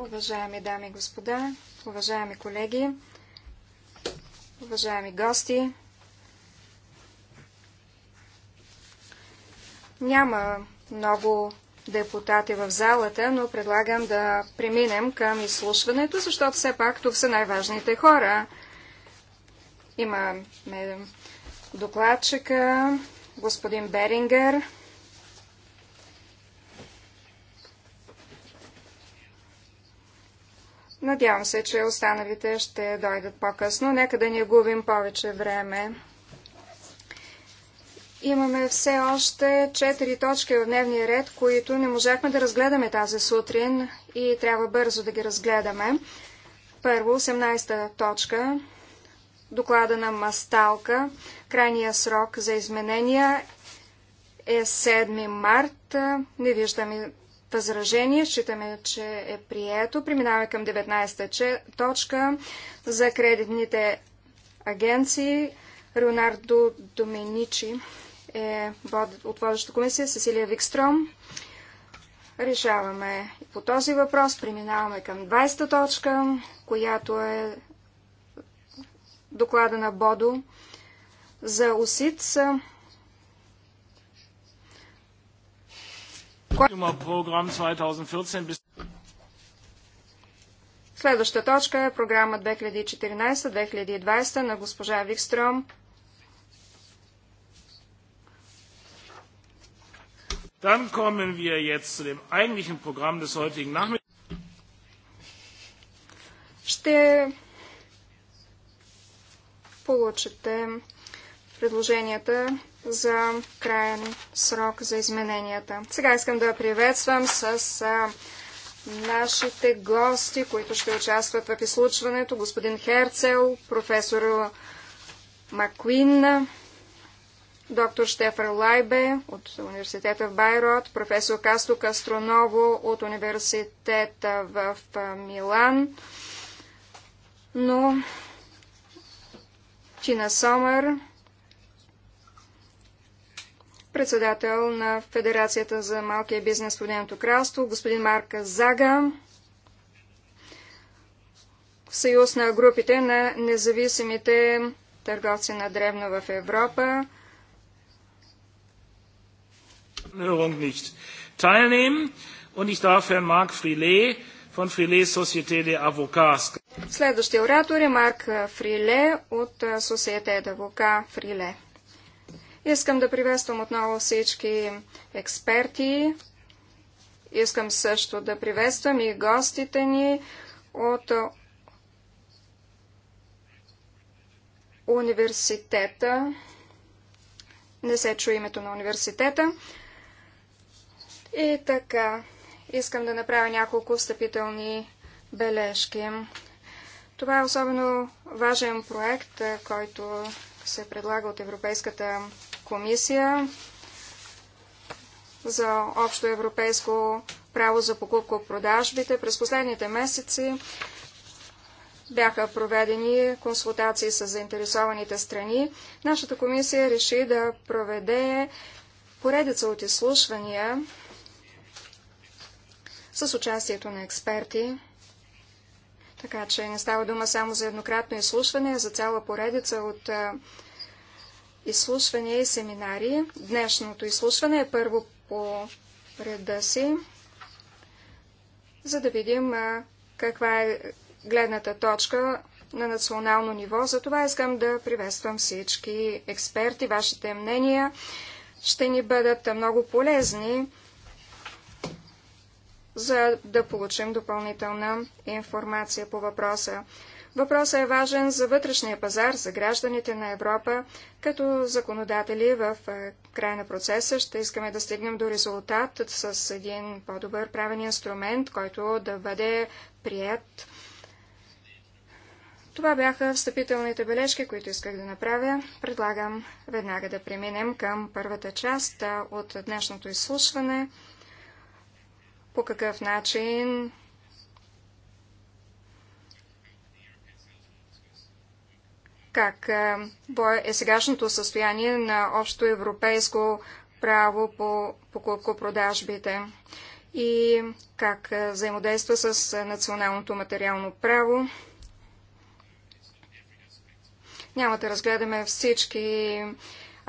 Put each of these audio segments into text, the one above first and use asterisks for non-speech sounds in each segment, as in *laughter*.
Уважаеми дами и господа, уважаеми колеги, уважаеми гости, няма много депутати в залата, но предлагам да преминем към изслушването, защото все пак тук са най-важните хора. Имаме докладчика, господин Берингер, Надявам се, че останалите ще дойдат по-късно. Нека да не губим повече време. Имаме все още четири точки в дневния ред, които не можахме да разгледаме тази сутрин и трябва бързо да ги разгледаме. Първо, 18-та точка, доклада на Масталка. Крайния срок за изменения е 7 март. Не виждам възражение. Считаме, че е прието. Преминаваме към 19-та точка за кредитните агенции. Леонардо Доменичи е от водещата комисия, Сесилия Викстром. Решаваме и по този въпрос. Преминаваме към 20-та точка, която е доклада на Бодо за УСИЦ. Следваща точка е програма 2014-2020 на госпожа Викстром. Dann kommen wir jetzt zu dem eigentlichen Programm des heutigen Nachmittags. Ще получите предложенията за крайен срок за измененията. Сега искам да приветствам с а, нашите гости, които ще участват в изслучването. Господин Херцел, професор Маквин, доктор Штефър Лайбе от университета в Байрод, професор Касто Кастроново от университета в Милан, но Тина Сомър, председател на Федерацията за малкия бизнес в Одиното кралство, господин Марка Зага, съюз на групите на независимите търговци на древно в Европа. Следващия оратор е Марк Фриле от Société Авока Фриле. Искам да приветствам отново всички експерти. Искам също да приветствам и гостите ни от университета. Не се чу името на университета. И така, искам да направя няколко встъпителни бележки. Това е особено важен проект, който се предлага от Европейската комисия за общо европейско право за покупко-продажбите. През последните месеци бяха проведени консултации с заинтересованите страни. Нашата комисия реши да проведе поредица от изслушвания с участието на експерти. Така че не става дума само за еднократно изслушване, а за цяла поредица от изслушвания и семинари. Днешното изслушване е първо по реда си, за да видим каква е гледната точка на национално ниво. Затова искам да приветствам всички експерти. Вашите мнения ще ни бъдат много полезни, за да получим допълнителна информация по въпроса. Въпросът е важен за вътрешния пазар, за гражданите на Европа. Като законодатели в е, край на процеса ще искаме да стигнем до резултат с един по-добър правен инструмент, който да бъде прият. Това бяха встъпителните бележки, които исках да направя. Предлагам веднага да преминем към първата част от днешното изслушване. По какъв начин как е сегашното състояние на общо европейско право по покупко-продажбите и как взаимодейства с националното материално право. Няма да разгледаме всички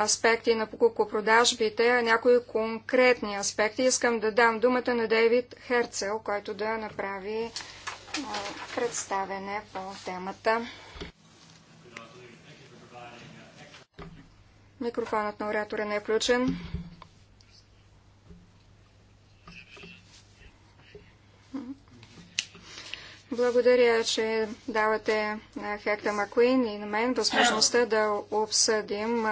аспекти на покупко-продажбите, а някои конкретни аспекти. Искам да дам думата на Дейвид Херцел, който да направи представене по темата. Микрофонът на оратора не е включен. Благодаря, че давате на Хекта Макуин и на мен възможността да обсъдим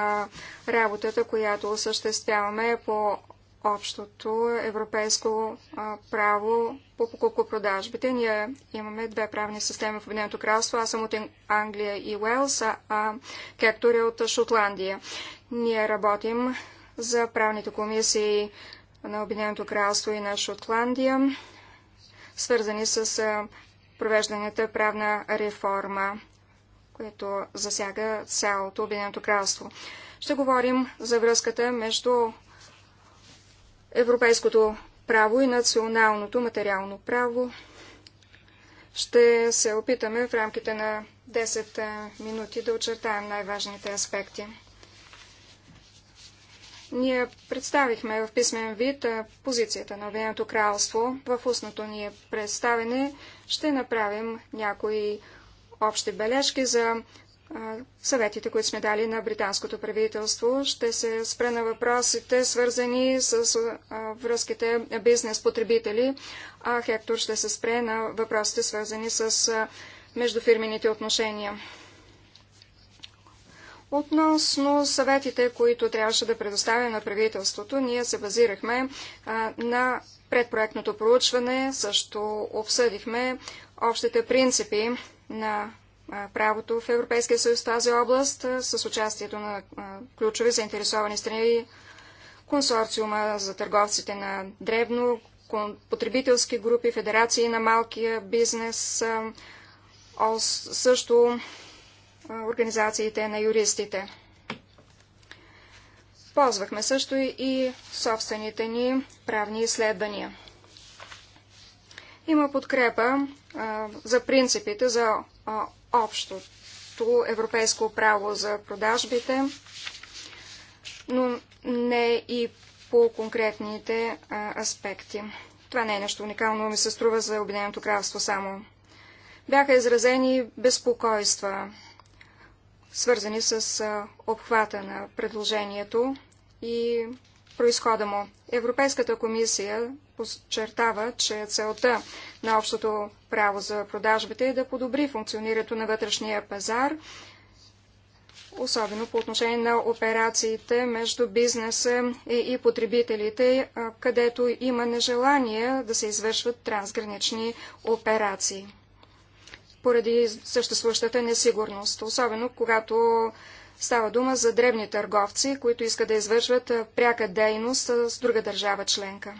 работата, която осъществяваме по общото европейско право по покупко-продажбите. Ние имаме две правни системи в Обединеното кралство. Аз съм от Англия и Уелс, а Кектор е от Шотландия. Ние работим за правните комисии на Обединеното кралство и на Шотландия, свързани с провежданата правна реформа, която засяга цялото Обединеното кралство. Ще говорим за връзката между европейското право и националното материално право. Ще се опитаме в рамките на 10 минути да очертаем най-важните аспекти. Ние представихме в писмен вид позицията на Обединеното кралство. В устното ни представене ще направим някои общи бележки за съветите, които сме дали на британското правителство. Ще се спре на въпросите, свързани с връзките бизнес-потребители, а Хектор ще се спре на въпросите, свързани с междуфирмените отношения. Относно съветите, които трябваше да предоставя на правителството, ние се базирахме на предпроектното проучване, също обсъдихме общите принципи на правото в Европейския съюз в тази област с участието на ключови заинтересовани страни, консорциума за търговците на древно, потребителски групи, федерации на малкия бизнес, също организациите на юристите. Ползвахме също и собствените ни правни изследвания. Има подкрепа а, за принципите за а, общото европейско право за продажбите, но не и по конкретните а, аспекти. Това не е нещо уникално, ми се струва за Обединеното кралство само. Бяха изразени безпокойства свързани с обхвата на предложението и происхода му. Европейската комисия подчертава, че целта на общото право за продажбите е да подобри функционирането на вътрешния пазар, особено по отношение на операциите между бизнеса и потребителите, където има нежелание да се извършват трансгранични операции поради съществуващата несигурност, особено когато става дума за дребни търговци, които искат да извършват пряка дейност с друга държава членка.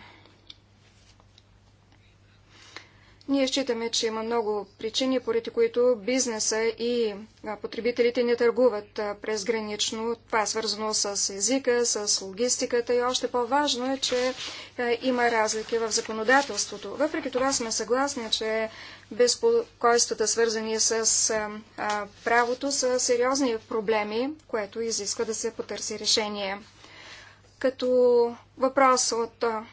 Ние считаме, че има много причини, поради които бизнеса и потребителите не търгуват презгранично. Това е свързано с езика, с логистиката и още по-важно е, че има разлики в законодателството. Въпреки това сме съгласни, че безпокойствата, свързани с а, правото, са сериозни проблеми, което изисква да се потърси решение. Като въпрос от а,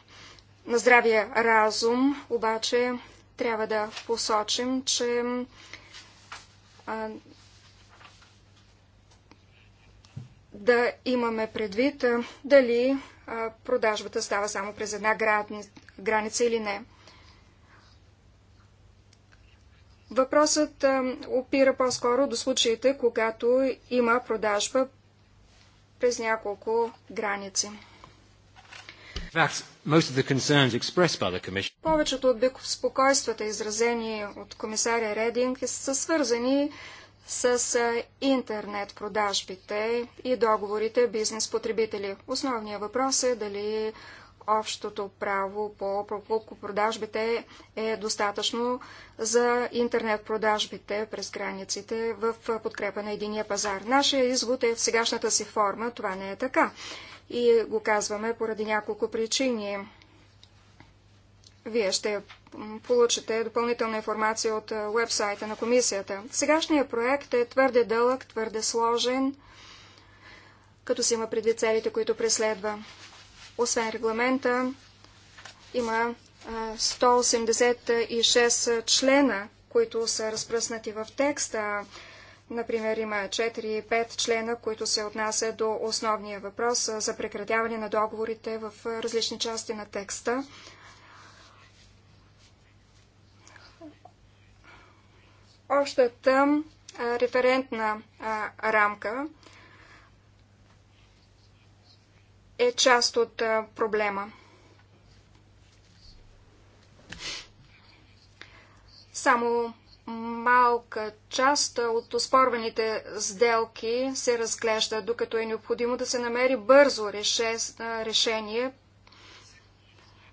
на здравия разум, обаче трябва да посочим, че а, да имаме предвид дали продажбата става само през една граница или не. Въпросът опира по-скоро до случаите, когато има продажба през няколко граници. Повечето от безпокойствата, изразени от комисаря Рединг, са свързани с интернет продажбите и договорите бизнес-потребители. Основният въпрос е дали общото право по покупко-продажбите е достатъчно за интернет-продажбите през границите в подкрепа на единия пазар. Нашия извод е в сегашната си форма. Това не е така. И го казваме поради няколко причини. Вие ще получите допълнителна информация от вебсайта на комисията. Сегашният проект е твърде дълъг, твърде сложен, като си има предвид целите, които преследва. Освен регламента, има 186 члена, които са разпръснати в текста. Например, има 4-5 члена, които се отнасят до основния въпрос за прекратяване на договорите в различни части на текста. Общата референтна рамка е част от проблема. Само малка част от оспорваните сделки се разглежда, докато е необходимо да се намери бързо решение.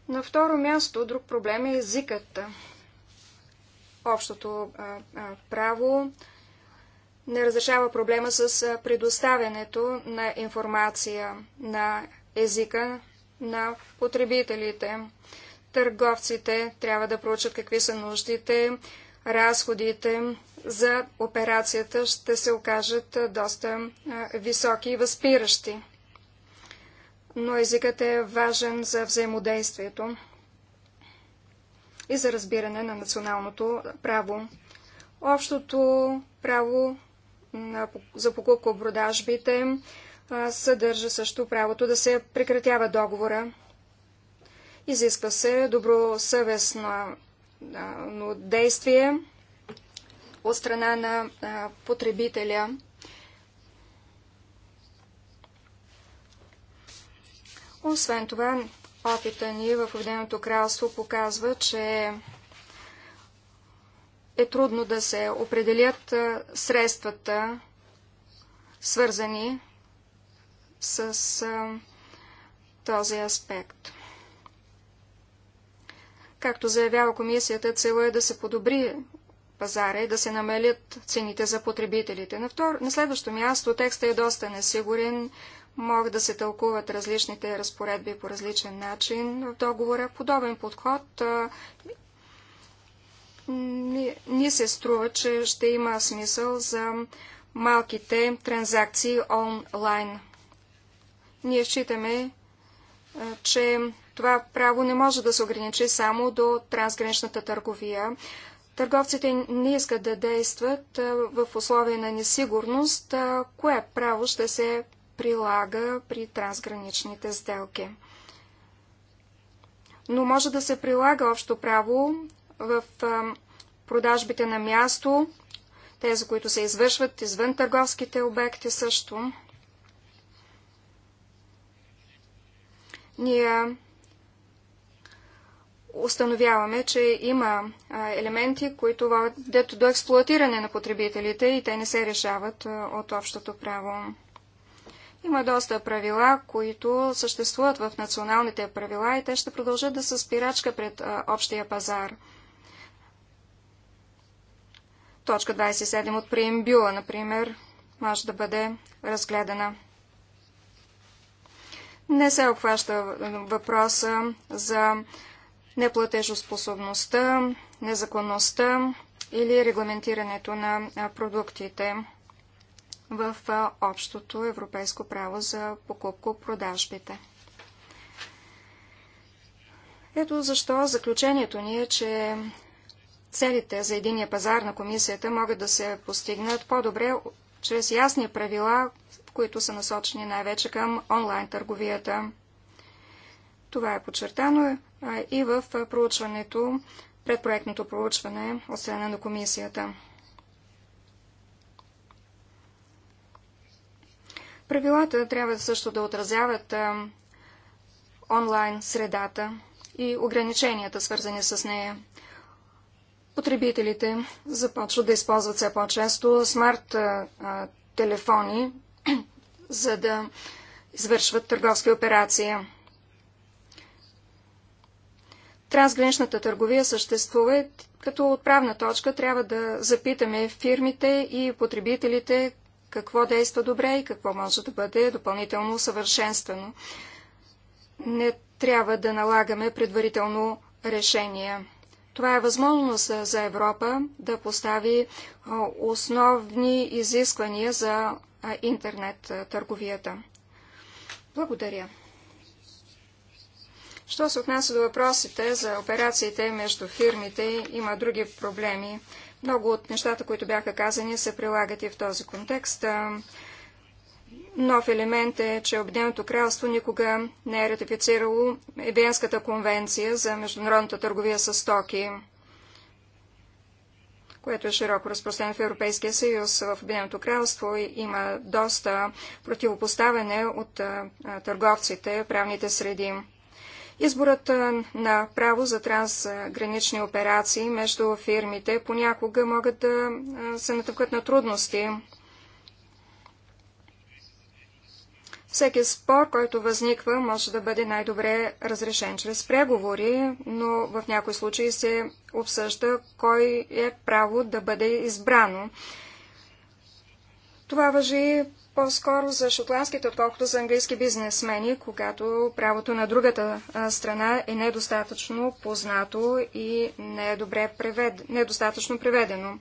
На второ място друг проблем е езикът. Общото право, не разрешава проблема с предоставянето на информация на езика на потребителите. Търговците трябва да проучат какви са нуждите, разходите за операцията ще се окажат доста високи и възпиращи. Но езикът е важен за взаимодействието и за разбиране на националното право. Общото право за покупко-продажбите съдържа също правото да се прекратява договора. Изисква се добросъвестно действие от страна на потребителя. Освен това, опита ни в Обединеното кралство показва, че е трудно да се определят средствата, свързани с този аспект. Както заявява комисията, цела е да се подобри пазара и да се намалят цените за потребителите. На, втор... на следващо място текстът е доста несигурен, могат да се тълкуват различните разпоредби по различен начин в договора. Подобен подход ни се струва, че ще има смисъл за малките транзакции онлайн. Ние считаме, е, че това право не може да се ограничи само до трансграничната търговия. Търговците не искат да действат е, в условия на несигурност, е, кое право ще се прилага при трансграничните сделки. Но може да се прилага общо право в продажбите на място, тези, които се извършват извън търговските обекти също. Ние установяваме, че има елементи, които водят до експлуатиране на потребителите и те не се решават от общото право. Има доста правила, които съществуват в националните правила и те ще продължат да са спирачка пред общия пазар. Точка 27 от преембюла, например, може да бъде разгледана. Не се обхваща въпроса за неплатежоспособността, незаконността или регламентирането на продуктите в общото европейско право за покупко-продажбите. Ето защо заключението ни е, че Целите за единия пазар на комисията могат да се постигнат по-добре чрез ясни правила, които са насочени най-вече към онлайн търговията. Това е подчертано и в проучването, предпроектното проучване от страна на комисията. Правилата трябва също да отразяват онлайн средата и ограниченията, свързани с нея потребителите започват да използват все по-често смарт телефони, *clears throat* за да извършват търговски операции. Трансграничната търговия съществува като отправна точка. Трябва да запитаме фирмите и потребителите какво действа добре и какво може да бъде допълнително усъвършенствано. Не трябва да налагаме предварително решения. Това е възможност за Европа да постави основни изисквания за интернет търговията. Благодаря. Що се отнася до въпросите за операциите между фирмите, има други проблеми. Много от нещата, които бяха казани, се прилагат и в този контекст. Нов елемент е, че Обединеното кралство никога не е ратифицирало Венската конвенция за международната търговия с стоки, което е широко разпространено в Европейския съюз. В Обединеното кралство има доста противопоставяне от търговците, правните среди. Изборът на право за трансгранични операции между фирмите понякога могат да се натъкват на трудности. Всеки спор, който възниква, може да бъде най-добре разрешен чрез преговори, но в някои случаи се обсъжда кой е право да бъде избрано. Това въжи по-скоро за шотландските, отколкото за английски бизнесмени, когато правото на другата страна е недостатъчно познато и недобре е превед... недостатъчно преведено.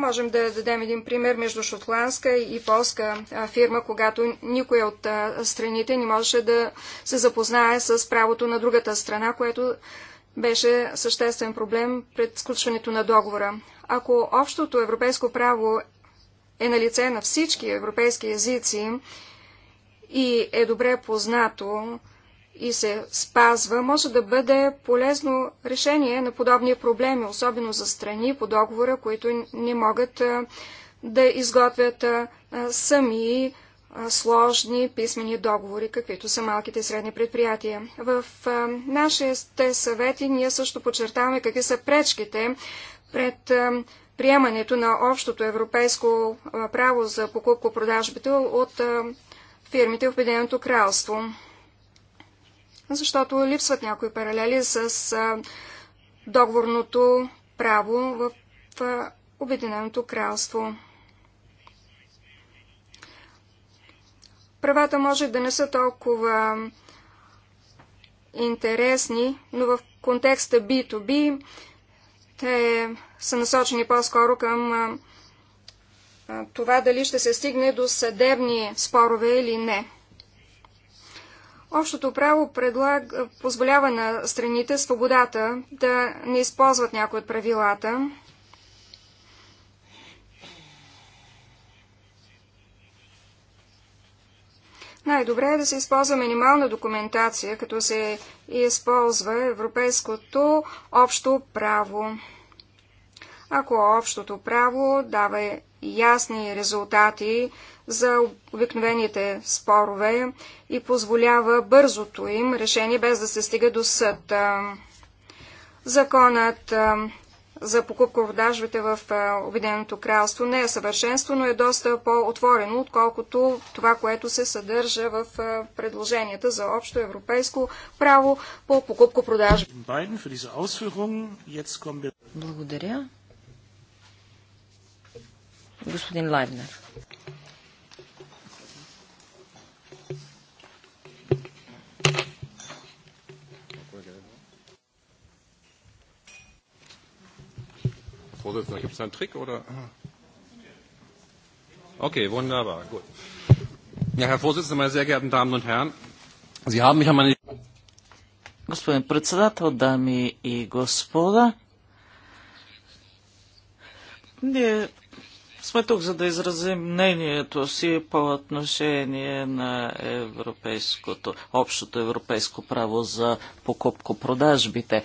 Можем да дадем един пример между шотландска и полска фирма, когато никоя от страните не можеше да се запознае с правото на другата страна, което беше съществен проблем пред сключването на договора. Ако общото европейско право е на лице на всички европейски езици и е добре познато и се спазва, може да бъде полезно решение на подобни проблеми, особено за страни по договора, които не могат да изготвят сами сложни писмени договори, каквито са малките и средни предприятия. В нашите съвети ние също подчертаваме какви са пречките пред приемането на общото европейско право за покупко-продажбите от фирмите в Обединеното кралство защото липсват някои паралели с договорното право в Обединеното кралство. Правата може да не са толкова интересни, но в контекста B2B те са насочени по-скоро към а, това дали ще се стигне до съдебни спорове или не. Общото право предлаг... позволява на страните свободата да не използват някои от правилата. Най-добре е да се използва минимална документация, като се използва европейското общо право. Ако общото право дава ясни резултати за обикновените спорове и позволява бързото им решение без да се стига до съд. Законът за покупко-продажбите в Обединеното кралство не е съвършенство, но е доста по-отворено, отколкото това, което се съдържа в предложенията за общо европейско право по покупко-продажби. Благодаря. Господин Лайбнер. Vorsitzender, gibt es da einen Trick oder? Okay, wunderbar, gut. Ja, Herr Vorsitzender, meine sehr geehrten Damen und Herren, Sie haben mich an meine... Господин председател, дами и господа, ние сме тук, за да изразим мнението си по отношение на европейското, общото европейско право за покупко-продажбите.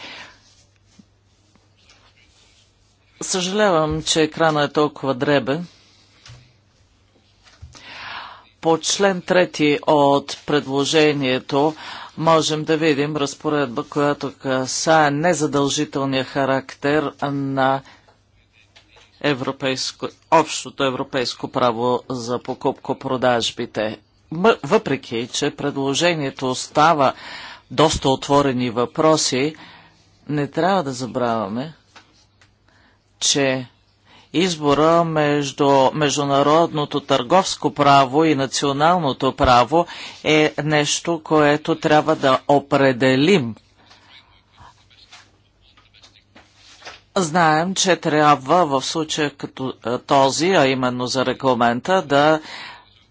Съжалявам, че екрана е толкова дребен. По член 3 от предложението можем да видим разпоредба, която касае незадължителния характер на европейско, общото европейско право за покупко-продажбите. Въпреки, че предложението остава доста отворени въпроси, не трябва да забравяме, че избора между международното търговско право и националното право е нещо, което трябва да определим Знаем, че трябва в случая като е, този, а именно за регламента, да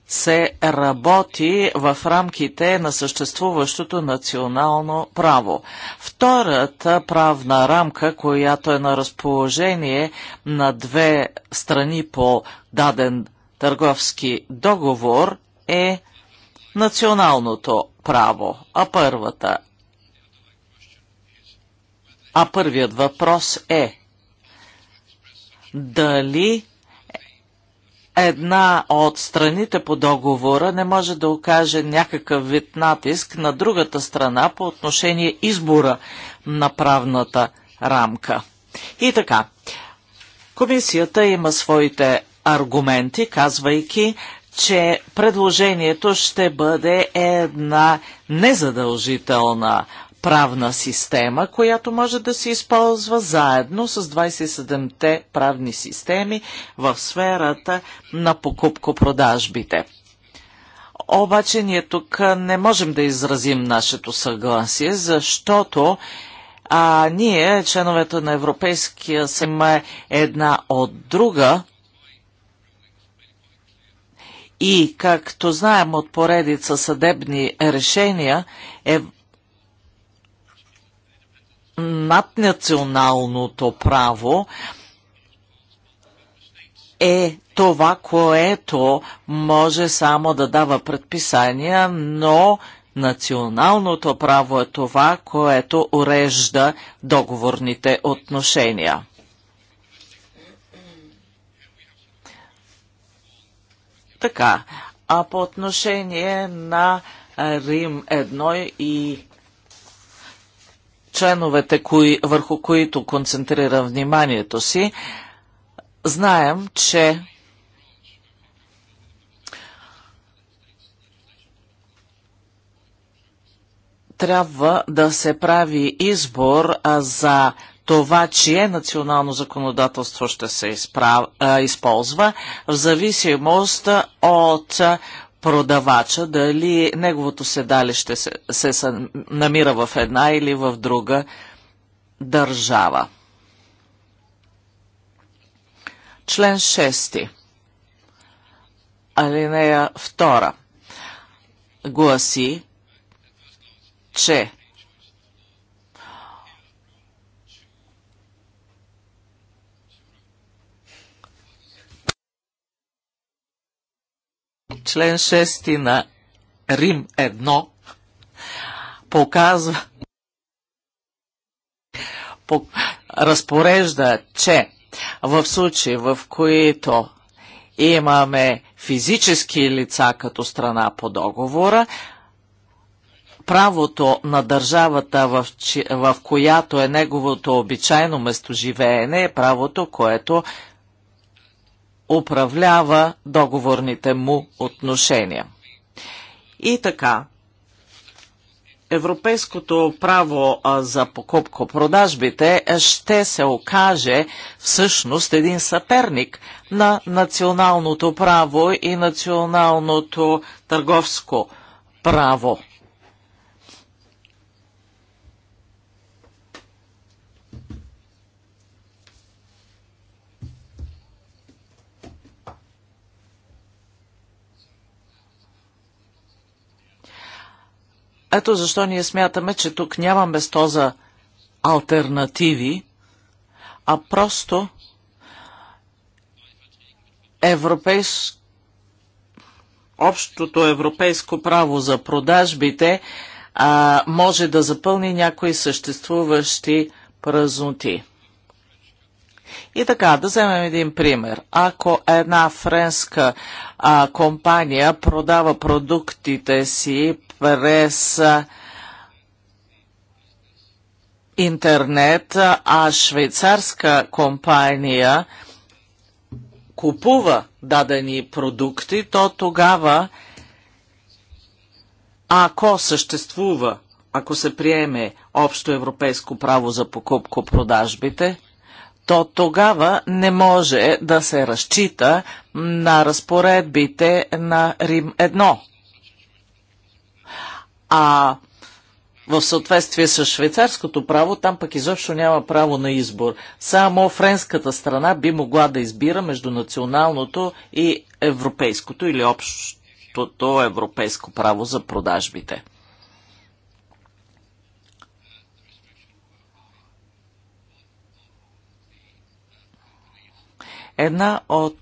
се работи в рамките на съществуващото национално право. Втората правна рамка, която е на разположение на две страни по даден търговски договор, е националното право, а първата а първият въпрос е дали една от страните по договора не може да окаже някакъв вид натиск на другата страна по отношение избора на правната рамка. И така, комисията има своите аргументи, казвайки, че предложението ще бъде една незадължителна правна система, която може да се използва заедно с 27-те правни системи в сферата на покупко-продажбите. Обаче ние тук не можем да изразим нашето съгласие, защото а, ние, членовете на Европейския сме една от друга и, както знаем от поредица съдебни решения, е, наднационалното право е това, което може само да дава предписания, но националното право е това, което урежда договорните отношения. Така, а по отношение на Рим 1 и членовете, кои, върху които концентрирам вниманието си, знаем, че трябва да се прави избор за това, чие национално законодателство ще се изправ... а, използва, в зависимост от продавача, дали неговото седалище се, се, се намира в една или в друга държава. Член 6. Алинея 2 гласи, че член 6 на Рим 1 показва, по, разпорежда, че в случаи, в които имаме физически лица като страна по договора, правото на държавата, в, в която е неговото обичайно местоживеене, е правото, което управлява договорните му отношения. И така, европейското право за покупко-продажбите ще се окаже всъщност един съперник на националното право и националното търговско право. Ето защо ние смятаме, че тук няма место за альтернативи, а просто европейс... общото европейско право за продажбите а, може да запълни някои съществуващи празноти. И така, да вземем един пример. Ако една френска а, компания продава продуктите си през интернет, а швейцарска компания купува дадени продукти, то тогава, ако съществува, ако се приеме общо европейско право за покупко-продажбите, то тогава не може да се разчита на разпоредбите на Рим а в съответствие с швейцарското право, там пък изобщо няма право на избор. Само френската страна би могла да избира между националното и европейското или общото европейско право за продажбите. Една от,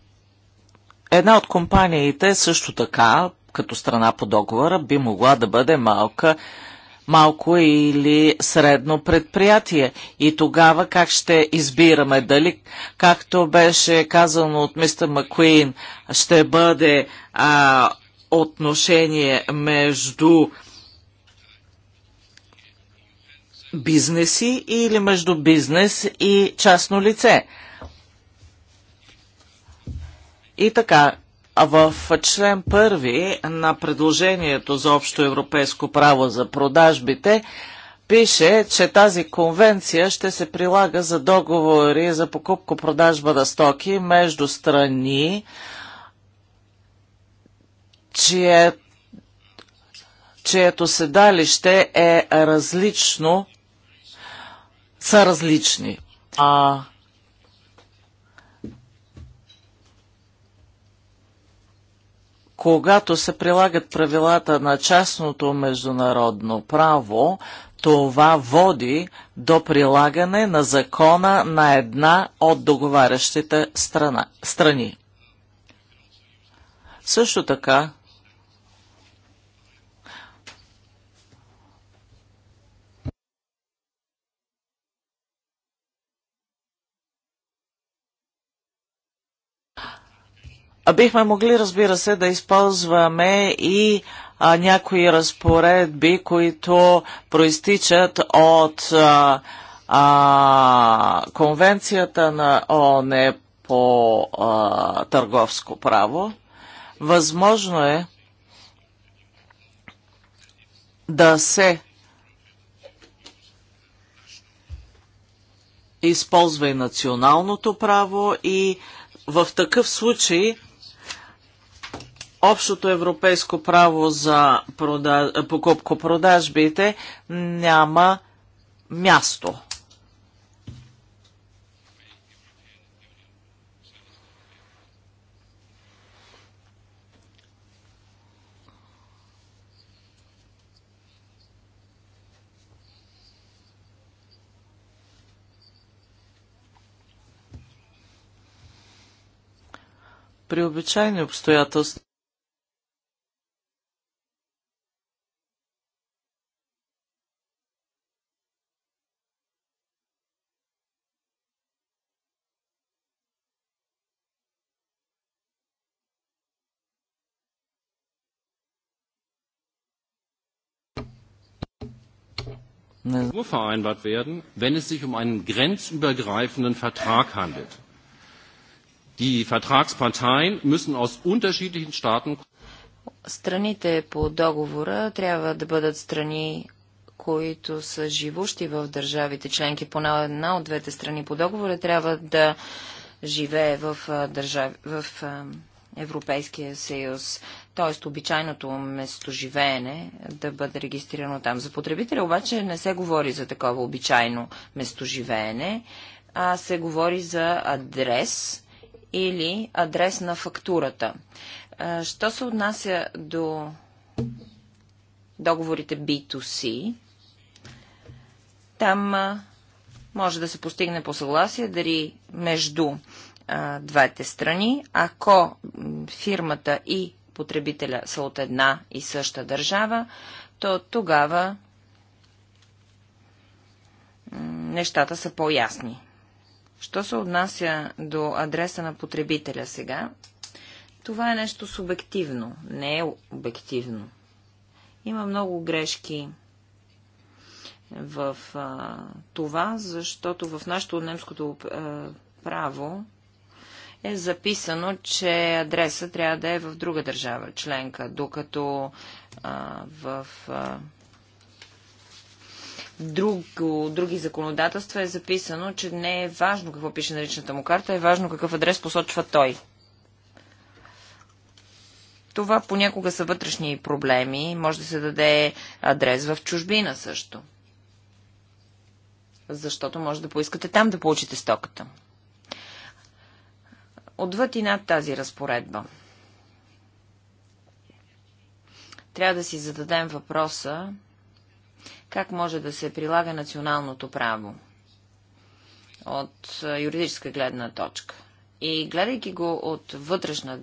една от компаниите също така като страна по договора би могла да бъде малка малко или средно предприятие. И тогава как ще избираме дали, както беше казано от мистер Макуин, ще бъде а, отношение между бизнеси или между бизнес и частно лице. И така, в член първи на предложението за общо европейско право за продажбите пише, че тази конвенция ще се прилага за договори за покупко-продажба на стоки между страни, чие, чието седалище е различно, са различни. А когато се прилагат правилата на частното международно право, това води до прилагане на закона на една от договарящите страна, страни. Също така, Бихме могли, разбира се, да използваме и а, някои разпоредби, които проистичат от а, а, Конвенцията на ООН по а, търговско право. Възможно е да се използва и националното право и в такъв случай общото европейско право за продаж... покупко-продажбите няма място. при обичайни обстоятелства. nur vereinbart werden, wenn es sich um einen grenzübergreifenden Vertrag handelt. Die Vertragsparteien müssen aus unterschiedlichen Staaten Страните по договора трябва да бъдат страни, които са живущи в държавите членки. Поне една от двете страни по договора трябва да живее в, държави, в Европейския съюз, т.е. обичайното местоживеене да бъде регистрирано там. За потребителя обаче не се говори за такова обичайно местоживеене, а се говори за адрес или адрес на фактурата. Що се отнася до договорите B2C, там може да се постигне по съгласие дали между а, двете страни. Ако фирмата и потребителя са от една и съща държава, то тогава нещата са по-ясни. Що се отнася до адреса на потребителя сега, това е нещо субективно, не е обективно. Има много грешки в а, това, защото в нашето немското а, право е записано, че адреса трябва да е в друга държава членка, докато а, в а, друг, други законодателства е записано, че не е важно какво пише на личната му карта, е важно какъв адрес посочва той. Това понякога са вътрешни проблеми. Може да се даде адрес в чужбина също. Защото може да поискате там да получите стоката отвъд и над тази разпоредба. Трябва да си зададем въпроса как може да се прилага националното право от юридическа гледна точка. И гледайки го от вътрешна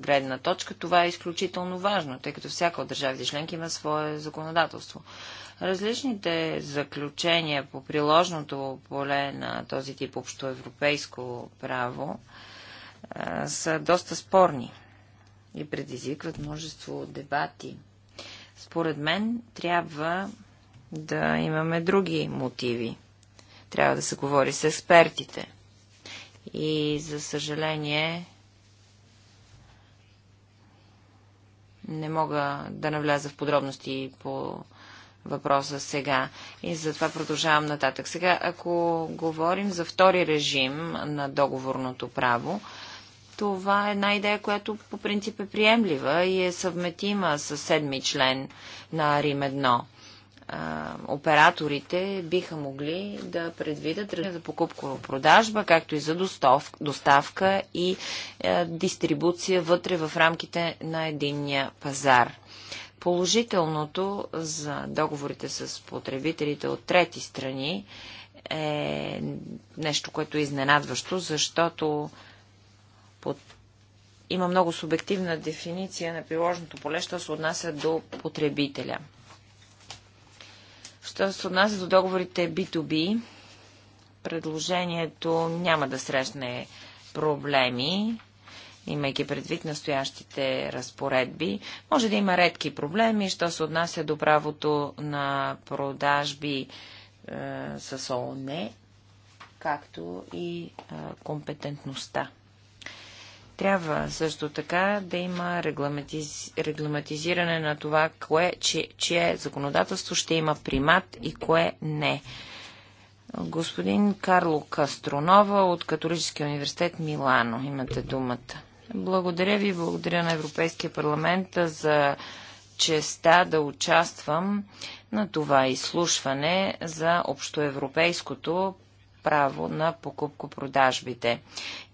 гледна точка, това е изключително важно, тъй като всяка от държавите членки има свое законодателство. Различните заключения по приложното поле на този тип общоевропейско право са доста спорни и предизвикват множество дебати. Според мен трябва да имаме други мотиви. Трябва да се говори с експертите. И за съжаление не мога да навляза в подробности по въпроса сега. И затова продължавам нататък. Сега, ако говорим за втори режим на договорното право, това е една идея, която по принцип е приемлива и е съвметима с седми член на Рим 1. Операторите биха могли да предвидят за покупко-продажба, както и за доставка и дистрибуция вътре в рамките на единния пазар. Положителното за договорите с потребителите от трети страни е нещо, което е изненадващо, защото има много субективна дефиниция на приложното поле, що се отнася до потребителя. Що се отнася до договорите B2B, предложението няма да срещне проблеми, имайки предвид настоящите разпоредби. Може да има редки проблеми, що се отнася до правото на продажби е, с ООН, е, както и е, компетентността. Трябва също така да има регламатиз... регламатизиране на това, кое, че, чие законодателство ще има примат и кое не. Господин Карло Кастронова от Католическия университет Милано. Имате думата. Благодаря ви, благодаря на Европейския парламент за честа да участвам на това изслушване за общоевропейското право на покупко-продажбите.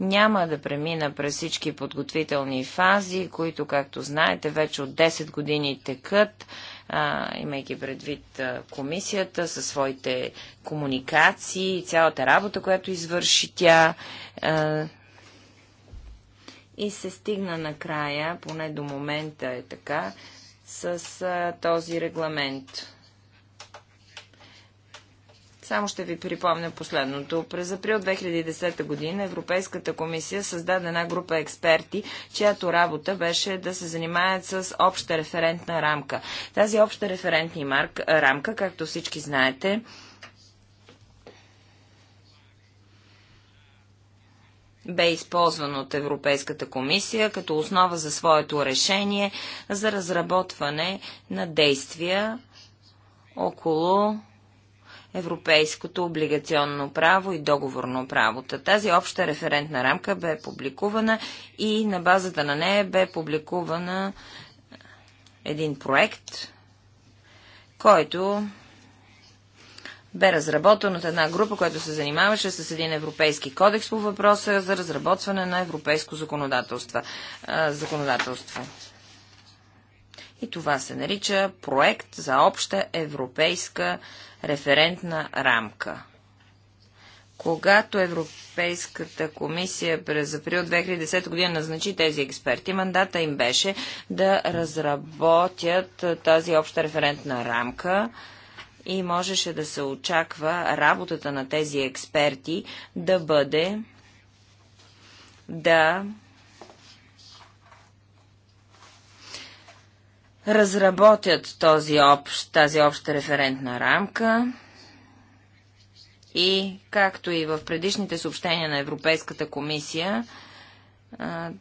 Няма да премина през всички подготвителни фази, които, както знаете, вече от 10 години текат, а, имайки предвид а, комисията със своите комуникации и цялата работа, която извърши тя. А, и се стигна накрая, поне до момента е така, с а, този регламент. Само ще ви припомня последното. През април 2010 година Европейската комисия създаде една група експерти, чиято работа беше да се занимаят с обща референтна рамка. Тази обща референтна марк, рамка, както всички знаете, бе използван от Европейската комисия като основа за своето решение за разработване на действия около европейското облигационно право и договорно право. Тази обща референтна рамка бе публикувана и на базата на нея бе публикувана един проект, който бе разработен от една група, която се занимаваше с един европейски кодекс по въпроса за разработване на европейско законодателство. законодателство. И това се нарича проект за обща европейска референтна рамка. Когато Европейската комисия през април 2010 година назначи тези експерти, мандата им беше да разработят тази обща референтна рамка и можеше да се очаква работата на тези експерти да бъде да разработят този общ, тази обща референтна рамка и, както и в предишните съобщения на Европейската комисия,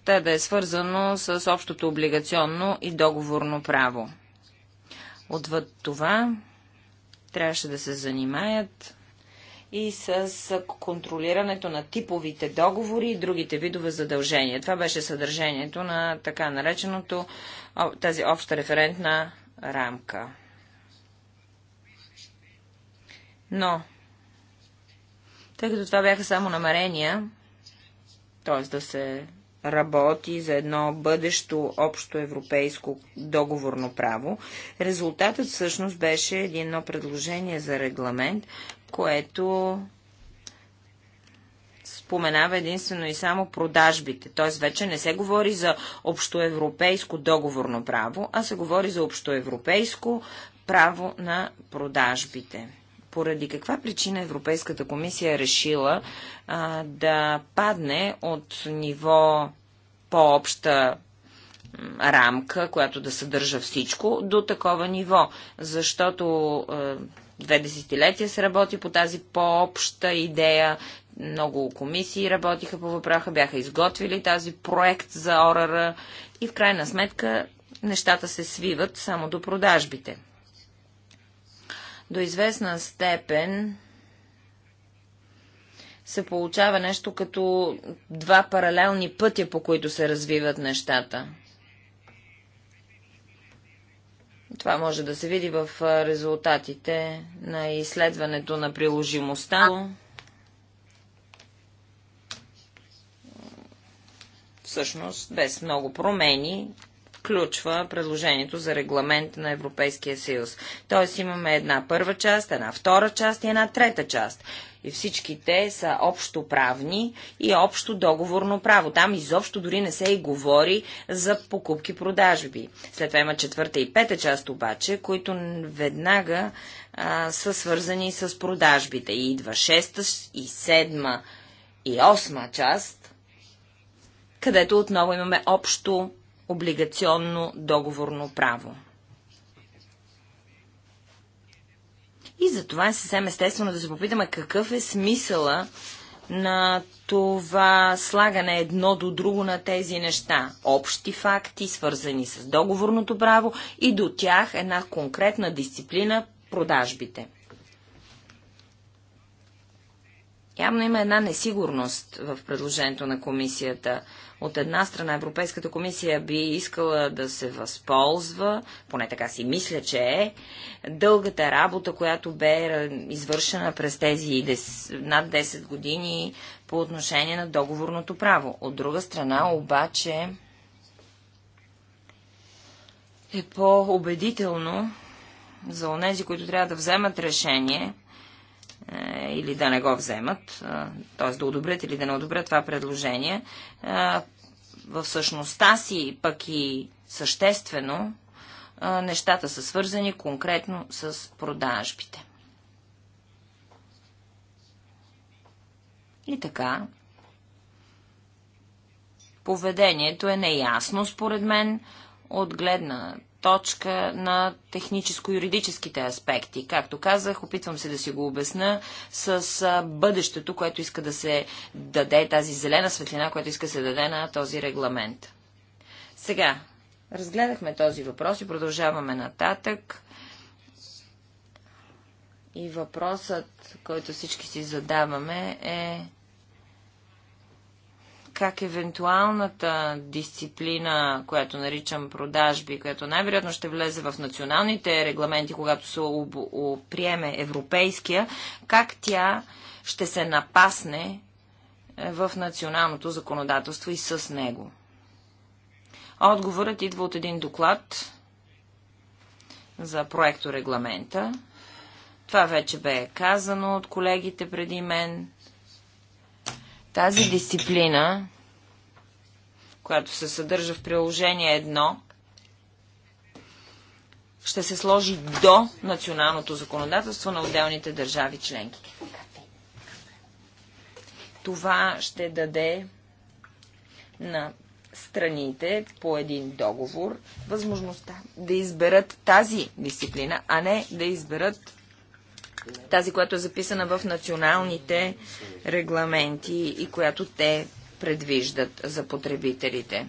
те да е свързано с общото облигационно и договорно право. Отвъд това трябваше да се занимаят и с контролирането на типовите договори и другите видове задължения. Това беше съдържанието на така нареченото тази обща референтна рамка. Но, тъй като това бяха само намерения, т.е. да се работи за едно бъдещо общо европейско договорно право, резултатът всъщност беше едно предложение за регламент, което споменава единствено и само продажбите. Т.е. вече не се говори за общоевропейско договорно право, а се говори за общоевропейско право на продажбите. Поради каква причина Европейската комисия е решила а, да падне от ниво по-обща рамка, която да съдържа всичко, до такова ниво. Защото а, две десетилетия се работи по тази по-обща идея. Много комисии работиха по въпраха, бяха изготвили тази проект за ОРР и в крайна сметка нещата се свиват само до продажбите. До известна степен се получава нещо като два паралелни пътя, по които се развиват нещата – Това може да се види в резултатите на изследването на приложимостта. Всъщност, без много промени, включва предложението за регламент на Европейския съюз. Тоест имаме една първа част, една втора част и една трета част. И всички те са общо правни и общо договорно право. Там изобщо дори не се и говори за покупки-продажби. След това има четвърта и пета част обаче, които веднага а, са свързани с продажбите. И идва шеста и седма и осма част, където отново имаме общо облигационно договорно право. И затова е съвсем естествено да се попитаме какъв е смисъла на това слагане едно до друго на тези неща. Общи факти, свързани с договорното право и до тях една конкретна дисциплина – продажбите. Явно има една несигурност в предложението на комисията. От една страна Европейската комисия би искала да се възползва, поне така си мисля, че е, дългата работа, която бе извършена през тези над 10 години по отношение на договорното право. От друга страна обаче е по-убедително за онези, които трябва да вземат решение – е, или да не го вземат, е, т.е. да одобрят или да не одобрят това предложение, е, в същността си, пък и съществено, нещата са свързани конкретно с продажбите. И така, поведението е неясно, според мен, от гледна точка на техническо-юридическите аспекти. Както казах, опитвам се да си го обясна с бъдещето, което иска да се даде, тази зелена светлина, която иска да се даде на този регламент. Сега, разгледахме този въпрос и продължаваме нататък. И въпросът, който всички си задаваме е как евентуалната дисциплина, която наричам продажби, която най-вероятно ще влезе в националните регламенти, когато се приеме европейския, как тя ще се напасне е, в националното законодателство и с него. Отговорът идва от един доклад за проекто регламента. Това вече бе казано от колегите преди мен. Тази дисциплина, която се съдържа в приложение 1, ще се сложи до националното законодателство на отделните държави членки. Това ще даде на страните по един договор възможността да изберат тази дисциплина, а не да изберат тази, която е записана в националните регламенти и която те предвиждат за потребителите.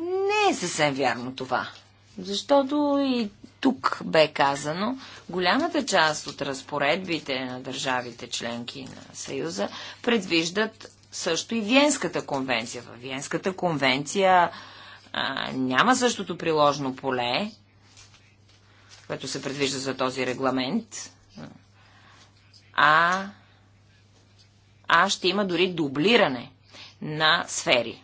Не е съвсем вярно това, защото и тук бе казано, голямата част от разпоредбите на държавите членки на Съюза предвиждат също и Виенската конвенция. В Виенската конвенция а, няма същото приложно поле, което се предвижда за този регламент, а, а ще има дори дублиране на сфери.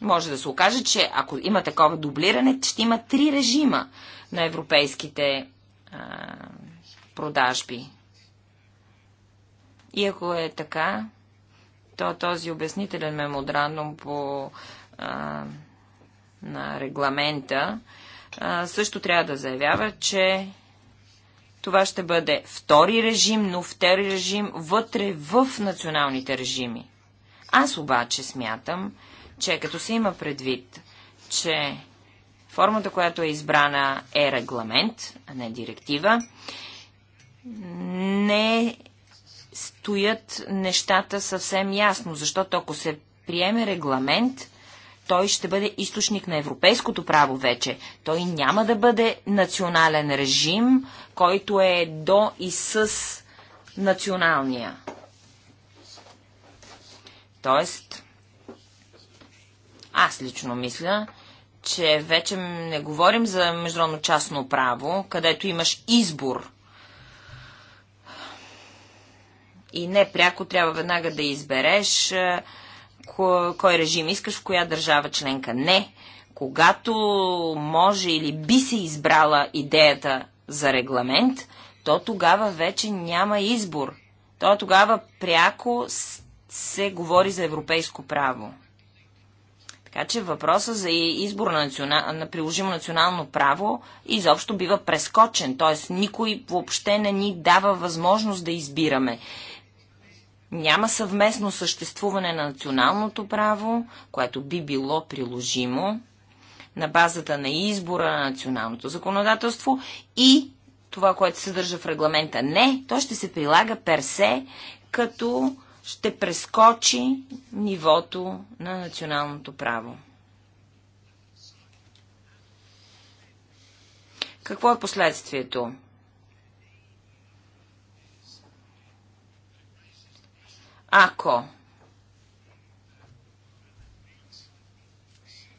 Може да се окаже, че ако има такова дублиране, ще има три режима на европейските а, продажби. И ако е така, то този обяснителен меморандум по, а, на регламента а, също трябва да заявява, че това ще бъде втори режим, но втори режим вътре в националните режими. Аз обаче смятам, че като се има предвид, че формата, която е избрана е регламент, а не директива, не е стоят нещата съвсем ясно, защото ако се приеме регламент, той ще бъде източник на европейското право вече. Той няма да бъде национален режим, който е до и с националния. Тоест, аз лично мисля, че вече не говорим за международно частно право, където имаш избор и не пряко трябва веднага да избереш кой режим искаш, в коя държава членка. Не. Когато може или би се избрала идеята за регламент, то тогава вече няма избор. То тогава пряко се говори за европейско право. Така че въпроса за избор на, национа... на приложимо национално право изобщо бива прескочен. Т.е. никой въобще не ни дава възможност да избираме няма съвместно съществуване на националното право, което би било приложимо на базата на избора на националното законодателство и това, което се съдържа в регламента. Не, то ще се прилага персе, като ще прескочи нивото на националното право. Какво е последствието? Ако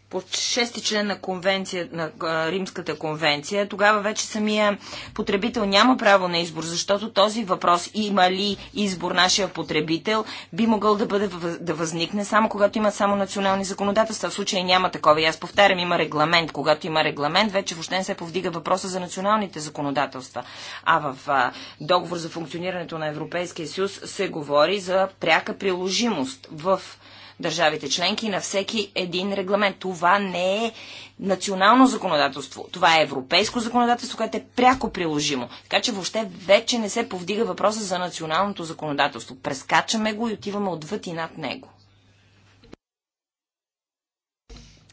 по шести член на, конвенция, на Римската конвенция, тогава вече самия потребител няма право на избор, защото този въпрос има ли избор нашия потребител би могъл да, бъде, да възникне само когато има само национални законодателства. В случай няма такова. И аз повтарям, има регламент. Когато има регламент, вече въобще не се повдига въпроса за националните законодателства. А в а, договор за функционирането на Европейския съюз се говори за пряка приложимост в държавите членки на всеки един регламент. Това не е национално законодателство. Това е европейско законодателство, което е пряко приложимо. Така че въобще вече не се повдига въпроса за националното законодателство. Прескачаме го и отиваме отвъд и над него.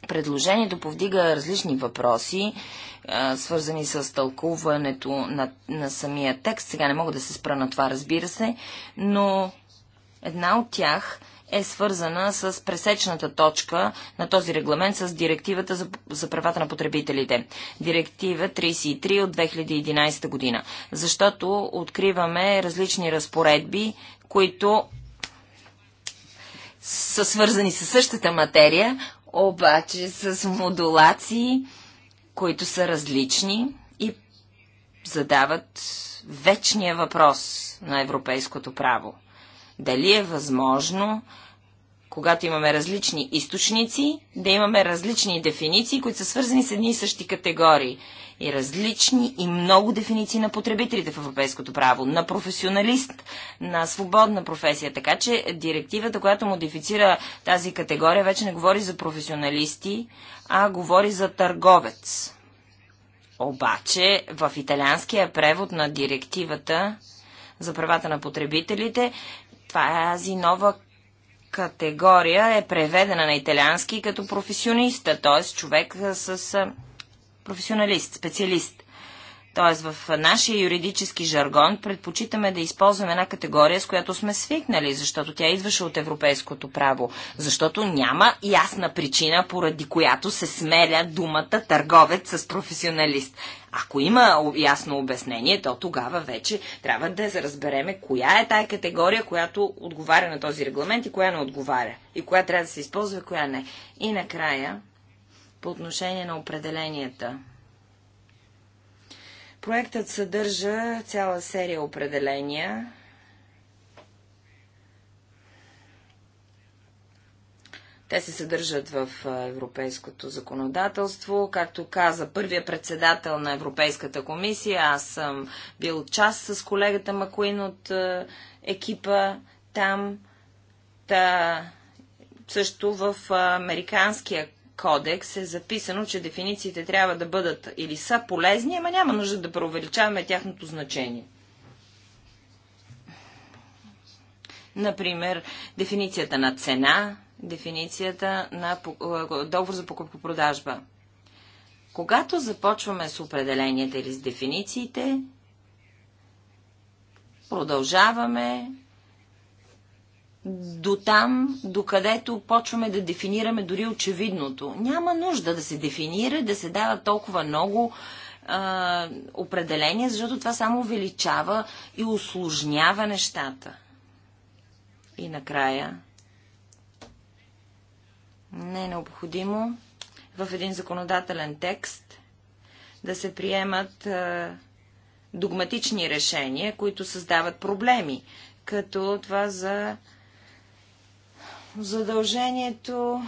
Предложението повдига различни въпроси, свързани с тълкуването на, на самия текст. Сега не мога да се спра на това, разбира се, но една от тях е свързана с пресечната точка на този регламент с директивата за, за правата на потребителите. Директива 33 от 2011 година. Защото откриваме различни разпоредби, които са свързани с същата материя, обаче с модулации, които са различни и задават вечния въпрос на европейското право. Дали е възможно, когато имаме различни източници, да имаме различни дефиниции, които са свързани с едни и същи категории. И различни и много дефиниции на потребителите в европейското право, на професионалист, на свободна професия. Така че директивата, която модифицира тази категория, вече не говори за професионалисти, а говори за търговец. Обаче в италианския превод на директивата за правата на потребителите тази нова категория е преведена на италиански като професиониста, т.е. човек с професионалист, специалист. Тоест в нашия юридически жаргон предпочитаме да използваме една категория, с която сме свикнали, защото тя идваше от европейското право. Защото няма ясна причина, поради която се смеля думата търговец с професионалист. Ако има ясно обяснение, то тогава вече трябва да разбереме коя е тая категория, която отговаря на този регламент и коя не отговаря. И коя трябва да се използва, коя не. И накрая, по отношение на определенията Проектът съдържа цяла серия определения, Те се съдържат в европейското законодателство. Както каза първия председател на Европейската комисия, аз съм бил част с колегата Макуин от екипа там. Та, също в американския кодекс е записано, че дефинициите трябва да бъдат или са полезни, ама няма нужда да преувеличаваме тяхното значение. Например, дефиницията на цена, дефиницията на е, договор за покупко-продажба. Когато започваме с определенията или с дефинициите, продължаваме до там, докъдето почваме да дефинираме дори очевидното. Няма нужда да се дефинира, да се дава толкова много а, определения, защото това само увеличава и осложнява нещата. И накрая не е необходимо в един законодателен текст да се приемат а, догматични решения, които създават проблеми, като това за задължението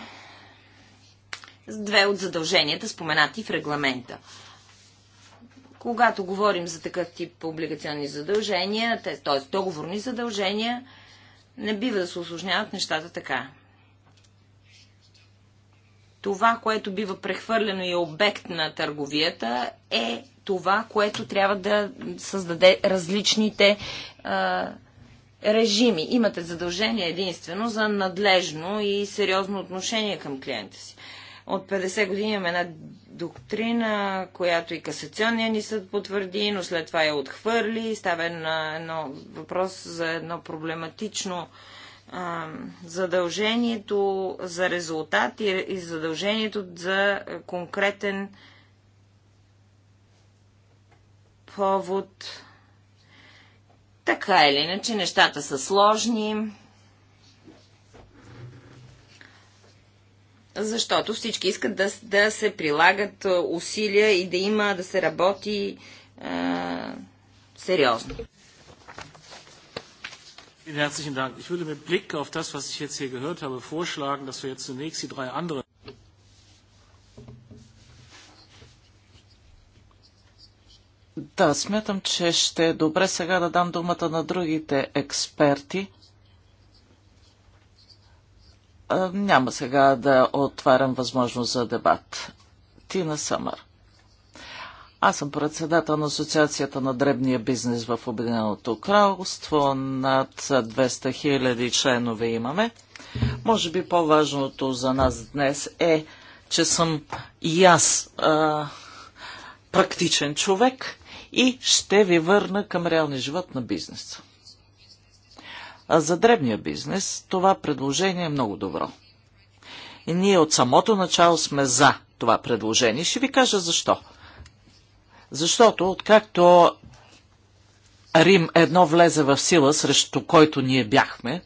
две от задълженията, споменати в регламента. Когато говорим за такъв тип облигационни задължения, т.е. договорни задължения, не бива да се осложняват нещата така. Това, което бива прехвърлено и е обект на търговията, е това, което трябва да създаде различните а, режими. Имате задължение единствено за надлежно и сериозно отношение към клиента си. От 50 години имаме една доктрина, която и касационния ни съд потвърди, но след това я отхвърли. Става едно, едно въпрос за едно проблематично а, задължението за резултат и, и задължението за конкретен повод така или иначе, нещата са сложни, защото всички искат да, да се прилагат усилия и да има, да се работи е, сериозно. Herzlichen Dank. Ich würde mit Blick auf das, was ich jetzt hier gehört habe, vorschlagen, dass wir jetzt zunächst die drei anderen. Да, смятам, че ще е добре сега да дам думата на другите експерти. Няма сега да отварям възможност за дебат. Тина Самър. Аз съм председател на Асоциацията на дребния бизнес в Обединеното кралство. Над 200 хиляди членове имаме. Може би по-важното за нас днес е, че съм и аз а, практичен човек и ще ви върна към реалния живот на бизнеса. А за дребния бизнес това предложение е много добро. И ние от самото начало сме за това предложение. Ще ви кажа защо. Защото откакто Рим едно влезе в сила, срещу който ние бяхме,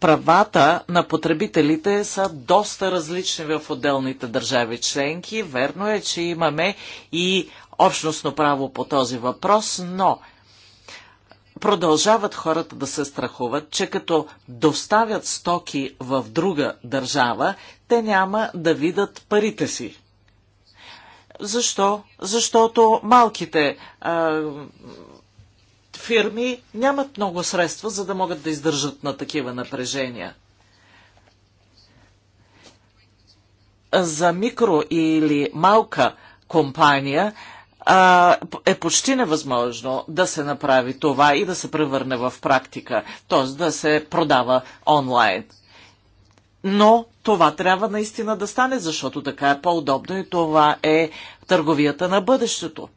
правата на потребителите са доста различни в отделните държави членки. Верно е, че имаме и общностно право по този въпрос, но продължават хората да се страхуват, че като доставят стоки в друга държава, те няма да видят парите си. Защо? Защото малките а, фирми нямат много средства, за да могат да издържат на такива напрежения. За микро или малка компания а, е почти невъзможно да се направи това и да се превърне в практика, т.е. да се продава онлайн. Но това трябва наистина да стане, защото така е по-удобно и това е търговията на бъдещето.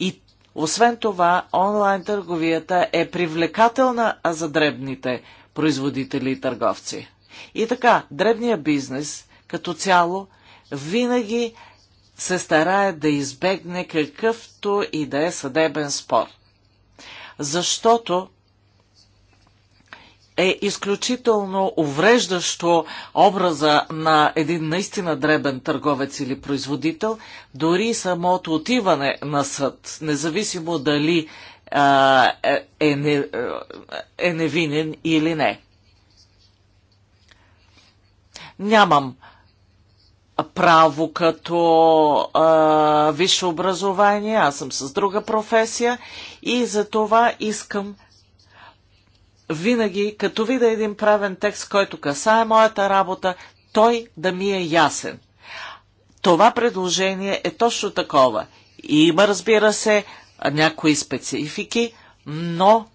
И освен това, онлайн търговията е привлекателна за дребните производители и търговци. И така, дребният бизнес като цяло винаги се старае да избегне какъвто и да е съдебен спор. Защото е изключително увреждащо образа на един наистина дребен търговец или производител, дори самото отиване на съд, независимо дали а, е, е, не, е, е невинен или не. Нямам право като а, висше образование, аз съм с друга професия и за това искам винаги, като видя един правен текст, който касае моята работа, той да ми е ясен. Това предложение е точно такова. И има, разбира се, някои специфики, но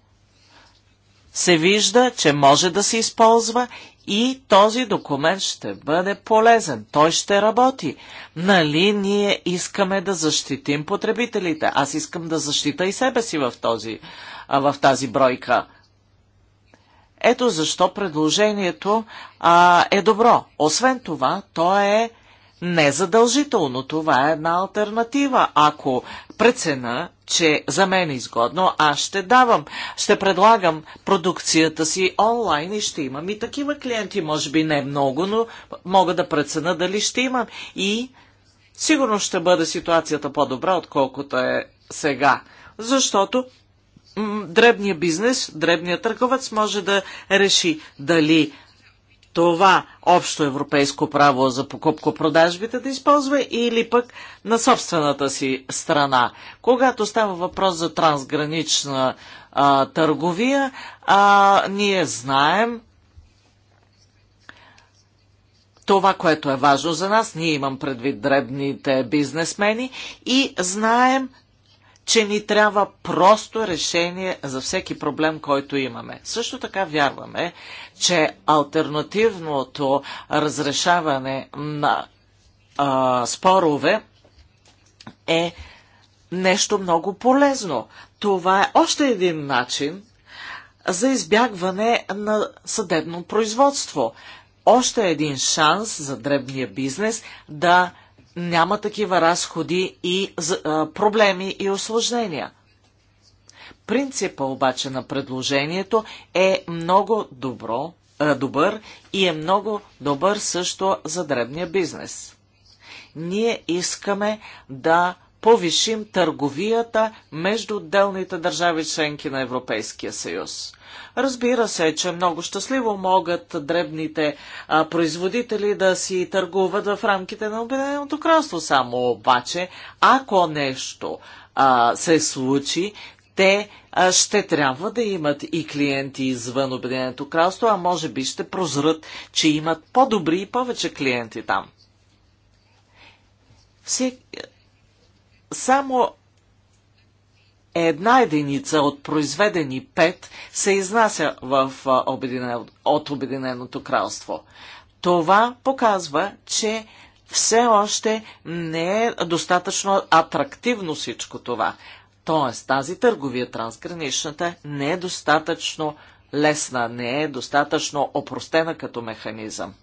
се вижда, че може да се използва и този документ ще бъде полезен. Той ще работи. Нали ние искаме да защитим потребителите? Аз искам да защита и себе си в, този, в тази бройка. Ето защо предложението а, е добро. Освен това, то е незадължително. Това е една альтернатива. Ако прецена, че за мен е изгодно, аз ще давам, ще предлагам продукцията си онлайн и ще имам и такива клиенти. Може би не много, но мога да прецена дали ще имам. И сигурно ще бъде ситуацията по-добра, отколкото е сега. Защото дребния бизнес, дребния търговец може да реши дали това общо европейско право за покупко-продажбите да използва или пък на собствената си страна. Когато става въпрос за трансгранична а, търговия, а, ние знаем това, което е важно за нас, ние имам предвид дребните бизнесмени и знаем че ни трябва просто решение за всеки проблем, който имаме. Също така вярваме, че альтернативното разрешаване на а, спорове е нещо много полезно. Това е още един начин за избягване на съдебно производство. Още един шанс за дребния бизнес да няма такива разходи и а, проблеми и осложнения. Принципа обаче на предложението е много добро, а, добър и е много добър също за дребния бизнес. Ние искаме да повишим търговията между отделните държави членки на Европейския съюз. Разбира се, че много щастливо могат дребните а, производители да си търгуват в рамките на Обединеното кралство. Само обаче, ако нещо а, се случи, те а, ще трябва да имат и клиенти извън Обединеното кралство, а може би ще прозрат, че имат по-добри и повече клиенти там. Все... Само една единица от произведени пет се изнася в, обединен, от Обединеното кралство. Това показва, че все още не е достатъчно атрактивно всичко това. Тоест, тази търговия трансграничната не е достатъчно лесна, не е достатъчно опростена като механизъм.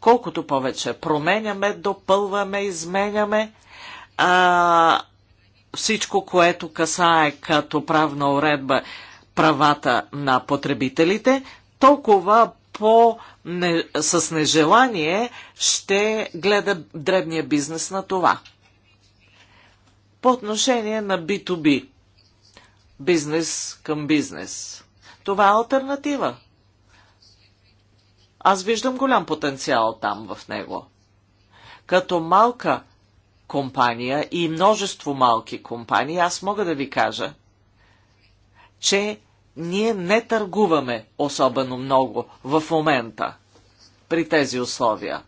Колкото повече променяме, допълваме, изменяме, а, всичко, което касае като правна уредба правата на потребителите, толкова по не, с нежелание ще гледа дребния бизнес на това. По отношение на B2B, бизнес към бизнес, това е альтернатива. Аз виждам голям потенциал там в него. Като малка компания и множество малки компании, аз мога да ви кажа, че ние не търгуваме особено много в момента при тези условия.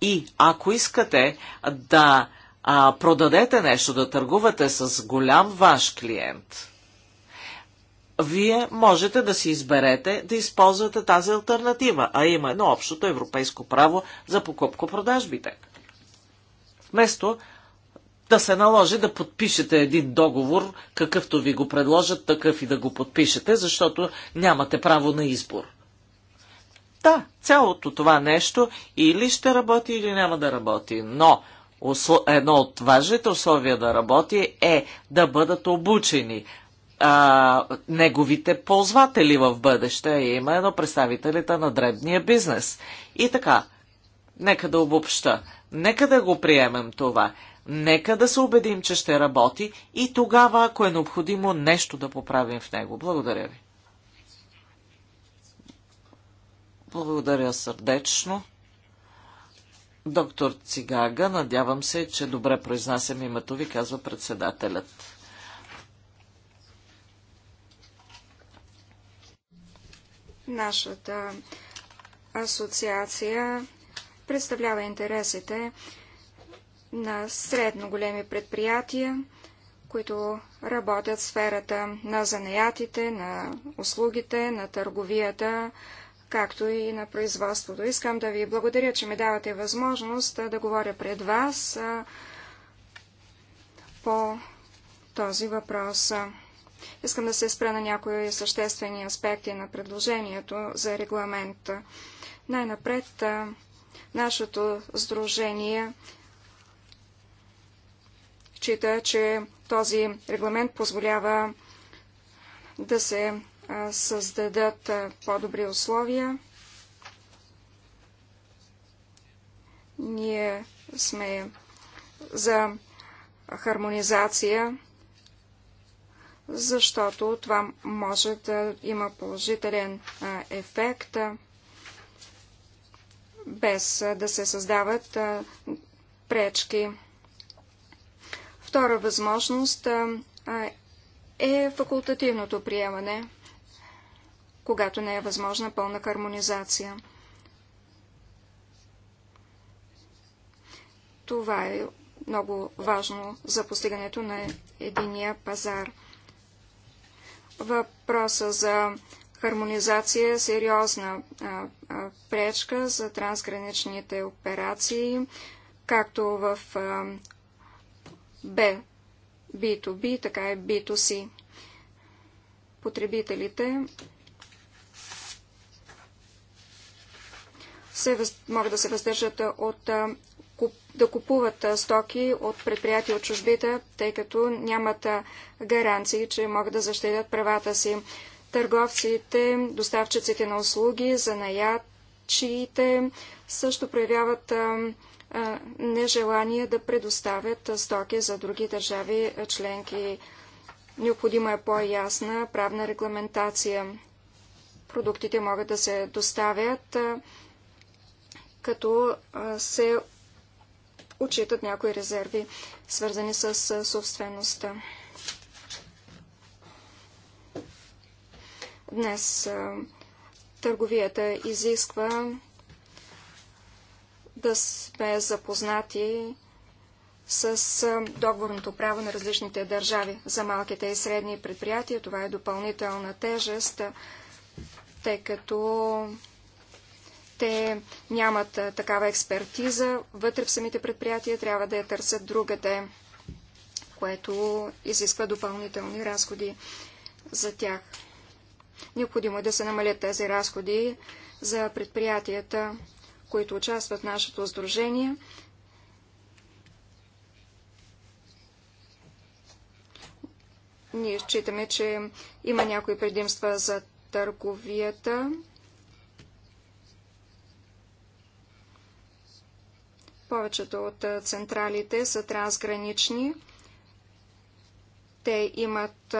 И ако искате да а, продадете нещо, да търгувате с голям ваш клиент, вие можете да си изберете да използвате тази альтернатива, а именно общото европейско право за покупко-продажбите. Вместо да се наложи да подпишете един договор, какъвто ви го предложат, такъв и да го подпишете, защото нямате право на избор. Да, цялото това нещо или ще работи, или няма да работи, но едно от важните условия да работи е да бъдат обучени а, неговите ползватели в бъдеще, именно представителите на дребния бизнес. И така, Нека да обобща. Нека да го приемем това. Нека да се убедим, че ще работи и тогава, ако е необходимо, нещо да поправим в него. Благодаря ви. Благодаря сърдечно. Доктор Цигага, надявам се, че добре произнасям името ви, казва председателят. Нашата асоциация представлява интересите на средно големи предприятия, които работят в сферата на занаятите, на услугите, на търговията, както и на производството. Искам да ви благодаря, че ми давате възможност да говоря пред вас по този въпрос. Искам да се спра на някои съществени аспекти на предложението за регламент. Най-напред Нашето сдружение чита, че този регламент позволява да се създадат по-добри условия. Ние сме за хармонизация, защото това може да има положителен ефект без да се създават пречки. Втора възможност е факултативното приемане, когато не е възможна пълна хармонизация. Това е много важно за постигането на единия пазар. Въпроса за хармонизация е сериозна а, а, пречка за трансграничните операции, както в а, B, B2B, така и B2C. Потребителите се, могат да се въздържат от да купуват стоки от предприятия от чужбита, тъй като нямат гаранции, че могат да защитят правата си. Търговците, доставчиците на услуги, занаячиите също проявяват а, а, нежелание да предоставят стоки за други държави членки. Необходима е по-ясна правна регламентация. Продуктите могат да се доставят, а, като се учитат някои резерви, свързани с собствеността. Днес търговията изисква да сме запознати с договорното право на различните държави. За малките и средни предприятия това е допълнителна тежест, тъй като те нямат такава експертиза вътре в самите предприятия, трябва да я търсят другаде, което изисква допълнителни разходи за тях. Необходимо е да се намалят тези разходи за предприятията, които участват в нашето сдружение. Ние считаме, че има някои предимства за търговията. Повечето от централите са трансгранични. Те имат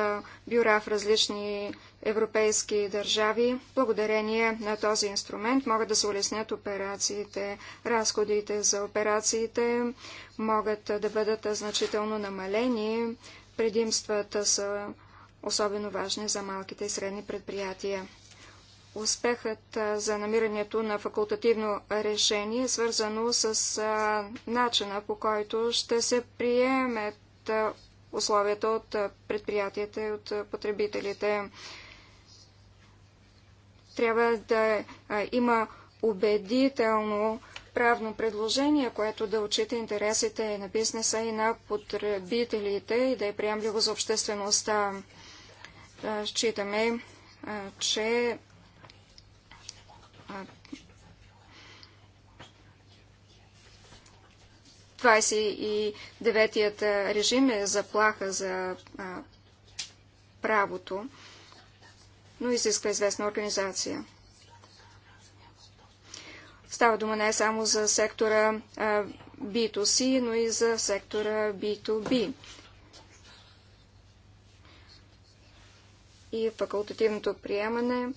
бюра в различни европейски държави. Благодарение на този инструмент могат да се улеснят операциите. Разходите за операциите могат да бъдат значително намалени. Предимствата са особено важни за малките и средни предприятия. Успехът за намирането на факултативно решение е свързано с начина по който ще се приемет условията от предприятията и от потребителите. Трябва да има убедително правно предложение, което да отчита интересите на бизнеса и на потребителите и да е приемливо за обществеността. Считаме, че 29 и режим е заплаха за правото но изисква известна организация. Става дума не само за сектора B2C, но и за сектора B2B. И факултативното приемане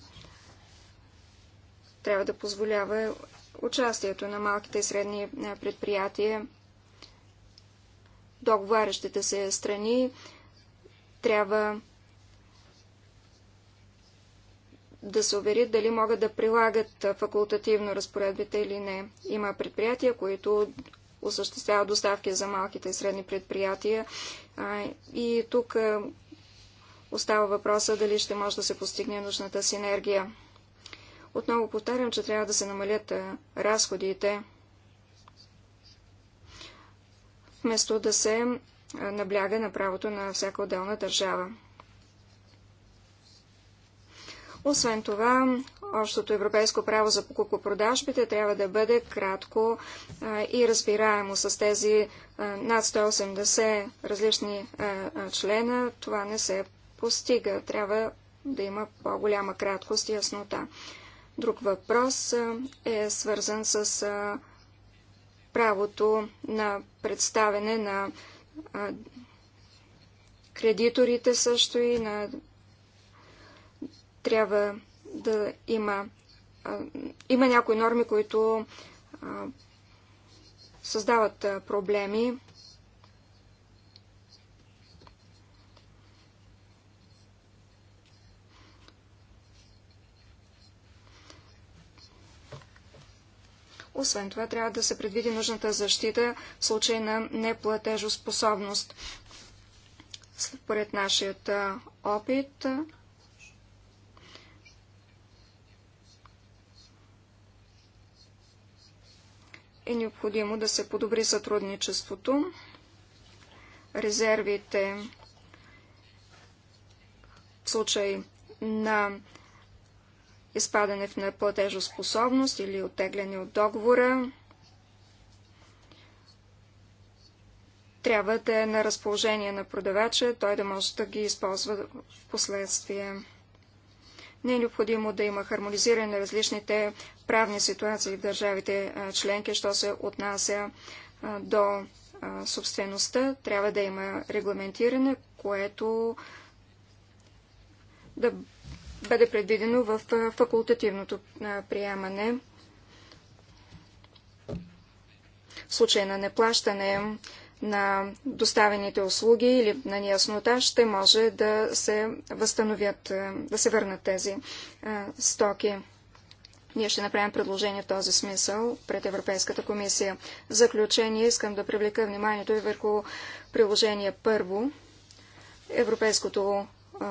трябва да позволява участието на малките и средни предприятия. Договарящите се страни трябва да се уверят дали могат да прилагат факултативно разпоредбите или не. Има предприятия, които осъществяват доставки за малките и средни предприятия. И тук остава въпроса дали ще може да се постигне нужната синергия. Отново повтарям, че трябва да се намалят разходите, вместо да се набляга на правото на всяка отделна държава. Освен това, общото европейско право за покупко-продажбите трябва да бъде кратко а, и разбираемо с тези а, над 180 различни а, члена. Това не се постига. Трябва да има по-голяма краткост и яснота. Друг въпрос е свързан с правото на представене на кредиторите също и на трябва да има. Има някои норми, които създават проблеми. Освен това, трябва да се предвиди нужната защита в случай на неплатежоспособност. Според нашият опит, е необходимо да се подобри сътрудничеството. Резервите в случай на изпадане в неплатежоспособност или оттегляне от договора трябва да е на разположение на продавача, той да може да ги използва в последствие. Не е необходимо да има хармонизиране на различните правни ситуации в държавите членки, що се отнася до собствеността. Трябва да има регламентиране, което да бъде предвидено в факултативното приемане. В случай на неплащане на доставените услуги или на неяснота, ще може да се възстановят, е, да се върнат тези е, стоки. Ние ще направим предложение в този смисъл пред Европейската комисия. В заключение искам да привлека вниманието и върху приложение първо. Европейското е,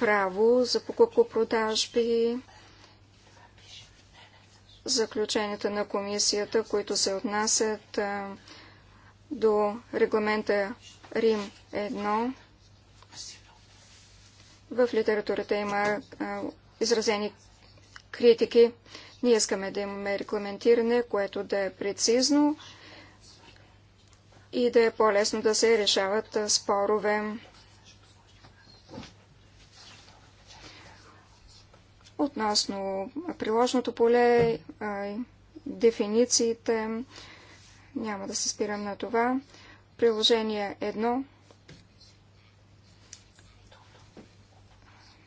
право за покупко-продажби, заключенията на комисията, които се отнасят а, до регламента Рим 1. В литературата има а, изразени критики. Ние искаме да имаме регламентиране, което да е прецизно и да е по-лесно да се решават а, спорове. Относно приложното поле, а, дефинициите, а, няма да се спирам на това. Приложение 1.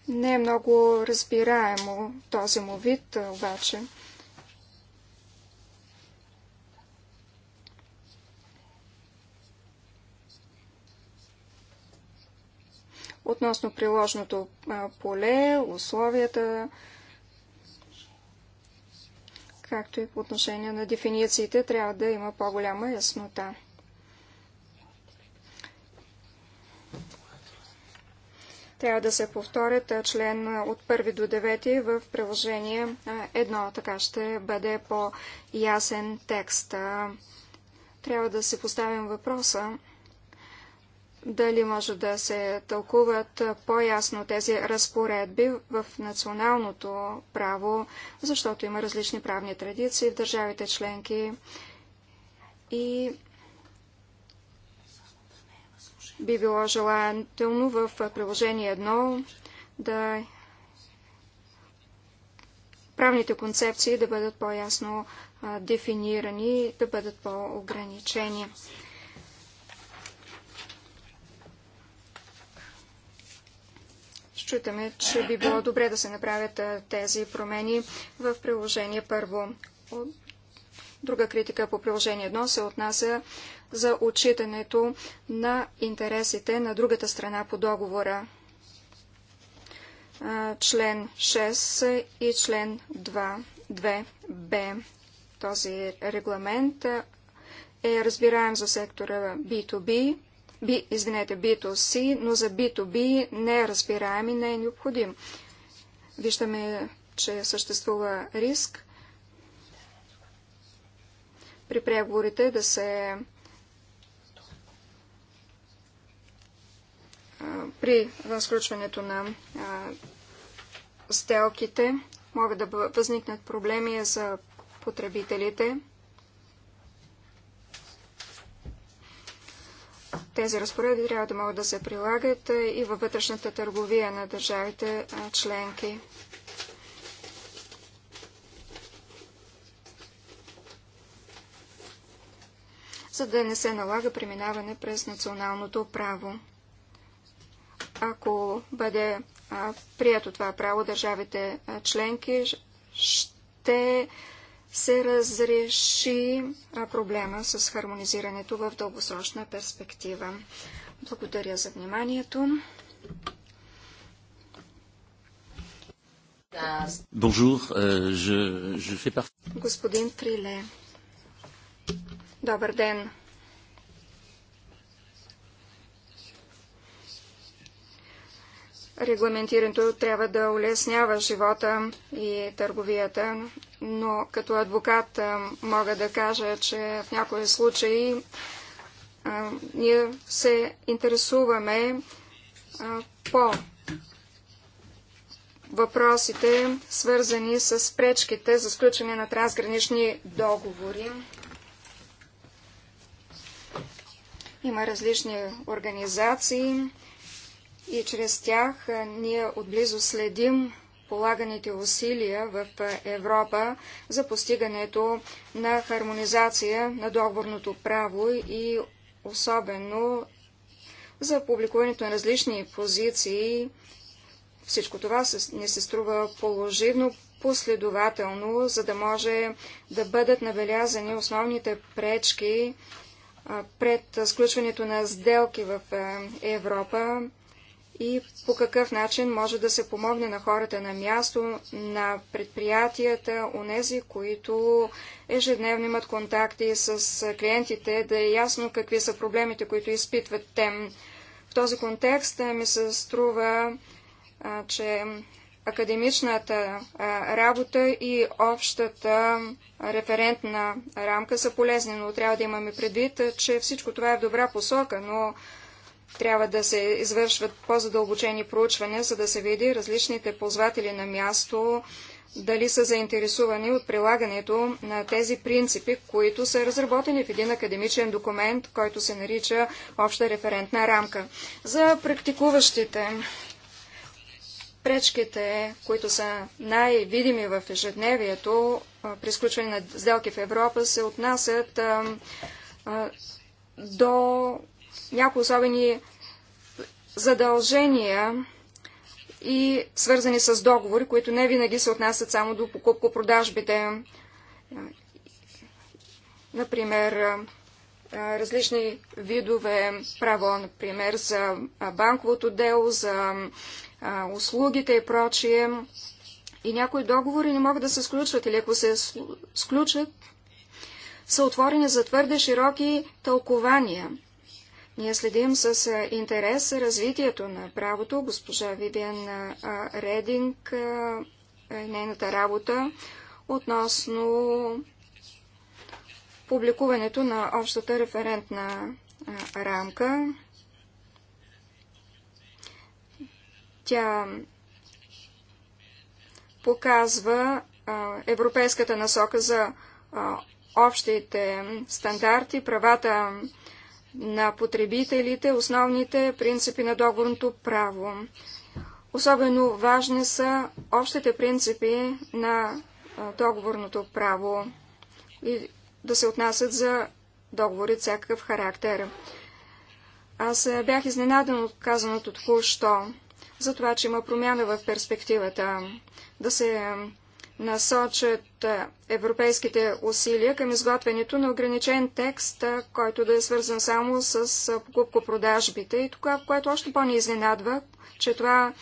Не е много разбираемо този му вид, обаче. Относно приложното поле, условията, както и по отношение на дефинициите, трябва да има по-голяма яснота. Трябва да се повторят член от 1 до 9 в приложение 1. Така ще бъде по-ясен текст. Трябва да се поставим въпроса дали може да се тълкуват по-ясно тези разпоредби в националното право, защото има различни правни традиции в държавите членки и би било желателно в приложение 1 да правните концепции да бъдат по-ясно дефинирани, да бъдат по-ограничени. Считаме, че би било добре да се направят тези промени в приложение първо. Друга критика по приложение 1 се отнася за отчитането на интересите на другата страна по договора. Член 6 и член 2, 2б. Този регламент е разбираем за сектора B2B, би, извинете, B2C, но за B2B не е разбираем и не е необходим. Виждаме, че съществува риск при преговорите да се при сключването на сделките могат да възникнат проблеми за потребителите. Тези разпоредби трябва да могат да се прилагат и във вътрешната търговия на държавите членки. за да не се налага преминаване през националното право. Ако бъде прието това право, държавите членки ще се разреши проблема с хармонизирането в дългосрочна перспектива. Благодаря за вниманието. Bonjour, euh, je, je fais Господин Триле, Добър ден. Регламентирането трябва да улеснява живота и търговията, но като адвокат мога да кажа, че в някои случаи ние се интересуваме по въпросите, свързани с пречките за сключване на трансгранични договори. Има различни организации, и чрез тях ние отблизо следим полаганите усилия в Европа за постигането на хармонизация на договорното право и особено за публикуването на различни позиции. Всичко това не се струва положивно, последователно, за да може да бъдат набелязани основните пречки пред сключването на сделки в Европа и по какъв начин може да се помогне на хората на място, на предприятията, онези, които ежедневно имат контакти с клиентите, да е ясно какви са проблемите, които изпитват тем. В този контекст ми се струва, че академичната работа и общата референтна рамка са полезни, но трябва да имаме предвид, че всичко това е в добра посока, но трябва да се извършват по-задълбочени проучвания, за да се види различните ползватели на място, дали са заинтересувани от прилагането на тези принципи, които са разработени в един академичен документ, който се нарича Обща референтна рамка. За практикуващите пречките, които са най-видими в ежедневието при сключване на сделки в Европа, се отнасят до някои особени задължения и свързани с договори, които не винаги се отнасят само до покупко-продажбите. Например, различни видове право, например, за банковото дело, за услугите и прочие. И някои договори не могат да се сключват или ако се сключат, са отворени за твърде широки тълкования. Ние следим с интерес развитието на правото. Госпожа Вивиан Рединг, нейната работа относно публикуването на общата референтна рамка. Тя показва европейската насока за общите стандарти, правата на потребителите основните принципи на договорното право. Особено важни са общите принципи на договорното право и да се отнасят за договори всякакъв характер. Аз бях изненадан от казаното току-що, за това, че има промяна в перспективата, да се насочат европейските усилия към изготвянето на ограничен текст, който да е свързан само с покупко-продажбите. И това, което още по-ни изненадва, че това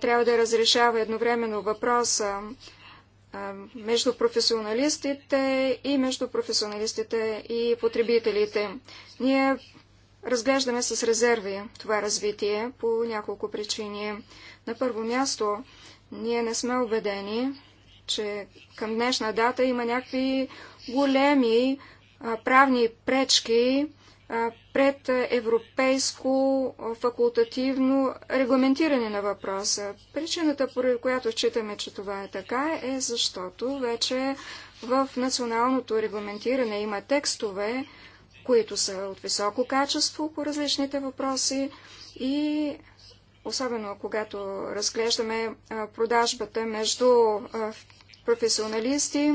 трябва да разрешава едновременно въпроса между професионалистите и между професионалистите и потребителите. Ние разглеждаме с резерви това развитие по няколко причини. На първо място, ние не сме убедени, че към днешна дата има някакви големи правни пречки пред европейско факултативно регламентиране на въпроса. Причината, поради която считаме, че това е така, е защото вече в националното регламентиране има текстове, които са от високо качество по различните въпроси и особено когато разглеждаме продажбата между професионалисти,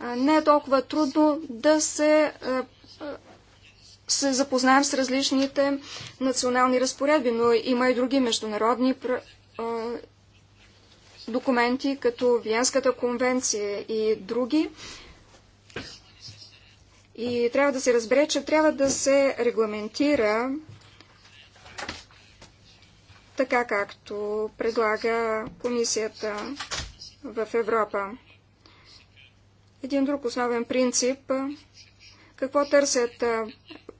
не е толкова трудно да се, се запознаем с различните национални разпоредби, но има и други международни документи, като Виенската конвенция и други. И трябва да се разбере, че трябва да се регламентира така както предлага комисията в Европа. Един друг основен принцип. Какво търсят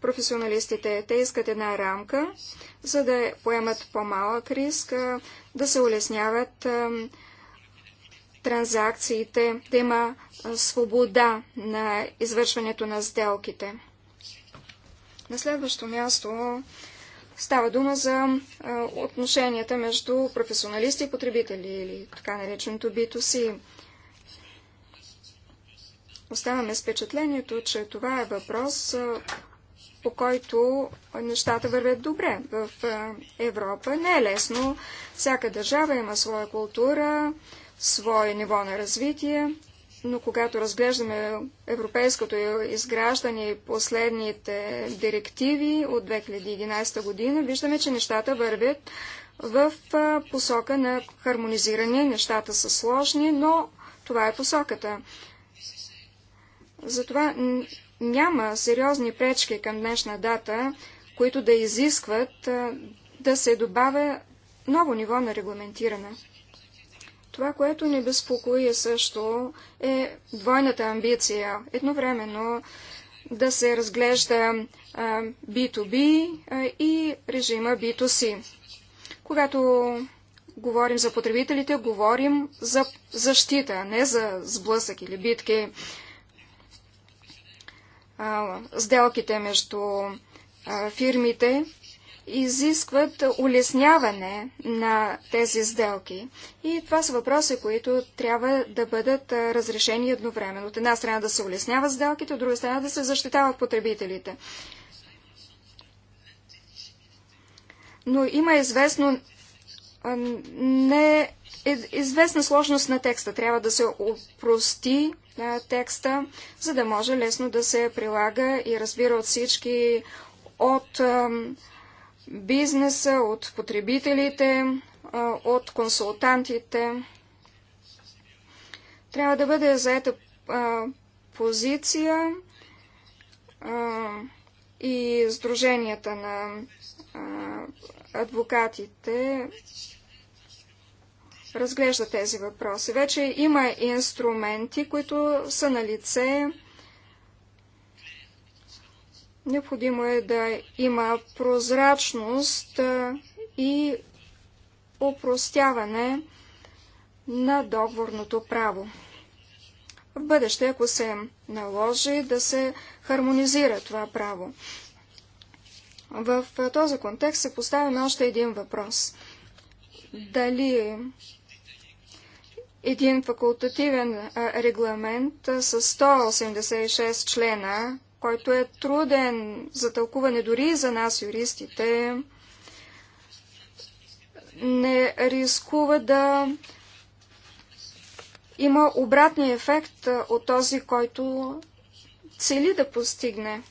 професионалистите? Те искат една рамка, за да поемат по-малък риск, да се улесняват транзакциите, да има свобода на извършването на сделките. На следващо място Става дума за отношенията между професионалисти и потребители или така нареченото B2C. Оставаме с впечатлението, че това е въпрос, по който нещата вървят добре. В Европа не е лесно. Всяка държава има своя култура, свое ниво на развитие но когато разглеждаме европейското изграждане и последните директиви от 2011 година, виждаме, че нещата вървят в посока на хармонизиране. Нещата са сложни, но това е посоката. Затова няма сериозни пречки към днешна дата, които да изискват да се добавя ново ниво на регламентиране. Това, което ни безпокои също е двойната амбиция. Едновременно да се разглежда B2B и режима B2C. Когато говорим за потребителите, говорим за защита, не за сблъсък или битки. Сделките между фирмите изискват улесняване на тези сделки. И това са въпроси, които трябва да бъдат разрешени едновременно. От една страна да се улесняват сделките, от друга страна да се защитават потребителите. Но има известно не е известна сложност на текста. Трябва да се опрости а, текста, за да може лесно да се прилага и разбира от всички от а, бизнеса, от потребителите, от консултантите. Трябва да бъде заета позиция и сдруженията на адвокатите разглежда тези въпроси. Вече има инструменти, които са на лице Необходимо е да има прозрачност и упростяване на договорното право. В бъдеще, ако се наложи да се хармонизира това право. В този контекст се поставяме още един въпрос. Дали един факултативен регламент с 186 члена, който е труден за тълкуване дори и за нас, юристите, не рискува да има обратния ефект от този, който цели да постигне.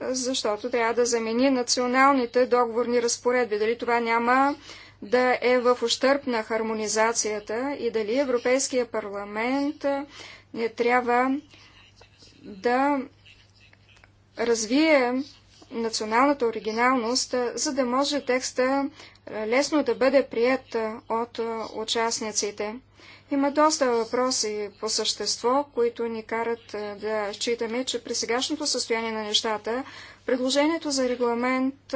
Защото трябва да замени националните договорни разпоредби. Дали това няма да е в ущърп на хармонизацията и дали Европейския парламент не трябва да развие националната оригиналност, за да може текста лесно да бъде прият от участниците. Има доста въпроси по същество, които ни карат да считаме, че при сегашното състояние на нещата предложението за регламент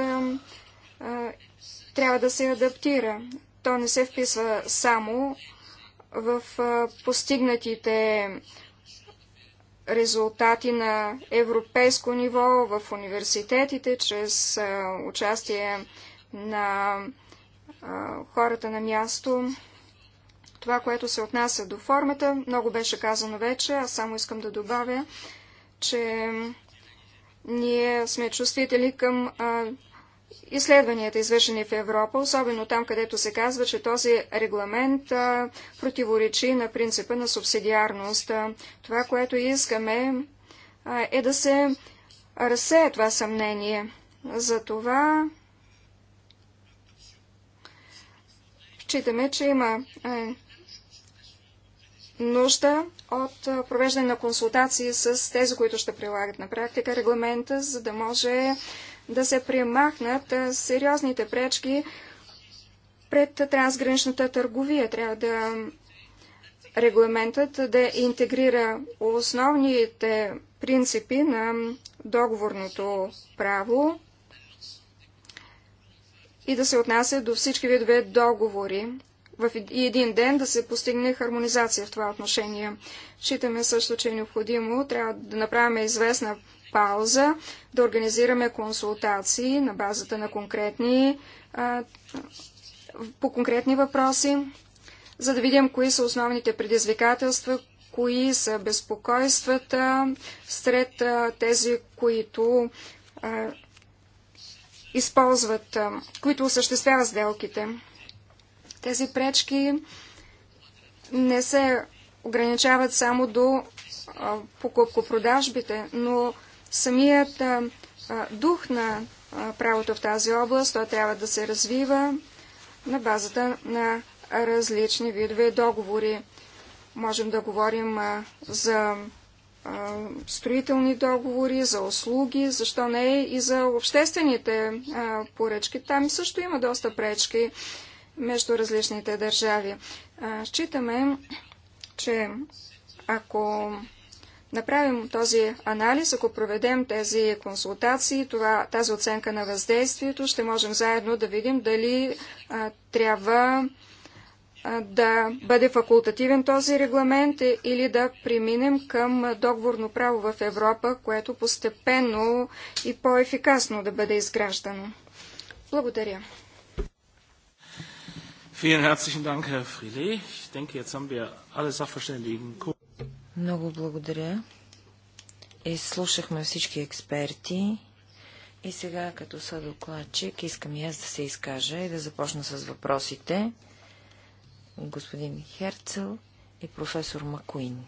трябва да се адаптира. То не се вписва само в постигнатите резултати на европейско ниво в университетите, чрез участие на хората на място. Това, което се отнася до формата, много беше казано вече. Аз само искам да добавя, че ние сме чувствители към изследванията, извършени в Европа, особено там, където се казва, че този регламент а, противоречи на принципа на субсидиарност. Това, което искаме, а, е да се разсея това съмнение. За това считаме, че има нужда от провеждане на консултации с тези, които ще прилагат на практика регламента, за да може да се премахнат сериозните пречки пред трансграничната търговия. Трябва да регламентът да интегрира основните принципи на договорното право и да се отнася до всички видове договори. В един ден да се постигне хармонизация в това отношение. Считаме също, че е необходимо, трябва да направим известна пауза, да организираме консултации на базата на конкретни, по конкретни въпроси, за да видим кои са основните предизвикателства, кои са безпокойствата сред тези, които използват, които осъществяват сделките. Тези пречки не се ограничават само до покупко-продажбите, но самият а, дух на а, правото в тази област, той трябва да се развива на базата на различни видове договори. Можем да говорим а, за строителни договори, за услуги, защо не и за обществените поръчки. Там също има доста пречки между различните държави. Считаме, че ако направим този анализ, ако проведем тези консултации, това, тази оценка на въздействието, ще можем заедно да видим дали а, трябва а, да бъде факултативен този регламент е, или да преминем към договорно право в Европа, което постепенно и по-ефикасно да бъде изграждано. Благодаря. Vielen herzlichen Dank, Herr Frillet. Ich denke, jetzt haben wir alle Sachverständigen. Много благодаря. Изслушахме всички експерти. И сега, като докладчик, искам и аз да се изкажа и да започна с въпросите. Господин Херцел и професор Макуин.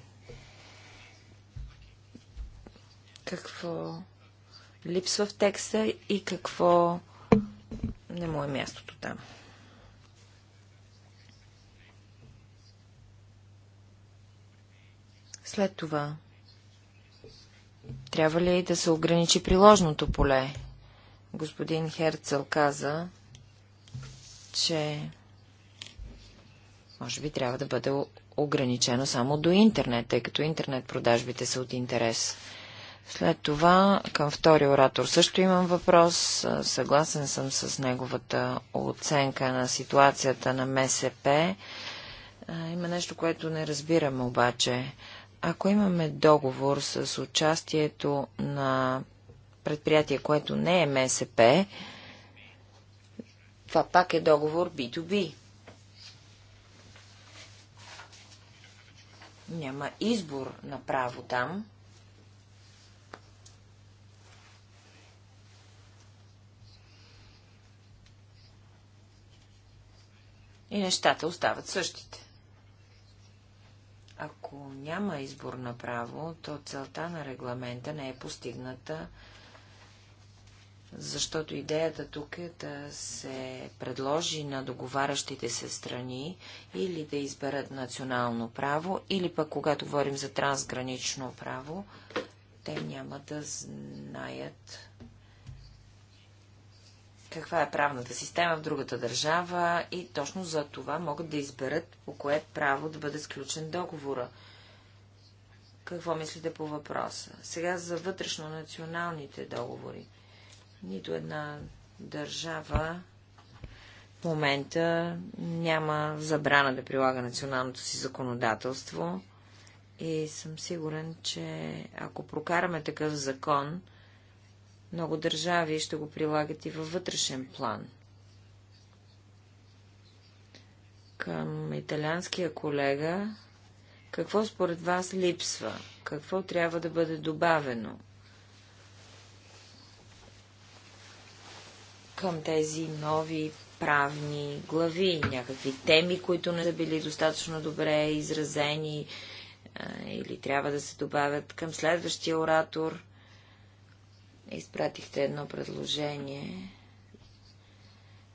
Какво липсва в текста и какво не му е мястото там? След това, трябва ли да се ограничи приложното поле? Господин Херцел каза, че може би трябва да бъде ограничено само до интернет, тъй като интернет продажбите са от интерес. След това към втори оратор също имам въпрос. Съгласен съм с неговата оценка на ситуацията на МСП. Има нещо, което не разбирам обаче. Ако имаме договор с участието на предприятие, което не е МСП, това пак е договор B2B. Няма избор на право там. И нещата остават същите. Ако няма избор на право, то целта на регламента не е постигната, защото идеята тук е да се предложи на договарящите се страни или да изберат национално право, или пък когато говорим за трансгранично право, те няма да знаят каква е правната система в другата държава и точно за това могат да изберат по кое право да бъде сключен договора. Какво мислите по въпроса? Сега за вътрешно-националните договори. Нито една държава в момента няма забрана да прилага националното си законодателство и съм сигурен, че ако прокараме такъв закон, много държави ще го прилагат и във вътрешен план. Към италианския колега, какво според вас липсва? Какво трябва да бъде добавено? към тези нови правни глави, някакви теми, които не са били достатъчно добре изразени или трябва да се добавят към следващия оратор изпратихте едно предложение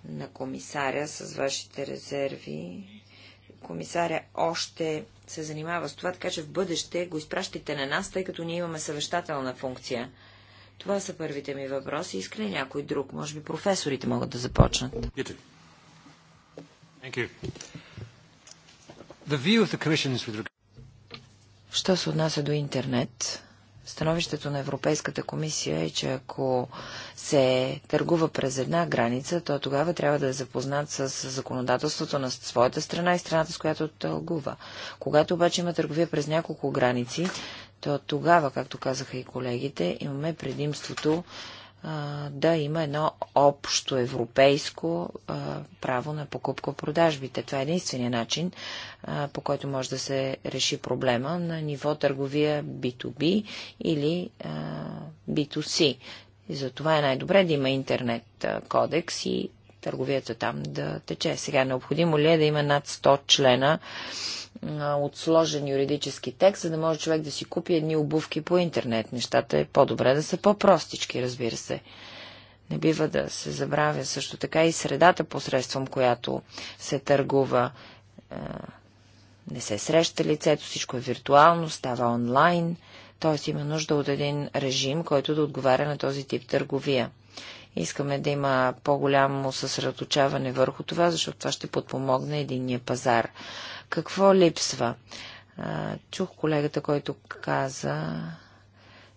на комисаря с вашите резерви. Комисаря още се занимава с това, така че в бъдеще го изпращайте на нас, тъй като ние имаме съвещателна функция. Това са първите ми въпроси. Иска ли някой друг? Може би професорите могат да започнат. Що се отнася до интернет, Становището на Европейската комисия е, че ако се търгува през една граница, то тогава трябва да е запознат с законодателството на своята страна и страната, с която тългува. Когато обаче има търговия през няколко граници, то тогава, както казаха и колегите, имаме предимството да има едно общо европейско право на покупко-продажбите. Това е единствения начин, по който може да се реши проблема на ниво търговия B2B или B2C. И за това е най-добре да има интернет кодекс и търговията там да тече. Сега необходимо ли е да има над 100 члена от сложен юридически текст, за да може човек да си купи едни обувки по интернет. Нещата е по-добре да са по-простички, разбира се. Не бива да се забравя също така и средата, посредством която се търгува. Не се среща лицето, всичко е виртуално, става онлайн, т.е. има нужда от един режим, който да отговаря на този тип търговия. Искаме да има по-голямо съсредоточаване върху това, защото това ще подпомогне единния пазар. Какво липсва? Чух колегата, който каза,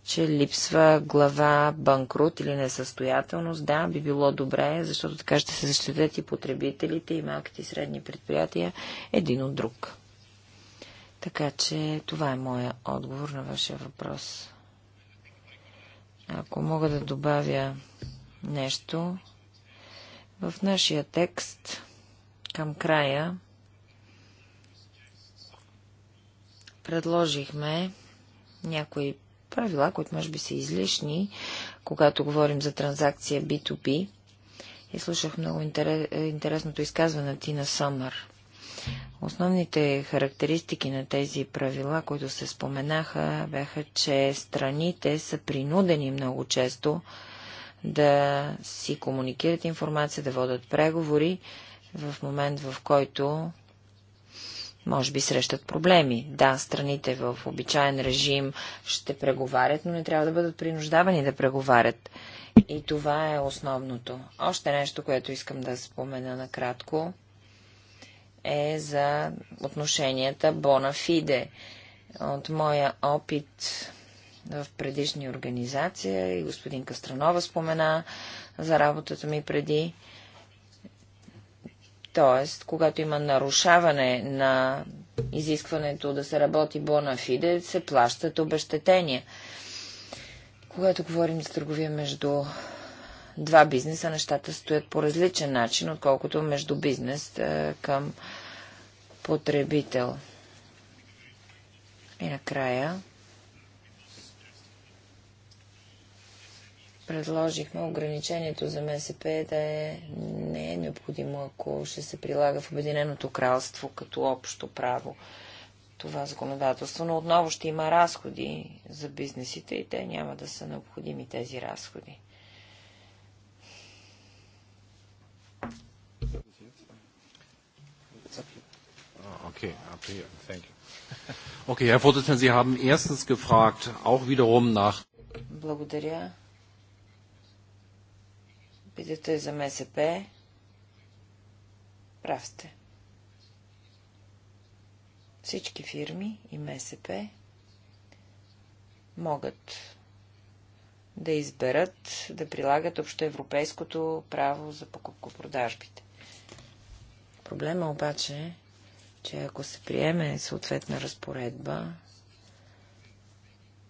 че липсва глава банкрут или несъстоятелност. Да, би било добре, защото така ще се защитят и потребителите, и малките и средни предприятия един от друг. Така че това е моя отговор на вашия въпрос. Ако мога да добавя нещо, в нашия текст към края предложихме някои правила, които може би са излишни, когато говорим за транзакция B2B. И слушах много интересното изказване на Тина Съмър. Основните характеристики на тези правила, които се споменаха, бяха, че страните са принудени много често да си комуникират информация, да водят преговори в момент, в който може би срещат проблеми. Да, страните в обичайен режим ще преговарят, но не трябва да бъдат принуждавани да преговарят. И това е основното. Още нещо, което искам да спомена накратко, е за отношенията Бонафиде. От моя опит в предишни организации и господин Кастранова спомена за работата ми преди т.е. когато има нарушаване на изискването да се работи бонафиде, се плащат обещетения. Когато говорим за търговия между два бизнеса, нещата стоят по различен начин, отколкото между бизнес е, към потребител. И накрая предложихме ограничението за МСП да е, не е необходимо, ако ще се прилага в Обединеното кралство като общо право това законодателство, но отново ще има разходи за бизнесите и те няма да са необходими тези разходи. Okay, thank you. Okay, Herr Vorsitzender, Sie haben erstens gefragt, auch wiederum nach. Благодаря. Питате за МСП. Прав сте. Всички фирми и МСП могат да изберат да прилагат общоевропейското право за покупко-продажбите. Проблема обаче е, че ако се приеме съответна разпоредба,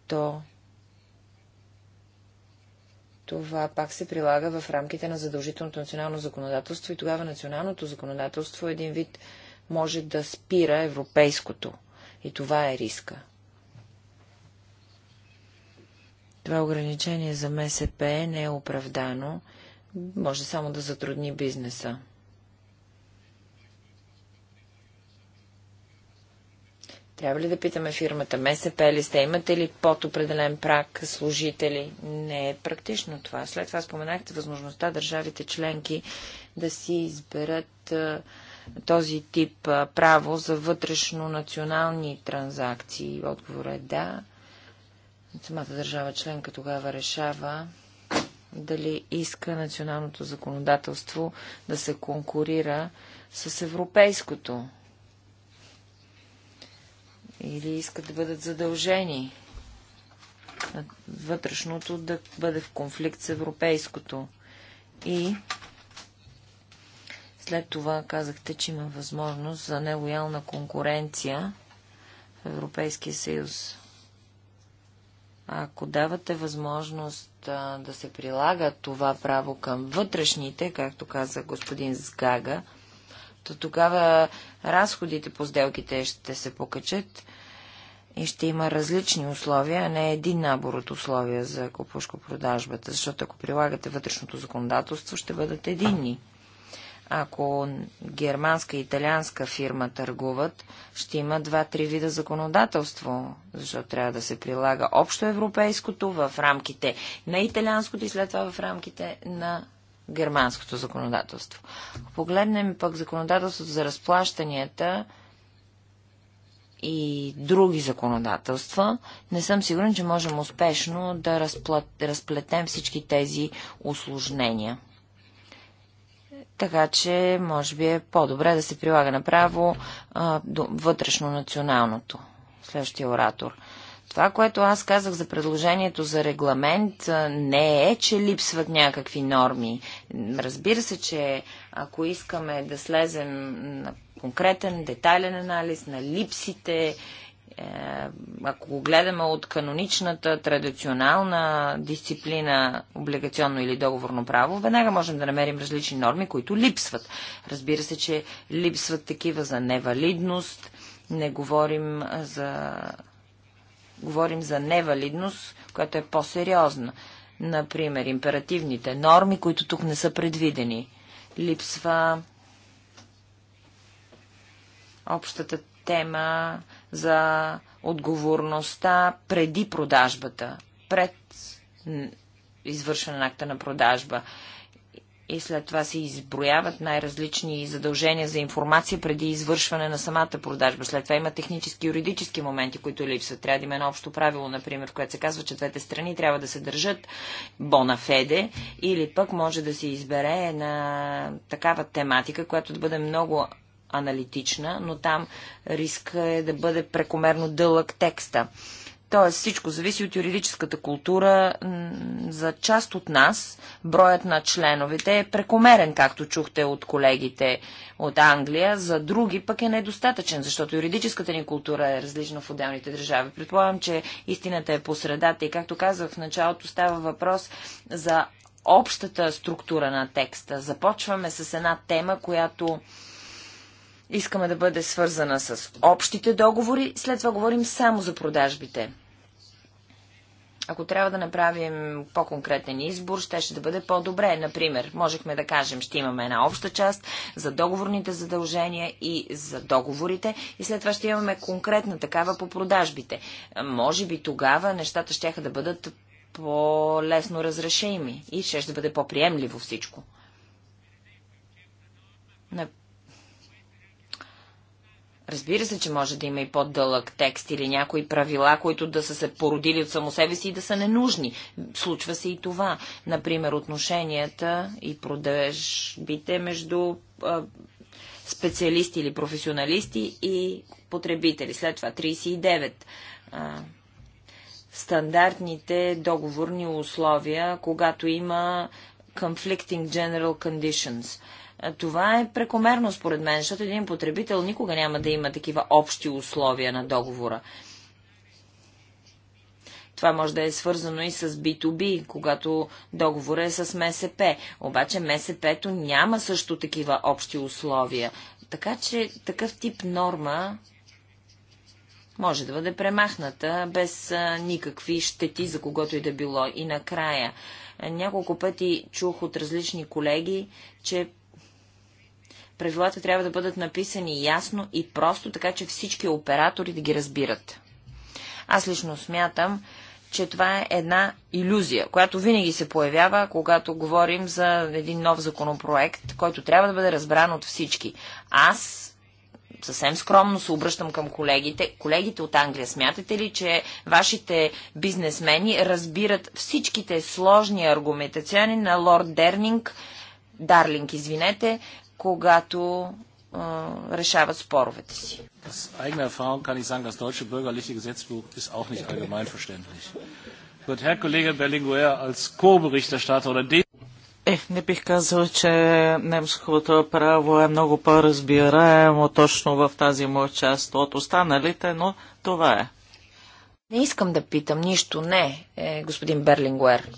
то това пак се прилага в рамките на задължителното национално законодателство и тогава националното законодателство един вид може да спира европейското. И това е риска. Това ограничение за МСП не е оправдано, може само да затрудни бизнеса. Трябва ли да питаме фирмата МСП ли сте? Имате ли под определен прак служители? Не е практично това. След това споменахте възможността държавите членки да си изберат този тип право за вътрешно национални транзакции. Отговор е да. Самата държава членка тогава решава дали иска националното законодателство да се конкурира с европейското или искат да бъдат задължени вътрешното да бъде в конфликт с европейското. И след това казахте, че има възможност за нелоялна конкуренция в Европейския съюз. Ако давате възможност а, да се прилага това право към вътрешните, както каза господин Сгага, то тогава разходите по сделките ще се покачат и ще има различни условия, а не един набор от условия за купушко-продажбата, защото ако прилагате вътрешното законодателство, ще бъдат единни. Ако германска и италианска фирма търгуват, ще има два-три вида законодателство, защото трябва да се прилага общо европейското в рамките на италианското и след това в рамките на германското законодателство. Ако погледнем пък законодателството за разплащанията и други законодателства, не съм сигурен, че можем успешно да разплат, разплетем всички тези осложнения. Така че, може би е по-добре да се прилага направо а, до, вътрешно националното. Следващия оратор – това, което аз казах за предложението за регламент, не е, че липсват някакви норми. Разбира се, че ако искаме да слезем на конкретен, детайлен анализ на липсите, е, ако го гледаме от каноничната, традиционална дисциплина, облигационно или договорно право, веднага можем да намерим различни норми, които липсват. Разбира се, че липсват такива за невалидност, не говорим за Говорим за невалидност, която е по-сериозна. Например, императивните норми, които тук не са предвидени. Липсва общата тема за отговорността преди продажбата, пред извършване на акта на продажба и след това се изброяват най-различни задължения за информация преди извършване на самата продажба. След това има технически и юридически моменти, които липсват. Трябва да има едно общо правило, например, в което се казва, че двете страни трябва да се държат бона феде или пък може да се избере на такава тематика, която да бъде много аналитична, но там риска е да бъде прекомерно дълъг текста. Тоест всичко зависи от юридическата култура. За част от нас броят на членовете е прекомерен, както чухте от колегите от Англия. За други пък е недостатъчен, защото юридическата ни култура е различна в отделните държави. Предполагам, че истината е по средата и както казах в началото става въпрос за общата структура на текста. Започваме с една тема, която Искаме да бъде свързана с общите договори, след това говорим само за продажбите. Ако трябва да направим по-конкретен избор, ще ще да бъде по-добре. Например, можехме да кажем, ще имаме една обща част за договорните задължения и за договорите и след това ще имаме конкретна такава по продажбите. Може би тогава нещата ще да бъдат по-лесно разрешими и ще ще бъде по-приемливо всичко. Разбира се, че може да има и по-дълъг текст или някои правила, които да са се породили от само себе си и да са ненужни. Случва се и това. Например, отношенията и продажбите между а, специалисти или професионалисти и потребители. След това 39. А, стандартните договорни условия, когато има conflicting general conditions. А, това е прекомерно според мен, защото един потребител никога няма да има такива общи условия на договора. Това може да е свързано и с B2B, когато договор е с МСП. Обаче МСП-то няма също такива общи условия. Така че такъв тип норма може да бъде премахната без никакви щети за когото и да било. И накрая, няколко пъти чух от различни колеги, че Правилата трябва да бъдат написани ясно и просто, така че всички оператори да ги разбират. Аз лично смятам, че това е една иллюзия, която винаги се появява, когато говорим за един нов законопроект, който трябва да бъде разбран от всички. Аз съвсем скромно се обръщам към колегите. Колегите от Англия, смятате ли, че вашите бизнесмени разбират всичките сложни аргументационни на лорд Дернинг, Дарлинг, извинете, когато а, решават споровете си. Das не бих казал, че немското право е много по-разбираемо точно в тази му част от останалите, но това е. Не искам да питам нищо, не, е, господин Берлингуер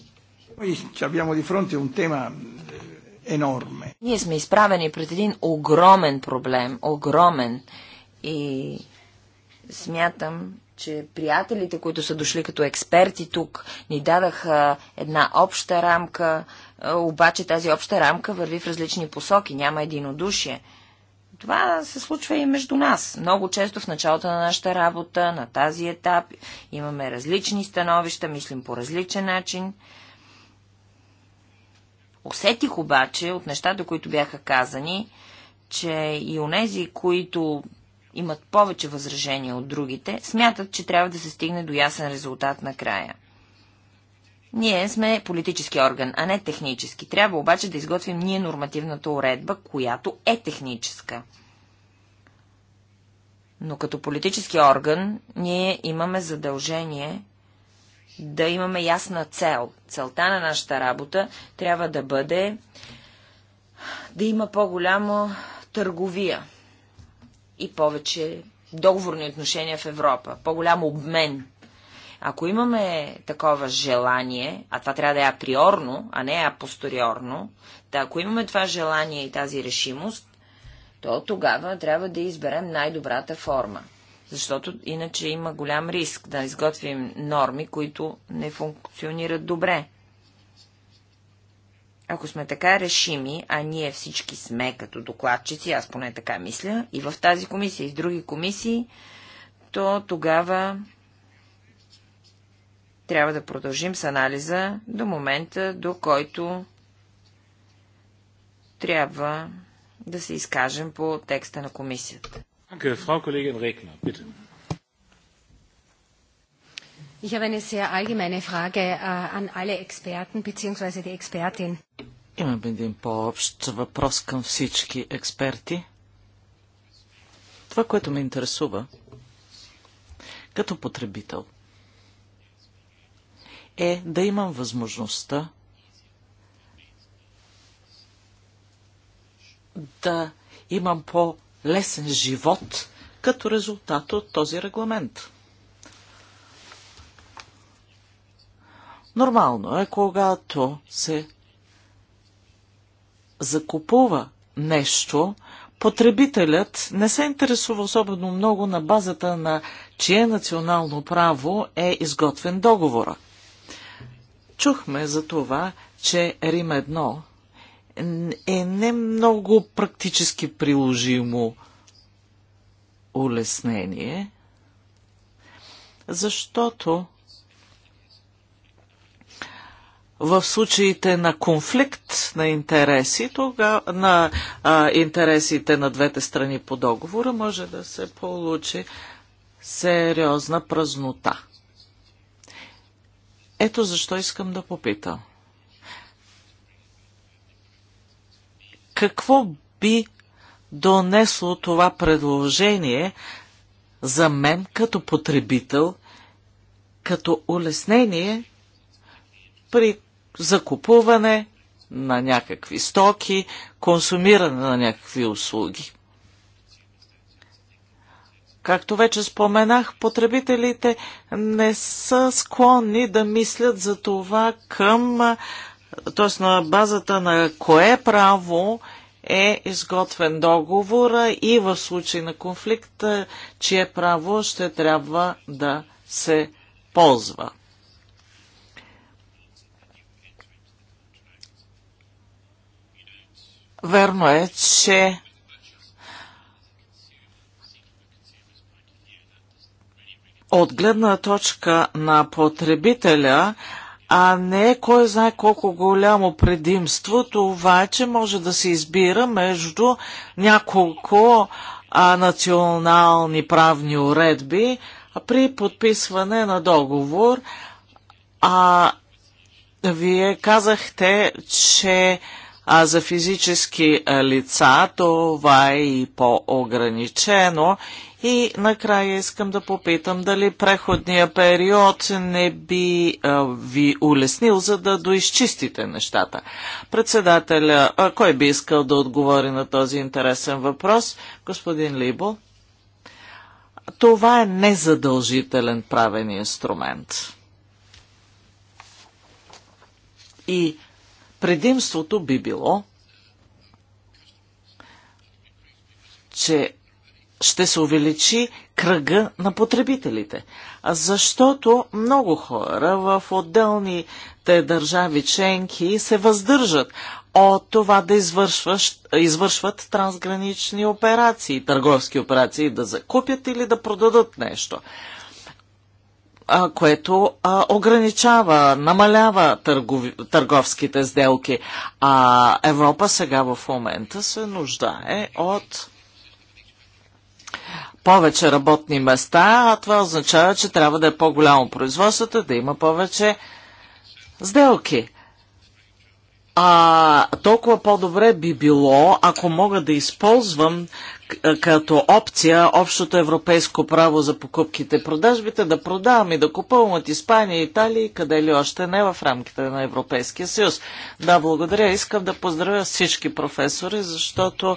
enorme. Ние сме изправени пред един огромен проблем, огромен. И смятам, че приятелите, които са дошли като експерти тук, ни дадаха една обща рамка, е, обаче тази обща рамка върви в различни посоки, няма единодушие. Това се случва и между нас. Много често в началото на нашата работа, на тази етап, имаме различни становища, мислим по различен начин. Усетих обаче от нещата, които бяха казани, че и онези, които имат повече възражения от другите, смятат, че трябва да се стигне до ясен резултат накрая. Ние сме политически орган, а не технически. Трябва обаче да изготвим ние нормативната уредба, която е техническа. Но като политически орган ние имаме задължение да имаме ясна цел. Целта на нашата работа трябва да бъде да има по-голяма търговия и повече договорни отношения в Европа, по-голям обмен. Ако имаме такова желание, а това трябва да е априорно, а не е апостериорно, да ако имаме това желание и тази решимост, то тогава трябва да изберем най-добрата форма. Защото иначе има голям риск да изготвим норми, които не функционират добре. Ако сме така решими, а ние всички сме като докладчици, аз поне така мисля, и в тази комисия, и в други комисии, то тогава трябва да продължим с анализа до момента, до който трябва да се изкажем по текста на комисията. Danke, Frau Kollegin Regner, bitte. Ich habe eine sehr allgemeine Frage äh, an alle Experten bzw. die Expertin. Имам един по-общ въпрос към всички експерти. Това, което ме интересува като потребител, е да имам възможността да имам по- лесен живот като резултат от този регламент. Нормално е, когато се закупува нещо, потребителят не се интересува особено много на базата на чие национално право е изготвен договора. Чухме за това, че Рим едно е не много практически приложимо улеснение, защото в случаите на конфликт на интереси, тога, на а, интересите на двете страни по договора, може да се получи сериозна празнота. Ето защо искам да попитам. какво би донесло това предложение за мен като потребител, като улеснение при закупуване на някакви стоки, консумиране на някакви услуги. Както вече споменах, потребителите не са склонни да мислят за това към т.е. на базата на кое право е изготвен договор, и в случай на конфликт, е, чие право ще трябва да се ползва. Верно е, че от гледна точка на потребителя, а не кой знае колко голямо предимство това е, че може да се избира между няколко а, национални правни уредби при подписване на договор. А вие казахте, че а за физически лица това е и по-ограничено. И накрая искам да попитам дали преходния период не би а, ви улеснил, за да доизчистите нещата. Председателя, а, кой би искал да отговори на този интересен въпрос? Господин Либо. Това е незадължителен правен инструмент. И Предимството би било, че ще се увеличи кръга на потребителите. Защото много хора в отделните държави членки се въздържат от това да извършват, извършват трансгранични операции, търговски операции, да закупят или да продадат нещо а, което а, ограничава, намалява търгов, търговските сделки. А Европа сега в момента се нуждае от повече работни места, а това означава, че трябва да е по-голямо производството, да има повече сделки. А толкова по-добре би било, ако мога да използвам е, като опция общото европейско право за покупките и продажбите да продавам и да купувам от Испания, Италия и къде ли още не в рамките на Европейския съюз. Да, благодаря. Искам да поздравя всички професори, защото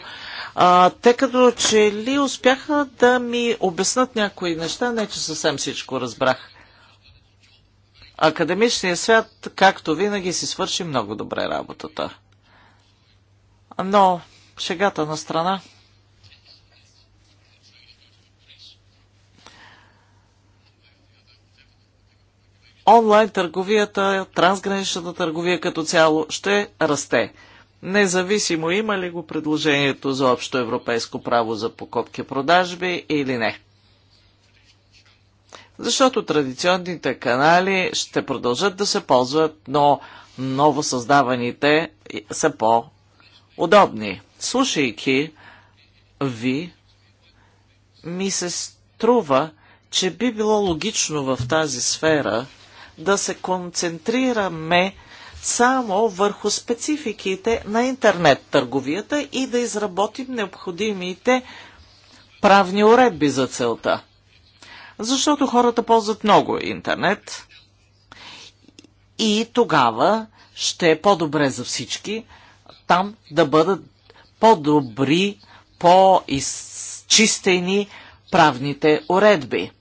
а, те като че ли успяха да ми обяснат някои неща, не че съвсем всичко разбрах. Академичният свят, както винаги, си свърши много добре работата. Но шегата на страна. онлайн търговията, трансграничната търговия като цяло ще расте. Независимо има ли го предложението за общо европейско право за покупки продажби или не. Защото традиционните канали ще продължат да се ползват, но ново създаваните са по-удобни. Слушайки ви, ми се струва, че би било логично в тази сфера да се концентрираме само върху спецификите на интернет търговията и да изработим необходимите правни уредби за целта. Защото хората ползват много интернет и тогава ще е по-добре за всички там да бъдат по-добри, по-изчистени правните уредби.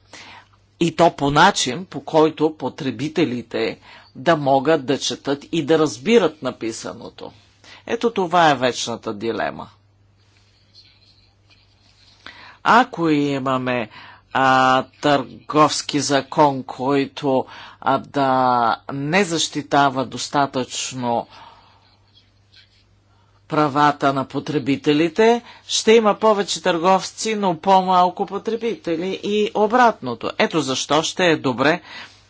И то по начин, по който потребителите да могат да четат и да разбират написаното. Ето това е вечната дилема. Ако имаме а, търговски закон, който а, да не защитава достатъчно правата на потребителите, ще има повече търговци, но по-малко потребители и обратното. Ето защо ще е добре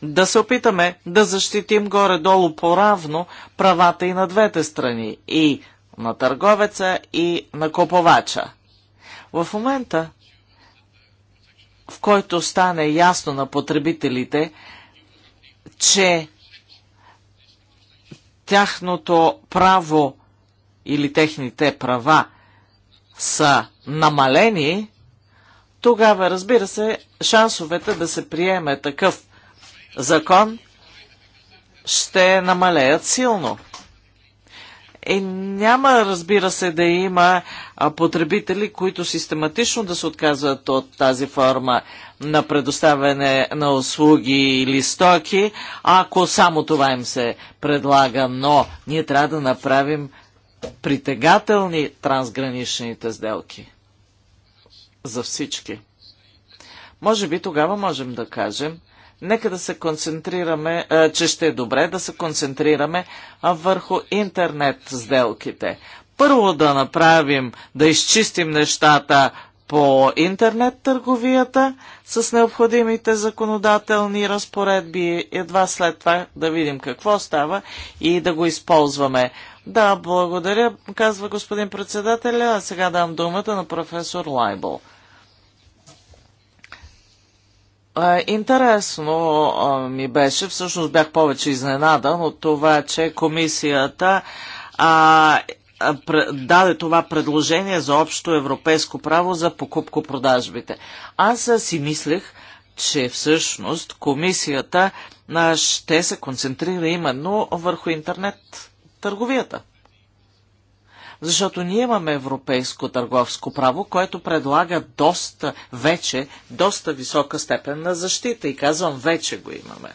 да се опитаме да защитим горе-долу по-равно правата и на двете страни, и на търговеца, и на купувача. В момента, в който стане ясно на потребителите, че тяхното право или техните права са намалени, тогава, разбира се, шансовете да се приеме такъв закон ще намалеят силно. И няма, разбира се, да има потребители, които систематично да се отказват от тази форма на предоставяне на услуги или стоки, ако само това им се предлага. Но ние трябва да направим притегателни трансграничните сделки за всички. Може би тогава можем да кажем, нека да се концентрираме, че ще е добре да се концентрираме върху интернет сделките. Първо да направим, да изчистим нещата по интернет търговията с необходимите законодателни разпоредби. Едва след това да видим какво става и да го използваме да, благодаря, казва господин председателя. А сега дам думата на професор Лайбъл. Интересно ми беше, всъщност бях повече изненадан от това, че комисията а, даде това предложение за общо европейско право за покупко-продажбите. Аз си мислех, че всъщност комисията ще се концентрира именно върху интернет търговията. Защото ние имаме европейско търговско право, което предлага доста, вече, доста висока степен на защита. И казвам, вече го имаме.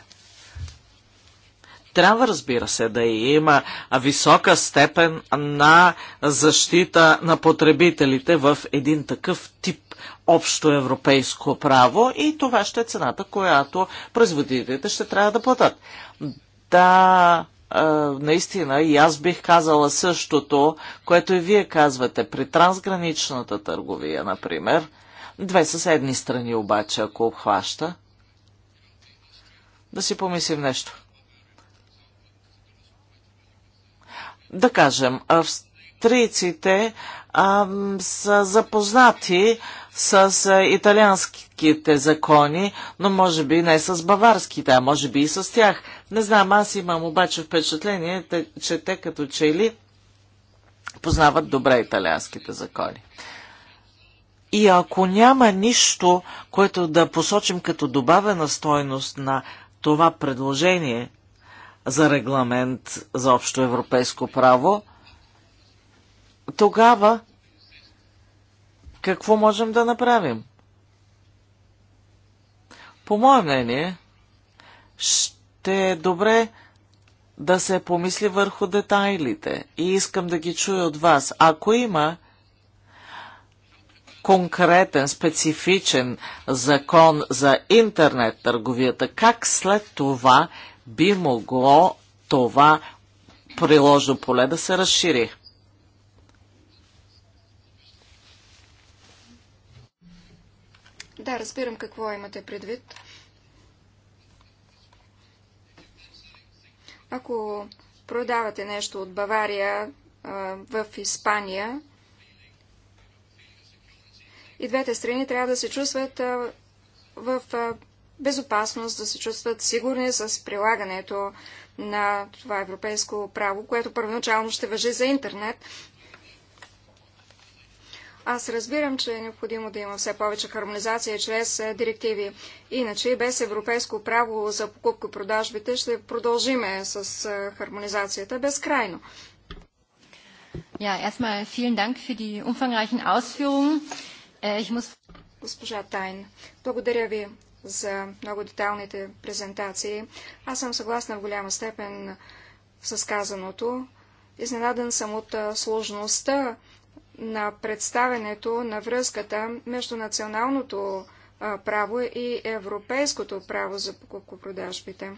Трябва, разбира се, да има висока степен на защита на потребителите в един такъв тип общо европейско право и това ще е цената, която производителите ще трябва да платят. Да, наистина и аз бих казала същото, което и вие казвате при трансграничната търговия, например, две съседни страни обаче, ако обхваща, да си помислим нещо. Да кажем, австрийците а, са запознати с италианските закони, но може би не с баварските, а може би и с тях. Не знам, аз имам обаче впечатление, че те като че ли познават добре италианските закони. И ако няма нищо, което да посочим като добавена стойност на това предложение за регламент за общо европейско право, тогава какво можем да направим? По мое мнение, ще е добре да се помисли върху детайлите и искам да ги чуя от вас. Ако има конкретен, специфичен закон за интернет търговията, как след това би могло това приложно поле да се разшири? Да, разбирам какво имате предвид. Ако продавате нещо от Бавария а, в Испания, и двете страни трябва да се чувстват а, в а, безопасност, да се чувстват сигурни с прилагането на това европейско право, което първоначално ще въжи за интернет, аз разбирам, че е необходимо да има все повече хармонизация чрез е, директиви. Иначе без европейско право за покупко-продажбите ще продължиме с е, хармонизацията безкрайно. Ja, erstmal vielen Dank für die umfangreichen Ausführungen. Е, ich muss... Госпожа Тайн, благодаря ви за много деталните презентации. Аз съм съгласна в голяма степен с казаното. Изненадан съм от сложността на представенето на връзката между националното право и европейското право за покупко-продажбите.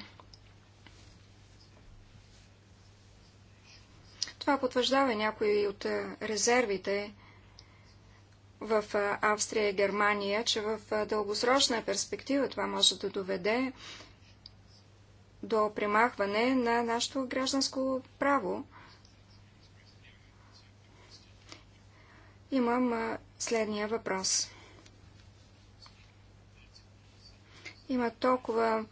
Това потвърждава някои от резервите в Австрия и Германия, че в дългосрочна перспектива това може да доведе до примахване на нашето гражданско право Имам следния въпрос. Има толкова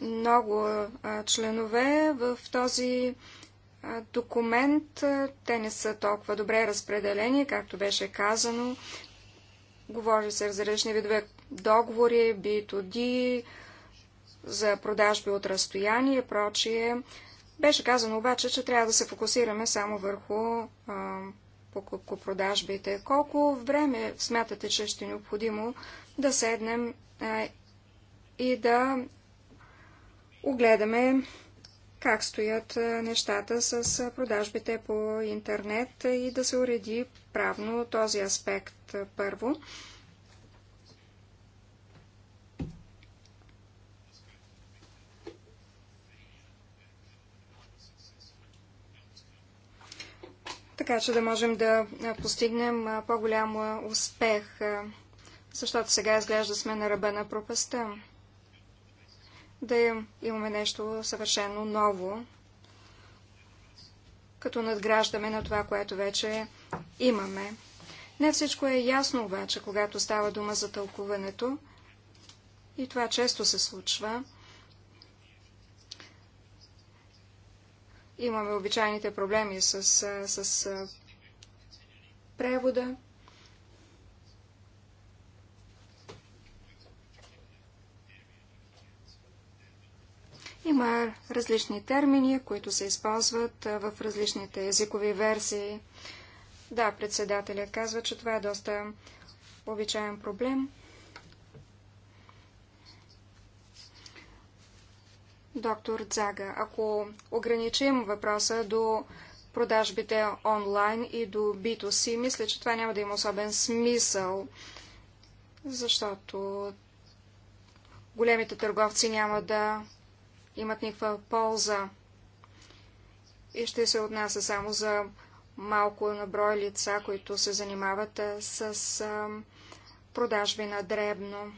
много членове в този документ. Те не са толкова добре разпределени, както беше казано. Говори се за различни видове договори, B2D, за продажби от разстояние и прочие. Беше казано обаче, че трябва да се фокусираме само върху а, покупко-продажбите. Колко време смятате, че ще е необходимо да седнем а, и да огледаме как стоят нещата с продажбите по интернет и да се уреди правно този аспект първо. така че да можем да постигнем по-голям успех, защото сега изглежда сме на ръба на пропаста. Да имаме нещо съвършено ново, като надграждаме на това, което вече имаме. Не всичко е ясно обаче, когато става дума за тълкуването. И това често се случва. Имаме обичайните проблеми с, с, с превода. Има различни термини, които се използват в различните езикови версии. Да, председателят казва, че това е доста обичаен проблем. доктор Дзага. Ако ограничим въпроса до продажбите онлайн и до B2C, мисля, че това няма да има особен смисъл, защото големите търговци няма да имат никаква полза и ще се отнася само за малко наброй лица, които се занимават с продажби на дребно.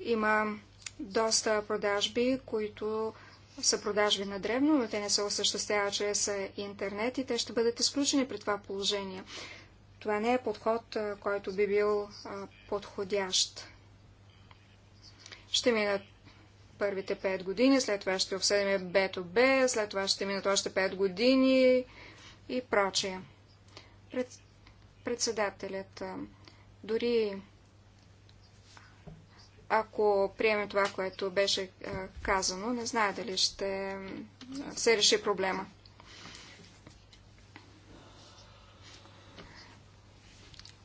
Има доста продажби, които са продажби на древно, но те не се осъществяват чрез интернет и те ще бъдат изключени при това положение. Това не е подход, който би бил подходящ. Ще минат първите 5 години, след това ще обсъдим b 2 b след това ще минат още 5 години и прочее. Председателят, дори ако приемем това, което беше е, казано, не знае дали ще е, се реши проблема.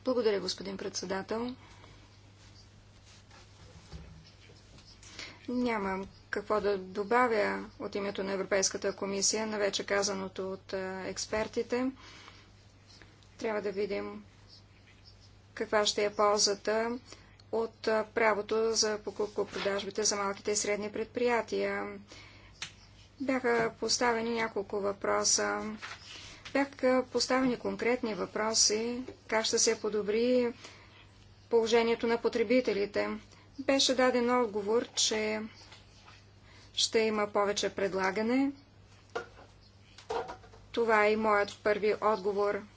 Благодаря, господин председател. Нямам какво да добавя от името на Европейската комисия на вече казаното от е, експертите. Трябва да видим каква ще е ползата от правото за покупко-продажбите за малките и средни предприятия. Бяха поставени няколко въпроса. Бяха поставени конкретни въпроси, как ще се подобри положението на потребителите. Беше даден отговор, че ще има повече предлагане. Това е и моят първи отговор –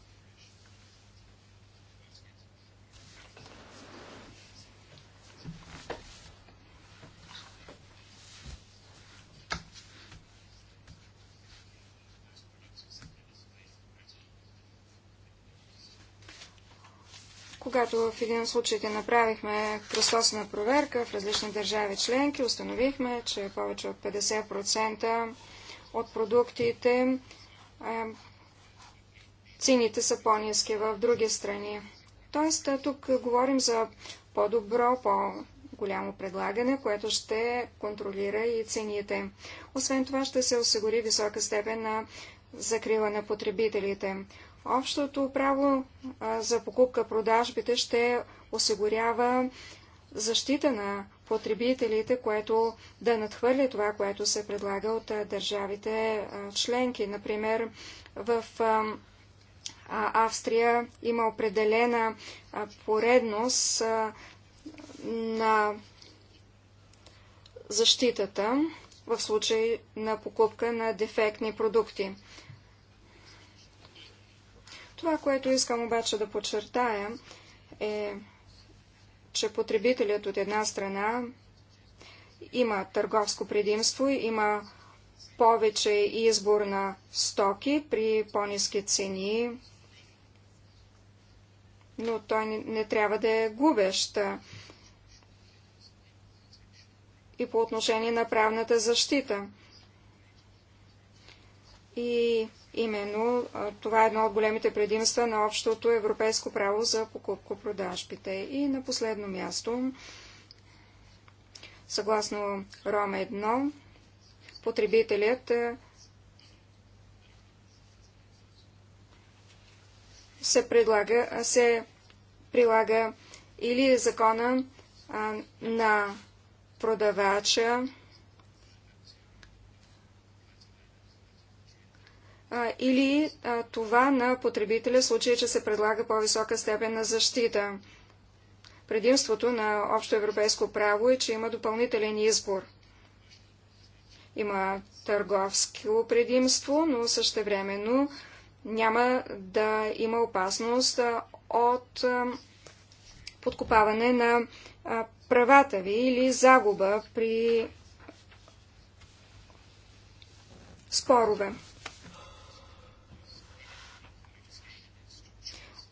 Когато в един от случаите направихме кръстосна проверка в различни държави членки, установихме, че повече от 50% от продуктите цените са по-низки в други страни. Тоест, тук говорим за по-добро, по-голямо предлагане, което ще контролира и цените. Освен това ще се осигури висока степен на закрила на потребителите. Общото право за покупка-продажбите ще осигурява защита на потребителите, което да надхвърля това, което се предлага от държавите членки. Например, в Австрия има определена поредност на защитата в случай на покупка на дефектни продукти. Това, което искам обаче да подчертая е, че потребителят от една страна има търговско предимство, има повече избор на стоки при по-низки цени, но той не трябва да е губещ. И по отношение на правната защита. И Именно това е едно от големите предимства на общото европейско право за покупко-продажбите. И на последно място, съгласно Ром 1, потребителят се, предлага, се прилага или закона а, на продавача, или това на потребителя в случай, че се предлага по-висока степен на защита. Предимството на общо европейско право е, че има допълнителен избор. Има търговско предимство, но същевременно няма да има опасност от подкопаване на правата ви или загуба при спорове.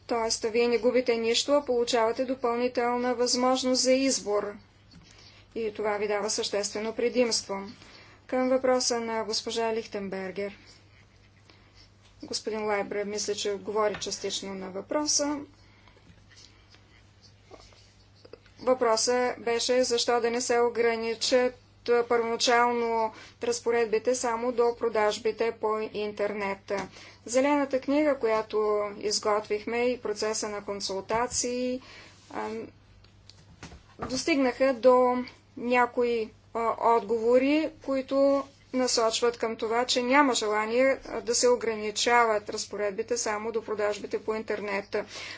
Тоест, вие не губите нищо, а получавате допълнителна възможност за избор. И това ви дава съществено предимство. Към въпроса на госпожа Лихтенбергер. Господин Лайбре, мисля, че отговори частично на въпроса. Въпросът беше защо да не се ограничат първоначално разпоредбите само до продажбите по интернет. Зелената книга, която изготвихме и процеса на консултации, достигнаха до някои отговори, които насочват към това, че няма желание да се ограничават разпоредбите само до продажбите по интернет.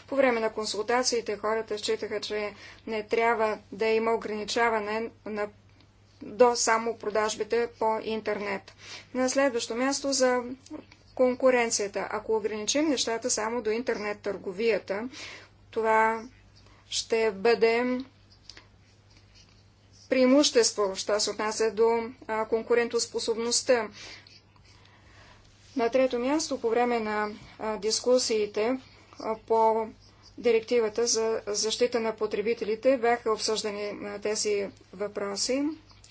По време на консултациите хората считаха, че не трябва да има ограничаване на до само продажбите по интернет. На следващо място за конкуренцията. Ако ограничим нещата само до интернет търговията, това ще бъде преимущество, що се отнася до конкурентоспособността. На трето място, по време на дискусиите по директивата за защита на потребителите, бяха обсъждани тези въпроси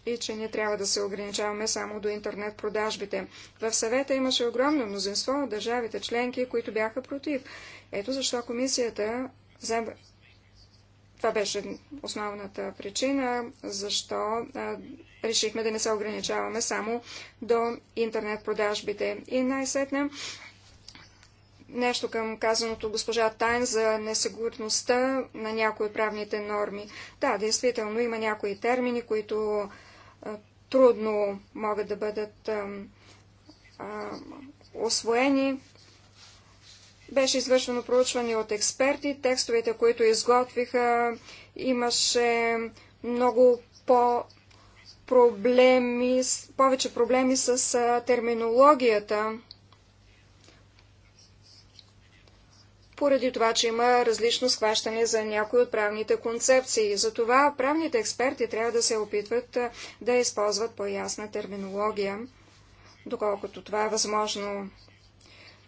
и че не трябва да се ограничаваме само до интернет продажбите. В съвета имаше огромно мнозинство от държавите членки, които бяха против. Ето защо комисията за. Това беше основната причина, защо а, решихме да не се ограничаваме само до интернет продажбите. И най-сетне нещо към казаното госпожа Тайн за несигурността на някои правните норми. Да, действително има някои термини, които трудно могат да бъдат освоени. Беше извършено проучване от експерти, текстовете, които изготвиха, имаше много по проблеми, повече проблеми с терминологията. поради това, че има различно схващане за някои от правните концепции. Затова правните експерти трябва да се опитват да използват по-ясна терминология, доколкото това е възможно.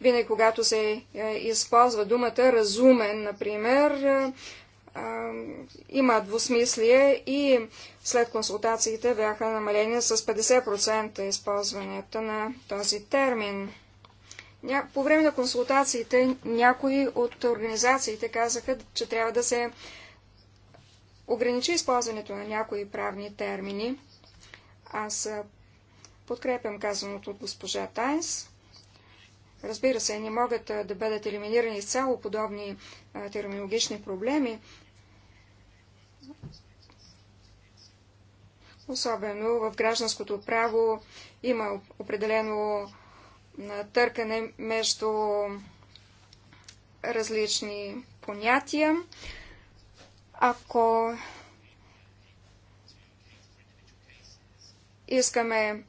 Винаги, когато се използва думата разумен, например, има двусмислие и след консултациите бяха намалени с 50% използването на този термин. По време на консултациите някои от организациите казаха, че трябва да се ограничи използването на някои правни термини. Аз подкрепям казаното от госпожа Тайнс. Разбира се, не могат да бъдат елиминирани изцяло подобни терминологични проблеми, особено в гражданското право има определено на търкане между различни понятия. Ако искаме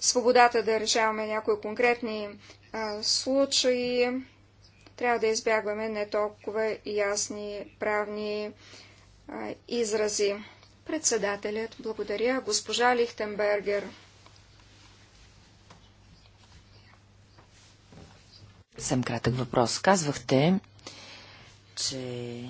свободата да решаваме някои конкретни а, случаи, трябва да избягваме не толкова ясни правни а, изрази. Председателят, благодаря, госпожа Лихтенбергер. Съм кратък въпрос. Казвахте, че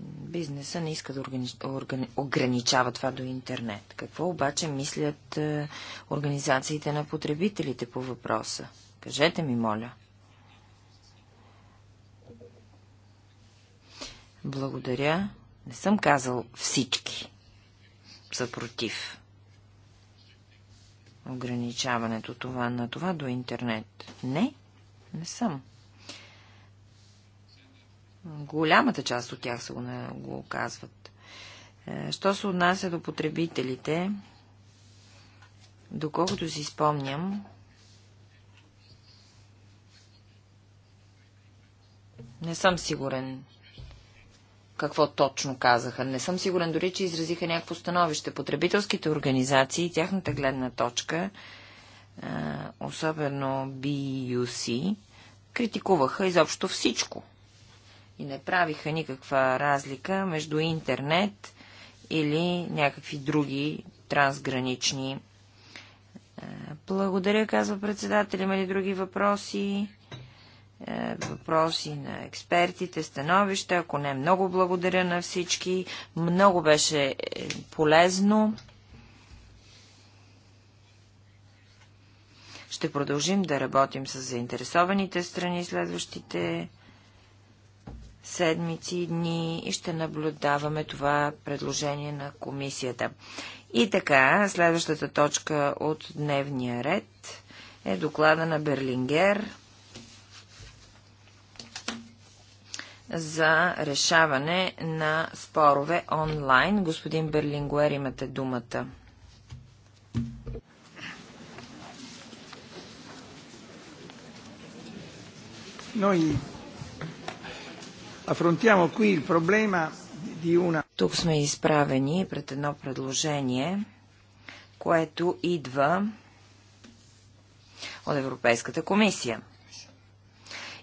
бизнеса не иска да органи... Органи... ограничава това до интернет. Какво обаче мислят е, организациите на потребителите по въпроса? Кажете ми, моля. Благодаря. Не съм казал всички са против ограничаването това на това до интернет. Не. Не съм. Голямата част от тях се го, не, го казват. Е, що се отнася до потребителите, доколкото си спомням, не съм сигурен какво точно казаха. Не съм сигурен дори, че изразиха някакво становище. Потребителските организации, и тяхната гледна точка особено BUC, критикуваха изобщо всичко. И не правиха никаква разлика между интернет или някакви други трансгранични. Благодаря, казва председател, Има ли други въпроси? Е, въпроси на експертите, становища. Ако не, много благодаря на всички. Много беше е, полезно. Ще продължим да работим с заинтересованите страни следващите седмици и дни и ще наблюдаваме това предложение на комисията. И така, следващата точка от дневния ред е доклада на Берлингер за решаване на спорове онлайн. Господин Берлингуер, имате думата. Noi affrontiamo qui il problema di una... Тук сме изправени пред едно предложение, което идва от Европейската комисия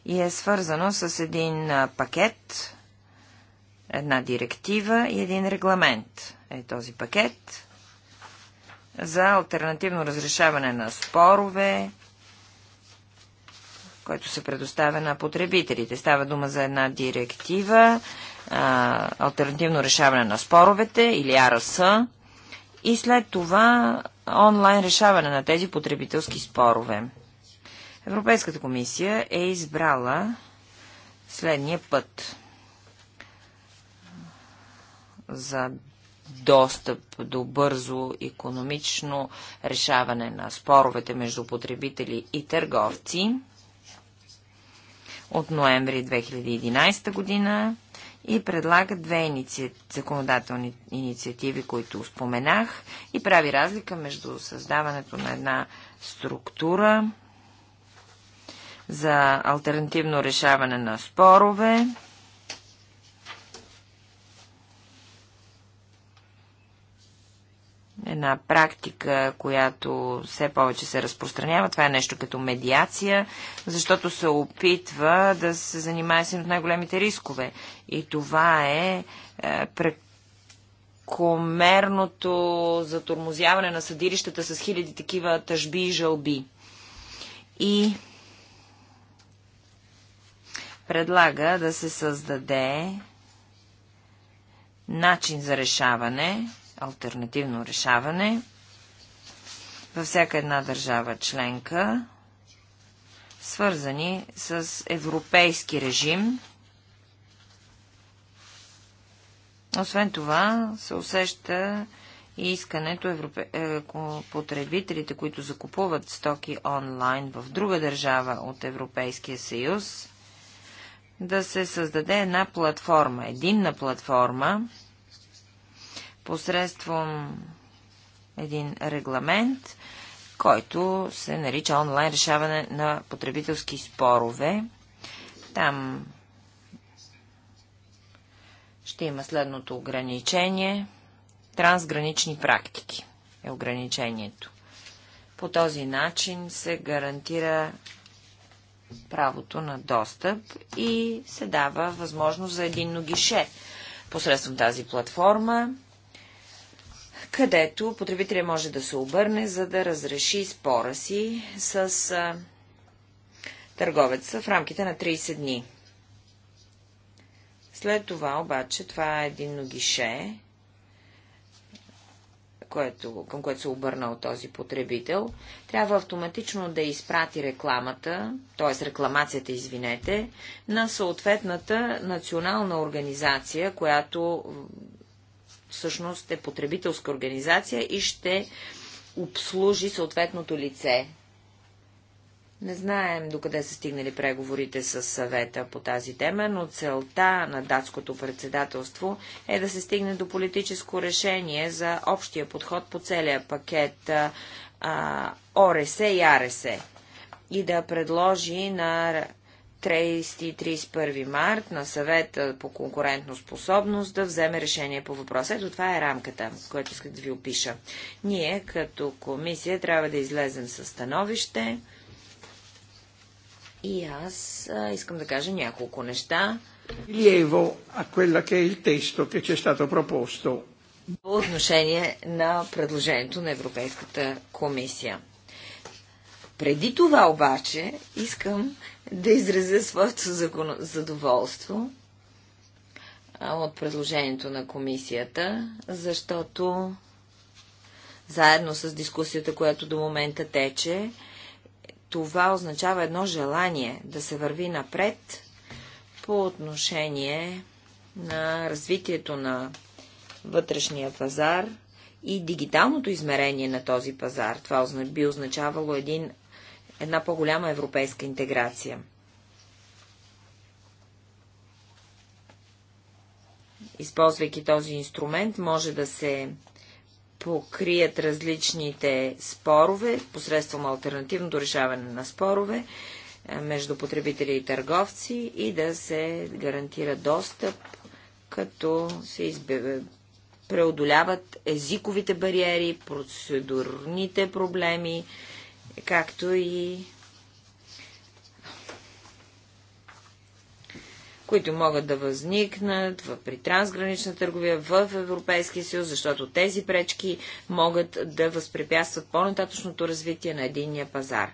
и е свързано с един пакет, една директива и един регламент. Е този пакет за альтернативно разрешаване на спорове което се предоставя на потребителите. Става дума за една директива, а, альтернативно решаване на споровете или АРС и след това онлайн решаване на тези потребителски спорове. Европейската комисия е избрала следния път за достъп до бързо економично решаване на споровете между потребители и търговци от ноември 2011 година и предлага две иници... законодателни инициативи, които споменах и прави разлика между създаването на една структура за альтернативно решаване на спорове една практика, която все повече се разпространява. Това е нещо като медиация, защото се опитва да се занимае с един от най-големите рискове. И това е, е прекомерното затормозяване на съдилищата с хиляди такива тъжби и жалби. И предлага да се създаде начин за решаване альтернативно решаване във всяка една държава членка, свързани с европейски режим. Освен това се усеща и искането европе... Е, потребителите, които закупуват стоки онлайн в друга държава от Европейския съюз, да се създаде една платформа, единна платформа, посредством един регламент, който се нарича онлайн решаване на потребителски спорове. Там ще има следното ограничение. Трансгранични практики е ограничението. По този начин се гарантира правото на достъп и се дава възможност за единно гише. Посредством тази платформа където потребителя може да се обърне, за да разреши спора си с търговеца в рамките на 30 дни. След това обаче това е един гише, което, към което се е обърнал този потребител, трябва автоматично да изпрати рекламата, т.е. рекламацията, извинете, на съответната национална организация, която всъщност е потребителска организация и ще обслужи съответното лице. Не знаем докъде са стигнали преговорите с съвета по тази тема, но целта на датското председателство е да се стигне до политическо решение за общия подход по целия пакет а, ОРСЕ и АРСЕ и да предложи на 30 31 март на съвета по конкурентно способност да вземе решение по въпроса. Ето това е рамката, която исках да ви опиша. Ние като комисия трябва да излезем със становище и аз а, искам да кажа няколко неща. Лево, а quella che è il testo che ci è stato proposto. По отношение на предложението на Европейската комисия. Преди това обаче искам да изразя своето задоволство от предложението на комисията, защото заедно с дискусията, която до момента тече, това означава едно желание да се върви напред по отношение на развитието на вътрешния пазар и дигиталното измерение на този пазар. Това би означавало един една по-голяма европейска интеграция. Използвайки този инструмент, може да се покрият различните спорове посредством альтернативното решаване на спорове е, между потребители и търговци и да се гарантира достъп, като се преодоляват езиковите бариери, процедурните проблеми, както и които могат да възникнат при трансгранична търговия в Европейския съюз, защото тези пречки могат да възпрепятстват по-нататъчното развитие на единния пазар.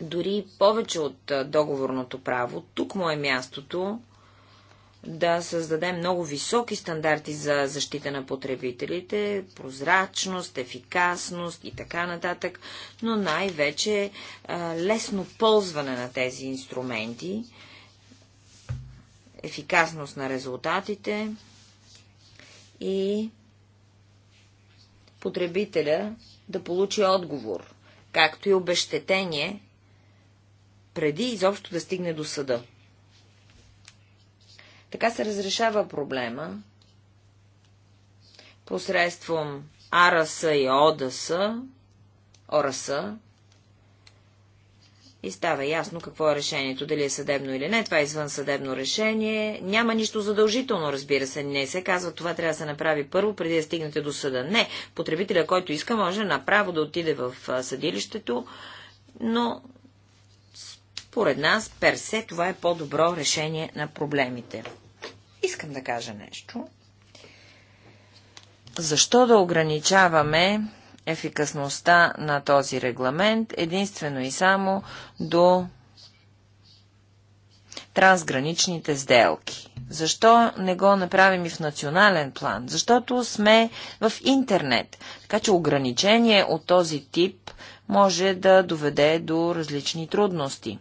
Дори повече от договорното право, тук му е мястото да създадем много високи стандарти за защита на потребителите, прозрачност, ефикасност и така нататък, но най-вече лесно ползване на тези инструменти, ефикасност на резултатите и потребителя да получи отговор, както и обещетение, преди изобщо да стигне до съда. Така се разрешава проблема посредством АРС и ОДС, ОРС, и става ясно какво е решението, дали е съдебно или не. Това е извън съдебно решение. Няма нищо задължително, разбира се. Не се казва, това трябва да се направи първо, преди да стигнете до съда. Не. Потребителя, който иска, може направо да отиде в съдилището, но според нас, персе, това е по-добро решение на проблемите. Искам да кажа нещо. Защо да ограничаваме ефикасността на този регламент единствено и само до трансграничните сделки. Защо не го направим и в национален план? Защото сме в интернет. Така че ограничение от този тип може да доведе до различни трудности.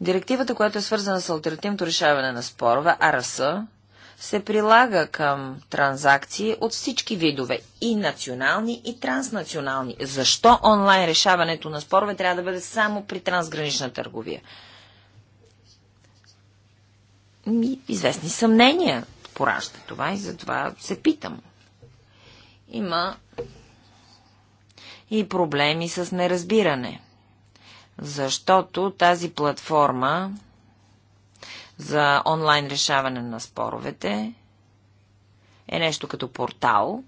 Директивата, която е свързана с альтернативното решаване на спорове, АРС, се прилага към транзакции от всички видове, и национални, и транснационални. Защо онлайн решаването на спорове трябва да бъде само при трансгранична търговия? Известни съмнения поражда това и затова се питам. Има и проблеми с неразбиране защото тази платформа за онлайн решаване на споровете е нещо като портал.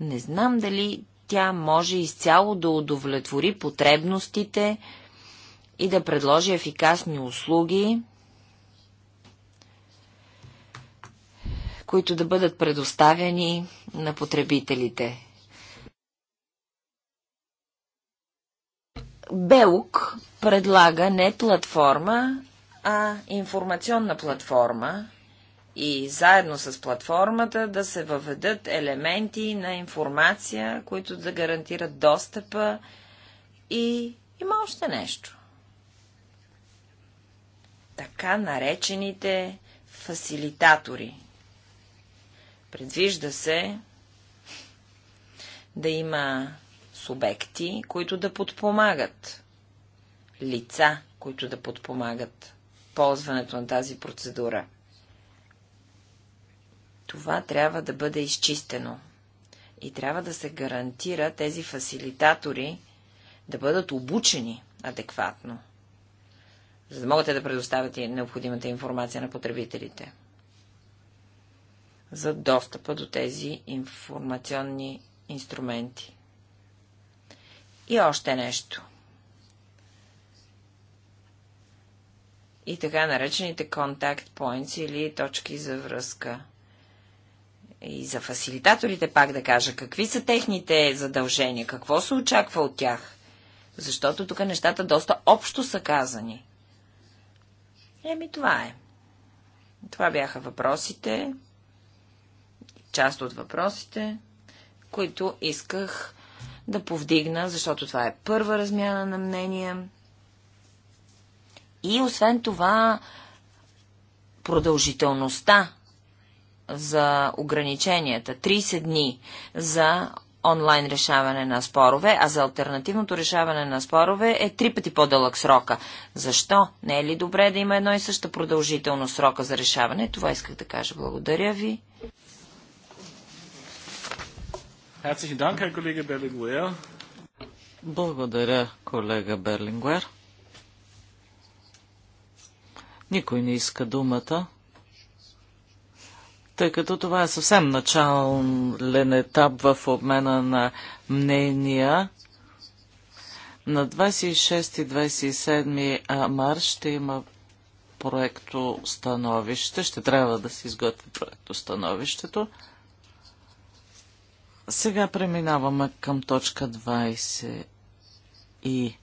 Не знам дали тя може изцяло да удовлетвори потребностите и да предложи ефикасни услуги, които да бъдат предоставени на потребителите. Белк предлага не платформа, а информационна платформа и заедно с платформата да се въведат елементи на информация, които да гарантират достъпа и има още нещо. Така наречените фасилитатори. Предвижда се да има субекти, които да подпомагат лица, които да подпомагат ползването на тази процедура. Това трябва да бъде изчистено. И трябва да се гарантира тези фасилитатори да бъдат обучени адекватно, за да могат да предоставят и необходимата информация на потребителите за достъпа до тези информационни инструменти. И още нещо. И така наречените контакт points или точки за връзка. И за фасилитаторите пак да кажа, какви са техните задължения, какво се очаква от тях. Защото тук нещата доста общо са казани. Еми това е. Това бяха въпросите, част от въпросите, които исках да повдигна, защото това е първа размяна на мнения. И освен това, продължителността за ограниченията 30 дни за онлайн решаване на спорове, а за альтернативното решаване на спорове е три пъти по-дълъг срока. Защо? Не е ли добре да има едно и съща продължително срока за решаване? Това исках да кажа. Благодаря ви. Herzlichen Dank, Herr Kollege Berlinguer. Благодаря, колега Берлингуер. Никой не иска думата, тъй като това е съвсем начален етап в обмена на мнения. На 26 и 27 марш ще има проекто становище. Ще трябва да се изготви проекто становището. Сега преминаваме към точка 20 и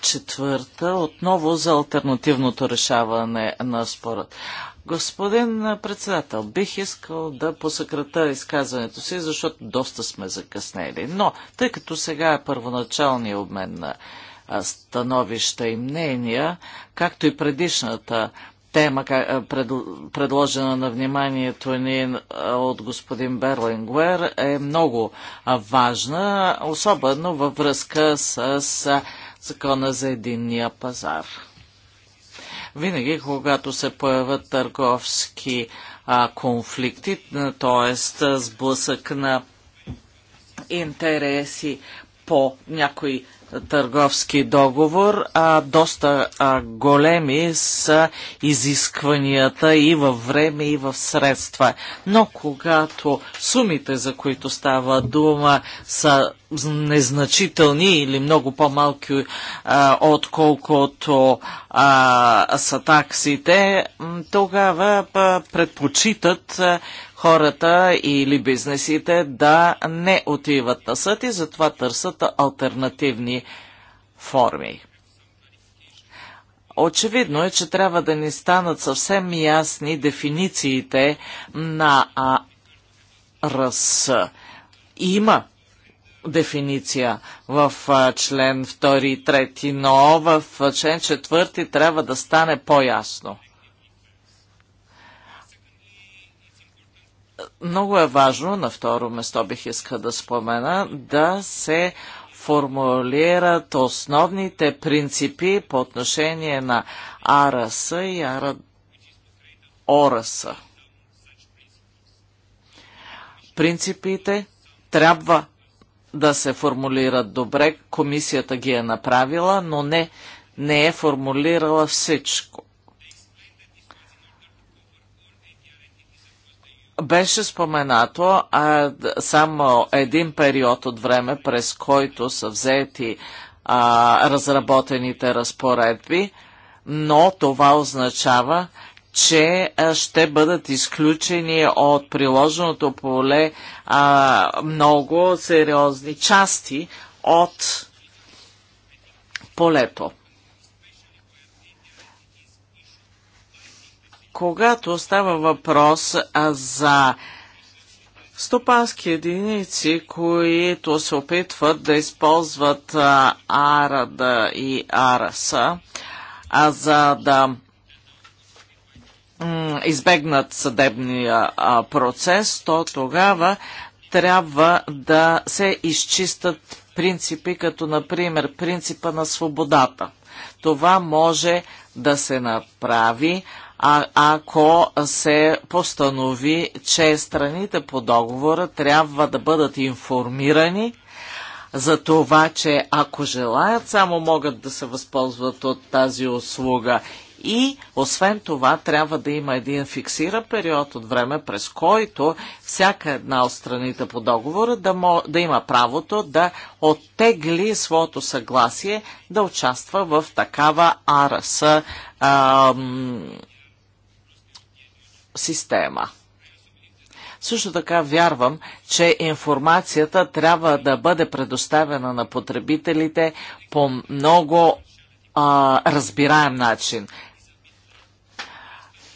четвърта, отново за альтернативното решаване на спорът. Господин председател, бих искал да посъкрата изказването си, защото доста сме закъснели. Но, тъй като сега е първоначалния обмен на становища и мнения, както и предишната тема, е, предложена на вниманието ни е, от господин Берлингуер, е много важна, особено във връзка с закона за единния пазар. Винаги, когато се появят търговски конфликти, т.е. сблъсък на интереси по някои търговски договор, а доста а, големи са изискванията и във време, и в средства. Но когато сумите, за които става дума, са незначителни или много по-малки, отколкото а, са таксите, тогава предпочитат хората или бизнесите да не отиват на съд и затова търсят альтернативни форми. Очевидно е, че трябва да ни станат съвсем ясни дефинициите на а, раз. Има дефиниция в член 2 и 3, но в член 4 трябва да стане по-ясно. Много е важно, на второ место бих иска да спомена, да се формулират основните принципи по отношение на АРС и АРА... ОРС. Принципите трябва да се формулират добре. Комисията ги е направила, но не, не е формулирала всичко. Беше споменато а, само един период от време, през който са взети а, разработените разпоредби, но това означава, че ще бъдат изключени от приложеното поле а, много сериозни части от полето. Когато става въпрос а, за стопански единици, които се опитват да използват а, арада и араса, а за да избегнат съдебния процес, то тогава трябва да се изчистат принципи, като например принципа на свободата. Това може да се направи, а, ако се постанови, че страните по договора трябва да бъдат информирани за това, че ако желаят, само могат да се възползват от тази услуга и освен това трябва да има един фиксиран период от време, през който всяка една от страните по договора да, мо, да има правото да оттегли своето съгласие да участва в такава АРС ам, система. Също така вярвам, че информацията трябва да бъде предоставена на потребителите по много а, разбираем начин.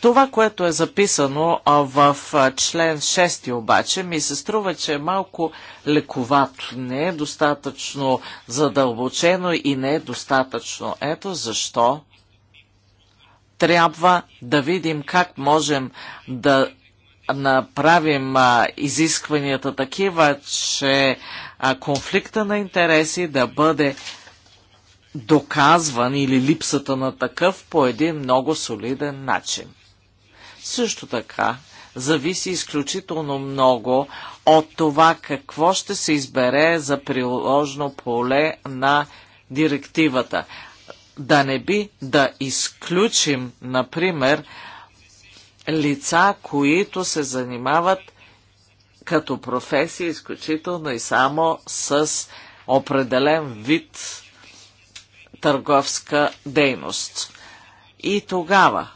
Това, което е записано в член 6 обаче, ми се струва, че е малко лековато, не е достатъчно задълбочено и не е достатъчно. Ето защо трябва да видим как можем да направим а, изискванията такива, че а, конфликта на интереси да бъде доказван или липсата на такъв по един много солиден начин също така зависи изключително много от това какво ще се избере за приложно поле на директивата. Да не би да изключим, например, лица, които се занимават като професия изключително и само с определен вид търговска дейност. И тогава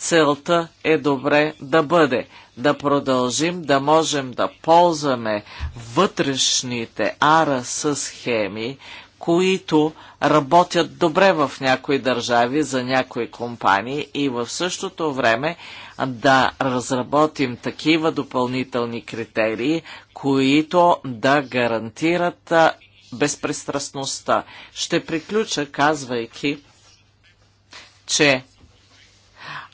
целта е добре да бъде да продължим да можем да ползваме вътрешните ара с схеми, които работят добре в някои държави за някои компании и в същото време да разработим такива допълнителни критерии, които да гарантират безпристрастността. Ще приключа казвайки, че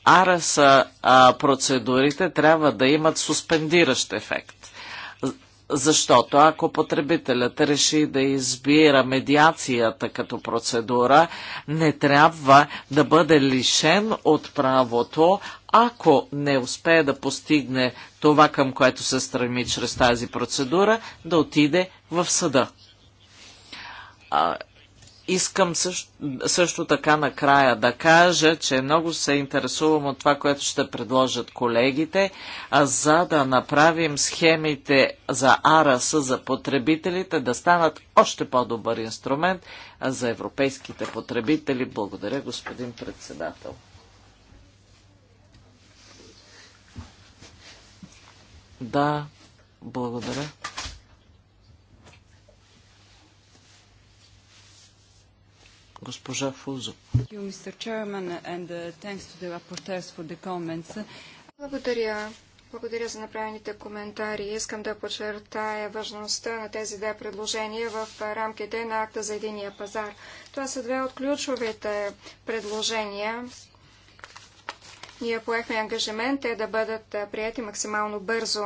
араса а, процедурите трябва да имат суспендиращ ефект. Защото ако потребителят реши да избира медиацията като процедура, не трябва да бъде лишен от правото, ако не успее да постигне това, към което се стреми чрез тази процедура, да отиде в съда. А, Искам също, също така накрая да кажа, че много се интересувам от това, което ще предложат колегите, а за да направим схемите за АРАС за потребителите да станат още по-добър инструмент за европейските потребители. Благодаря, господин председател. Да, благодаря. Госпожа Фузо. Uh, Благодаря. Благодаря за направените коментари. Искам да подчертая важността на тези две предложения в рамките на акта за единия пазар. Това са две от ключовите предложения ние поехме ангажимент те да бъдат прияти максимално бързо.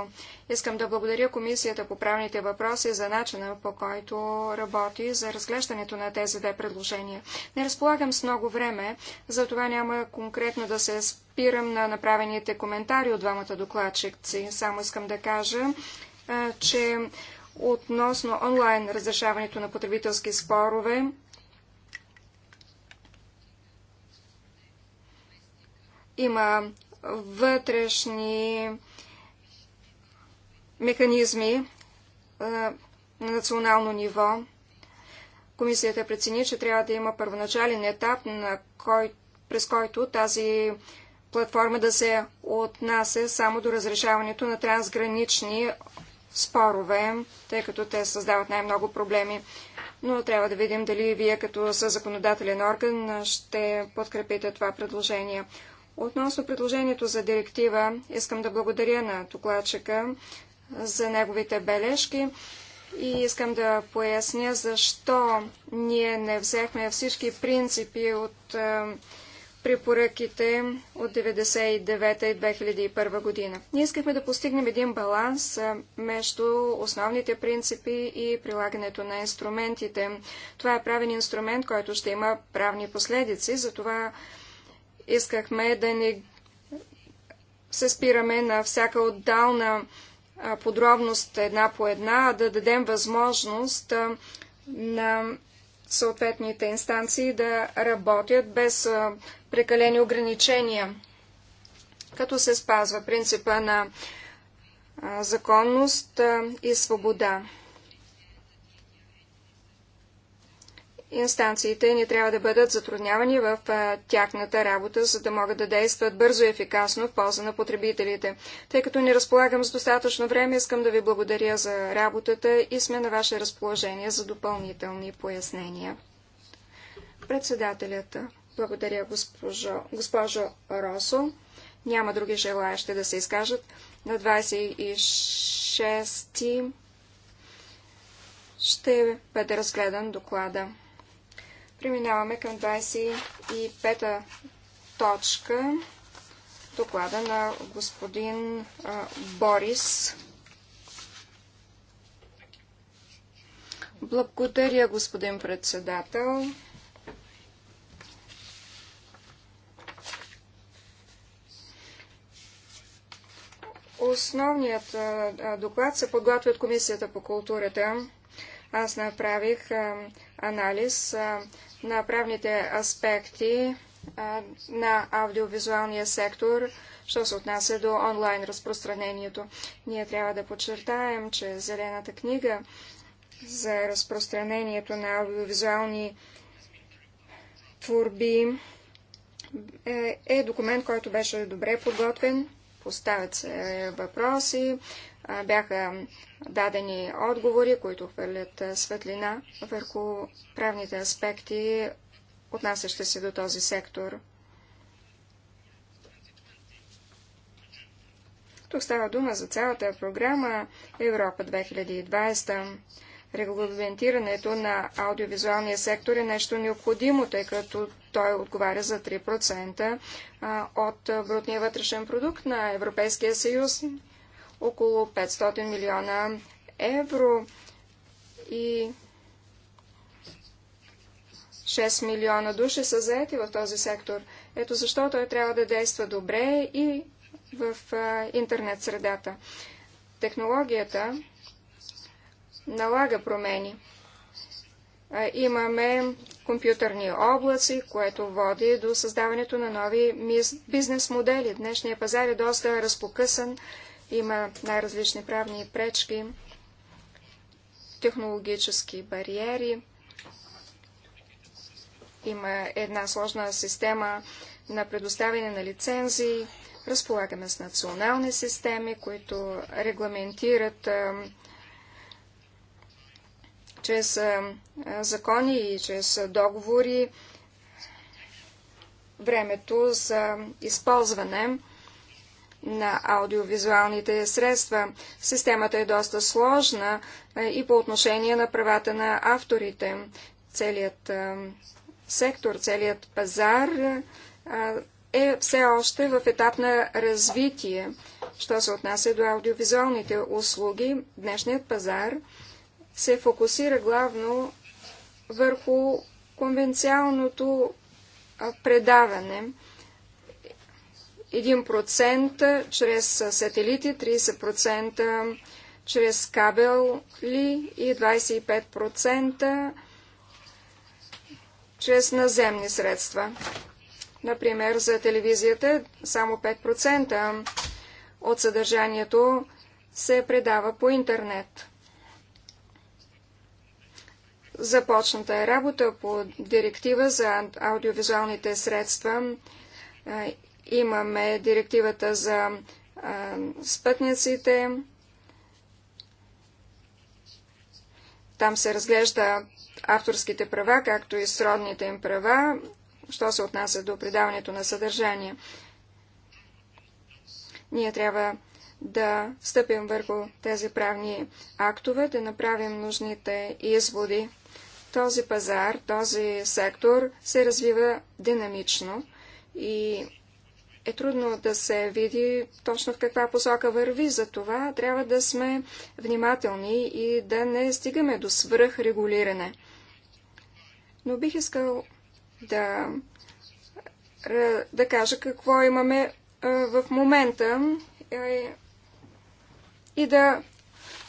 Искам да благодаря Комисията по правните въпроси за начина по който работи за разглеждането на тези две предложения. Не разполагам с много време, затова няма конкретно да се спирам на направените коментари от двамата докладчици. Само искам да кажа, че относно онлайн разрешаването на потребителски спорове, Има вътрешни механизми на национално ниво. Комисията прецени, че трябва да има първоначален етап, на кой, през който тази платформа да се отнася само до разрешаването на трансгранични спорове, тъй като те създават най-много проблеми. Но трябва да видим дали вие като съзаконодателен орган ще подкрепите това предложение. Относно предложението за директива, искам да благодаря на докладчика за неговите бележки и искам да поясня защо ние не взехме всички принципи от е, препоръките от 1999 и 2001 година. Ние искахме да постигнем един баланс е, между основните принципи и прилагането на инструментите. Това е правен инструмент, който ще има правни последици, затова това Искахме да не се спираме на всяка отдална подробност една по една, а да дадем възможност на съответните инстанции да работят без прекалени ограничения, като се спазва принципа на законност и свобода. Инстанциите не трябва да бъдат затруднявани в тяхната работа, за да могат да действат бързо и ефикасно в полза на потребителите. Тъй като не разполагам с достатъчно време, искам да ви благодаря за работата и сме на ваше разположение за допълнителни пояснения. Председателят, благодаря госпожо, госпожо Росо. Няма други желаящи да се изкажат. На 26 ще бъде разгледан доклада. Преминаваме към 25-та точка. Доклада на господин а, Борис. Благодаря, господин председател. Основният доклад се подготвя от Комисията по културата. Аз направих анализ на правните аспекти на аудиовизуалния сектор, що се отнася до онлайн разпространението. Ние трябва да подчертаем, че Зелената книга за разпространението на аудиовизуални творби е, е документ, който беше добре подготвен. Поставят се въпроси, бяха дадени отговори, които хвърлят светлина върху правните аспекти, отнасящи се до този сектор. Тук става дума за цялата програма Европа 2020. Регламентирането на аудиовизуалния сектор е нещо необходимо, тъй като той отговаря за 3% от брутния вътрешен продукт на Европейския съюз около 500 милиона евро и 6 милиона души са заети в този сектор. Ето защо той трябва да действа добре и в интернет средата. Технологията налага промени. имаме компютърни облаци, което води до създаването на нови бизнес модели. Днешния пазар е доста разпокъсан, има най-различни правни пречки, технологически бариери. Има една сложна система на предоставяне на лицензии. Разполагаме с национални системи, които регламентират чрез закони и чрез договори времето за използване на аудиовизуалните средства. Системата е доста сложна е, и по отношение на правата на авторите. Целият е, сектор, целият пазар е, е все още в етап на развитие. Що се отнася до аудиовизуалните услуги, днешният пазар се фокусира главно върху конвенциалното предаване – 1% чрез сателити, 30% чрез кабели и 25% чрез наземни средства. Например, за телевизията само 5% от съдържанието се предава по интернет. Започната е работа по директива за аудиовизуалните средства Имаме директивата за а, спътниците. Там се разглежда авторските права, както и сродните им права, що се отнася до предаването на съдържание. Ние трябва да стъпим върху тези правни актове, да направим нужните изводи. Този пазар, този сектор се развива динамично и е трудно да се види точно в каква посока върви. За това трябва да сме внимателни и да не стигаме до свръхрегулиране. Но бих искал да, да кажа какво имаме в момента и да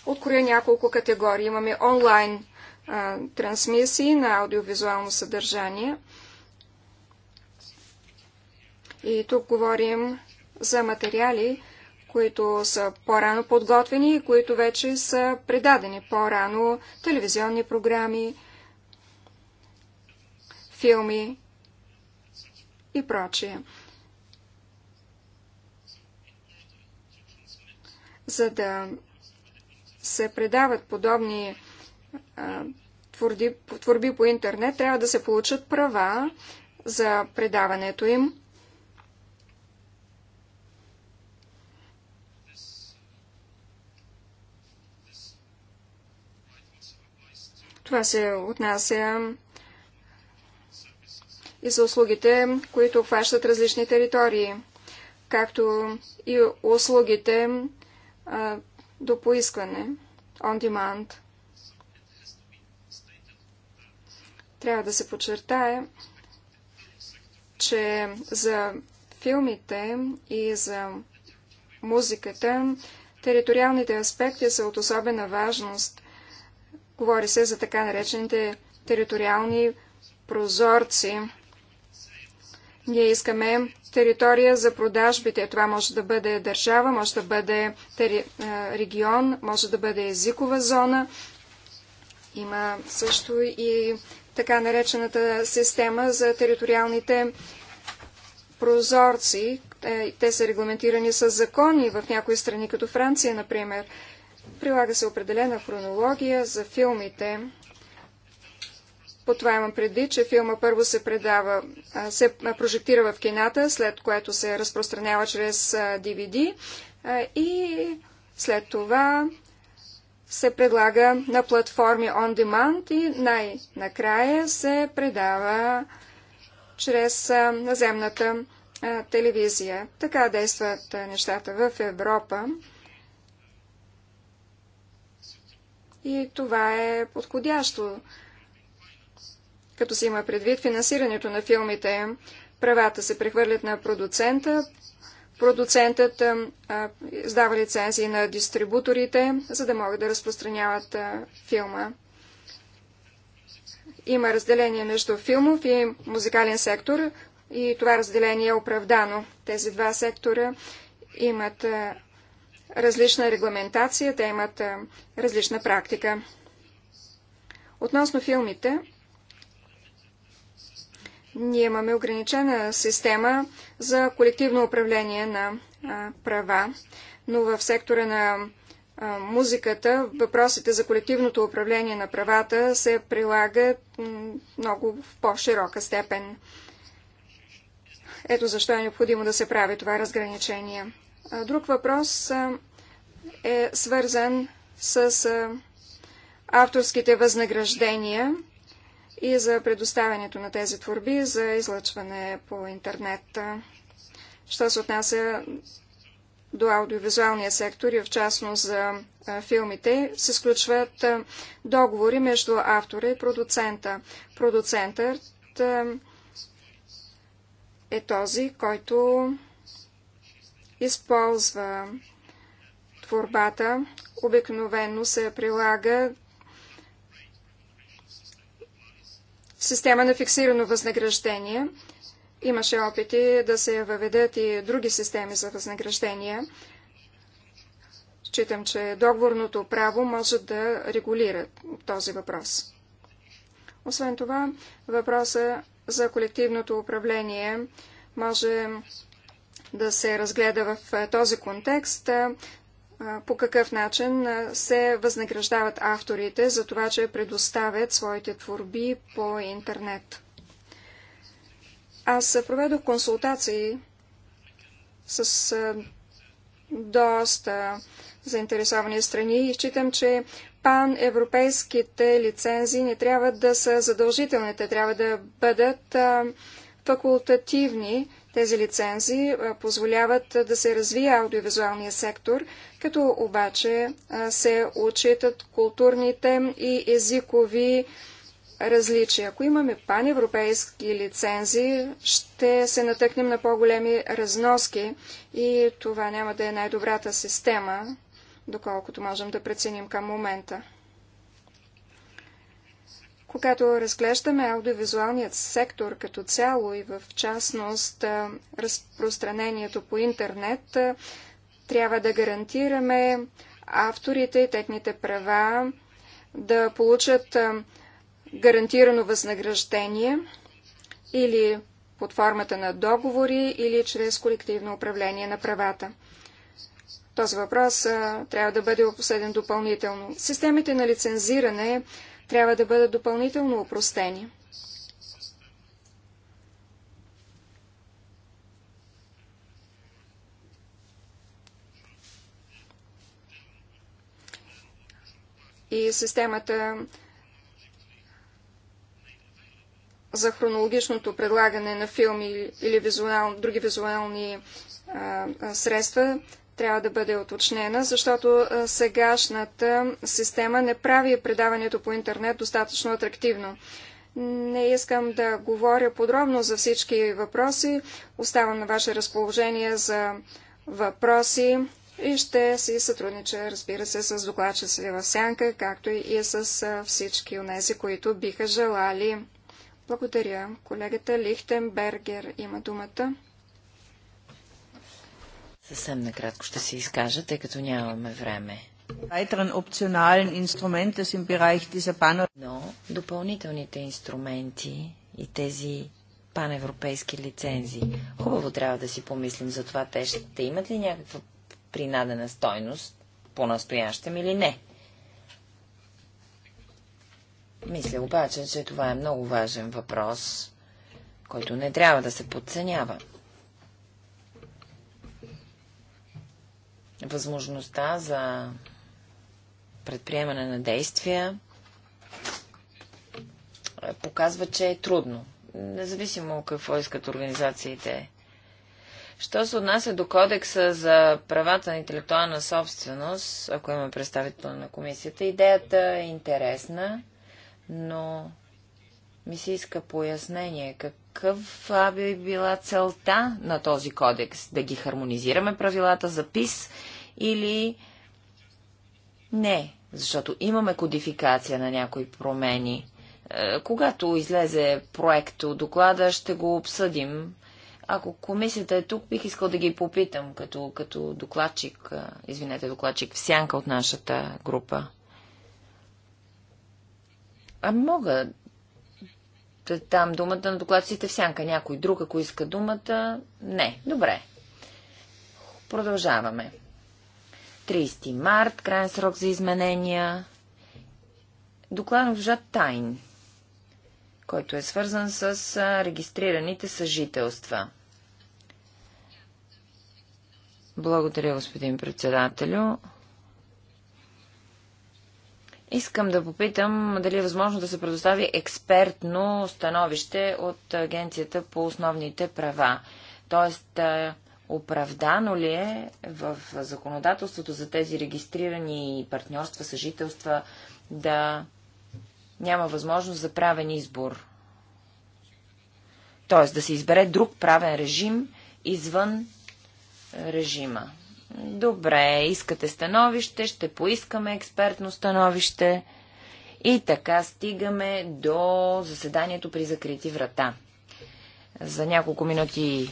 откроя няколко категории. Имаме онлайн трансмисии на аудиовизуално съдържание – и тук говорим за материали, които са по-рано подготвени и които вече са предадени по-рано телевизионни програми, филми и прочие. За да се предават подобни а, творби, творби по интернет, трябва да се получат права за предаването им. Това се отнася и за услугите, които обхващат различни територии, както и услугите а, до поискване, on demand. Трябва да се подчертае, че за филмите и за музиката териториалните аспекти са от особена важност. Говори се за така наречените териториални прозорци. Ние искаме територия за продажбите. Това може да бъде държава, може да бъде тери... регион, може да бъде езикова зона. Има също и така наречената система за териториалните прозорци. Е, те са регламентирани с закони в някои страни, като Франция, например. Прилага се определена хронология за филмите. По това имам предвид, че филма първо се предава, се прожектира в кината, след което се разпространява чрез DVD и след това се предлага на платформи on demand и най-накрая се предава чрез наземната телевизия. Така действат нещата в Европа. и това е подходящо, като се има предвид финансирането на филмите. Правата се прехвърлят на продуцента, продуцентът а, издава лицензии на дистрибуторите, за да могат да разпространяват а, филма. Има разделение между филмов и музикален сектор и това разделение е оправдано. Тези два сектора имат а, различна регламентация, те имат различна практика. Относно филмите, ние имаме ограничена система за колективно управление на права, но в сектора на музиката въпросите за колективното управление на правата се прилагат много в по-широка степен. Ето защо е необходимо да се прави това разграничение. Друг въпрос е свързан с авторските възнаграждения и за предоставянето на тези творби за излъчване по интернет. Що се отнася до аудиовизуалния сектор и в частност за филмите, се сключват договори между автора и продуцента. Продуцентът е този, който използва творбата. Обикновено се прилага система на фиксирано възнаграждение. Имаше опити да се въведат и други системи за възнаграждения. Считам, че договорното право може да регулира този въпрос. Освен това, въпроса за колективното управление може да се разгледа в този контекст по какъв начин се възнаграждават авторите за това, че предоставят своите творби по интернет. Аз проведох консултации с доста заинтересовани страни и считам, че паневропейските лицензии не трябва да са задължителни, те трябва да бъдат факултативни, тези лицензи позволяват да се развие аудиовизуалния сектор, като обаче се отчитат културните и езикови различия. Ако имаме паневропейски лицензи, ще се натъкнем на по-големи разноски и това няма да е най-добрата система, доколкото можем да преценим към момента. Когато разглеждаме аудиовизуалният сектор като цяло и в частност разпространението по интернет, трябва да гарантираме авторите и техните права да получат гарантирано възнаграждение или под формата на договори или чрез колективно управление на правата. Този въпрос трябва да бъде обсъден допълнително. Системите на лицензиране трябва да бъдат допълнително упростени. И системата за хронологичното предлагане на филми или визуал, други визуални а, средства трябва да бъде уточнена, защото сегашната система не прави предаването по интернет достатъчно атрактивно. Не искам да говоря подробно за всички въпроси. Оставам на ваше разположение за въпроси и ще си сътруднича, разбира се, с си в Сянка, както и с всички от тези, които биха желали. Благодаря. Колегата Лихтенбергер има думата. Съвсем накратко ще се изкажа, тъй като нямаме време. Но допълнителните инструменти и тези паневропейски лицензии. Хубаво трябва да си помислим за това. Те ще имат ли някаква принадена стойност по-настоящем или не? Мисля обаче, че това е много важен въпрос, който не трябва да се подценява. възможността за предприемане на действия е, показва, че е трудно. Независимо какво искат организациите. Що се отнася до кодекса за правата на интелектуална собственост, ако има представител на комисията, идеята е интересна, но ми се иска пояснение каква би била целта на този кодекс. Да ги хармонизираме правилата за ПИС или не, защото имаме кодификация на някои промени. Е, когато излезе проекто доклада, ще го обсъдим. Ако комисията е тук, бих искал да ги попитам като, като докладчик, е, извинете, докладчик в сянка от нашата група. А мога да дам думата на докладците в сянка. Някой друг, ако иска думата, не. Добре. Продължаваме. 30 март, крайен срок за изменения. Доклад на Тайн, който е свързан с регистрираните съжителства. Благодаря, господин председателю. Искам да попитам дали е възможно да се предостави експертно становище от Агенцията по основните права. Тоест, Оправдано ли е в законодателството за тези регистрирани партньорства, съжителства да няма възможност за правен избор? Т.е. да се избере друг правен режим извън режима. Добре, искате становище, ще поискаме експертно становище. И така стигаме до заседанието при закрити врата. За няколко минути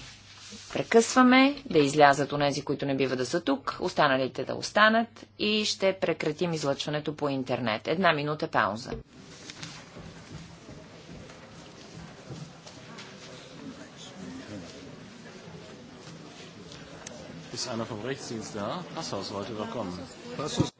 прекъсваме, да излязат онези, които не бива да са тук, останалите да останат и ще прекратим излъчването по интернет. Една минута пауза. Ist einer vom Rechtsdienst da? Passhaus wollte doch kommen. Passhaus.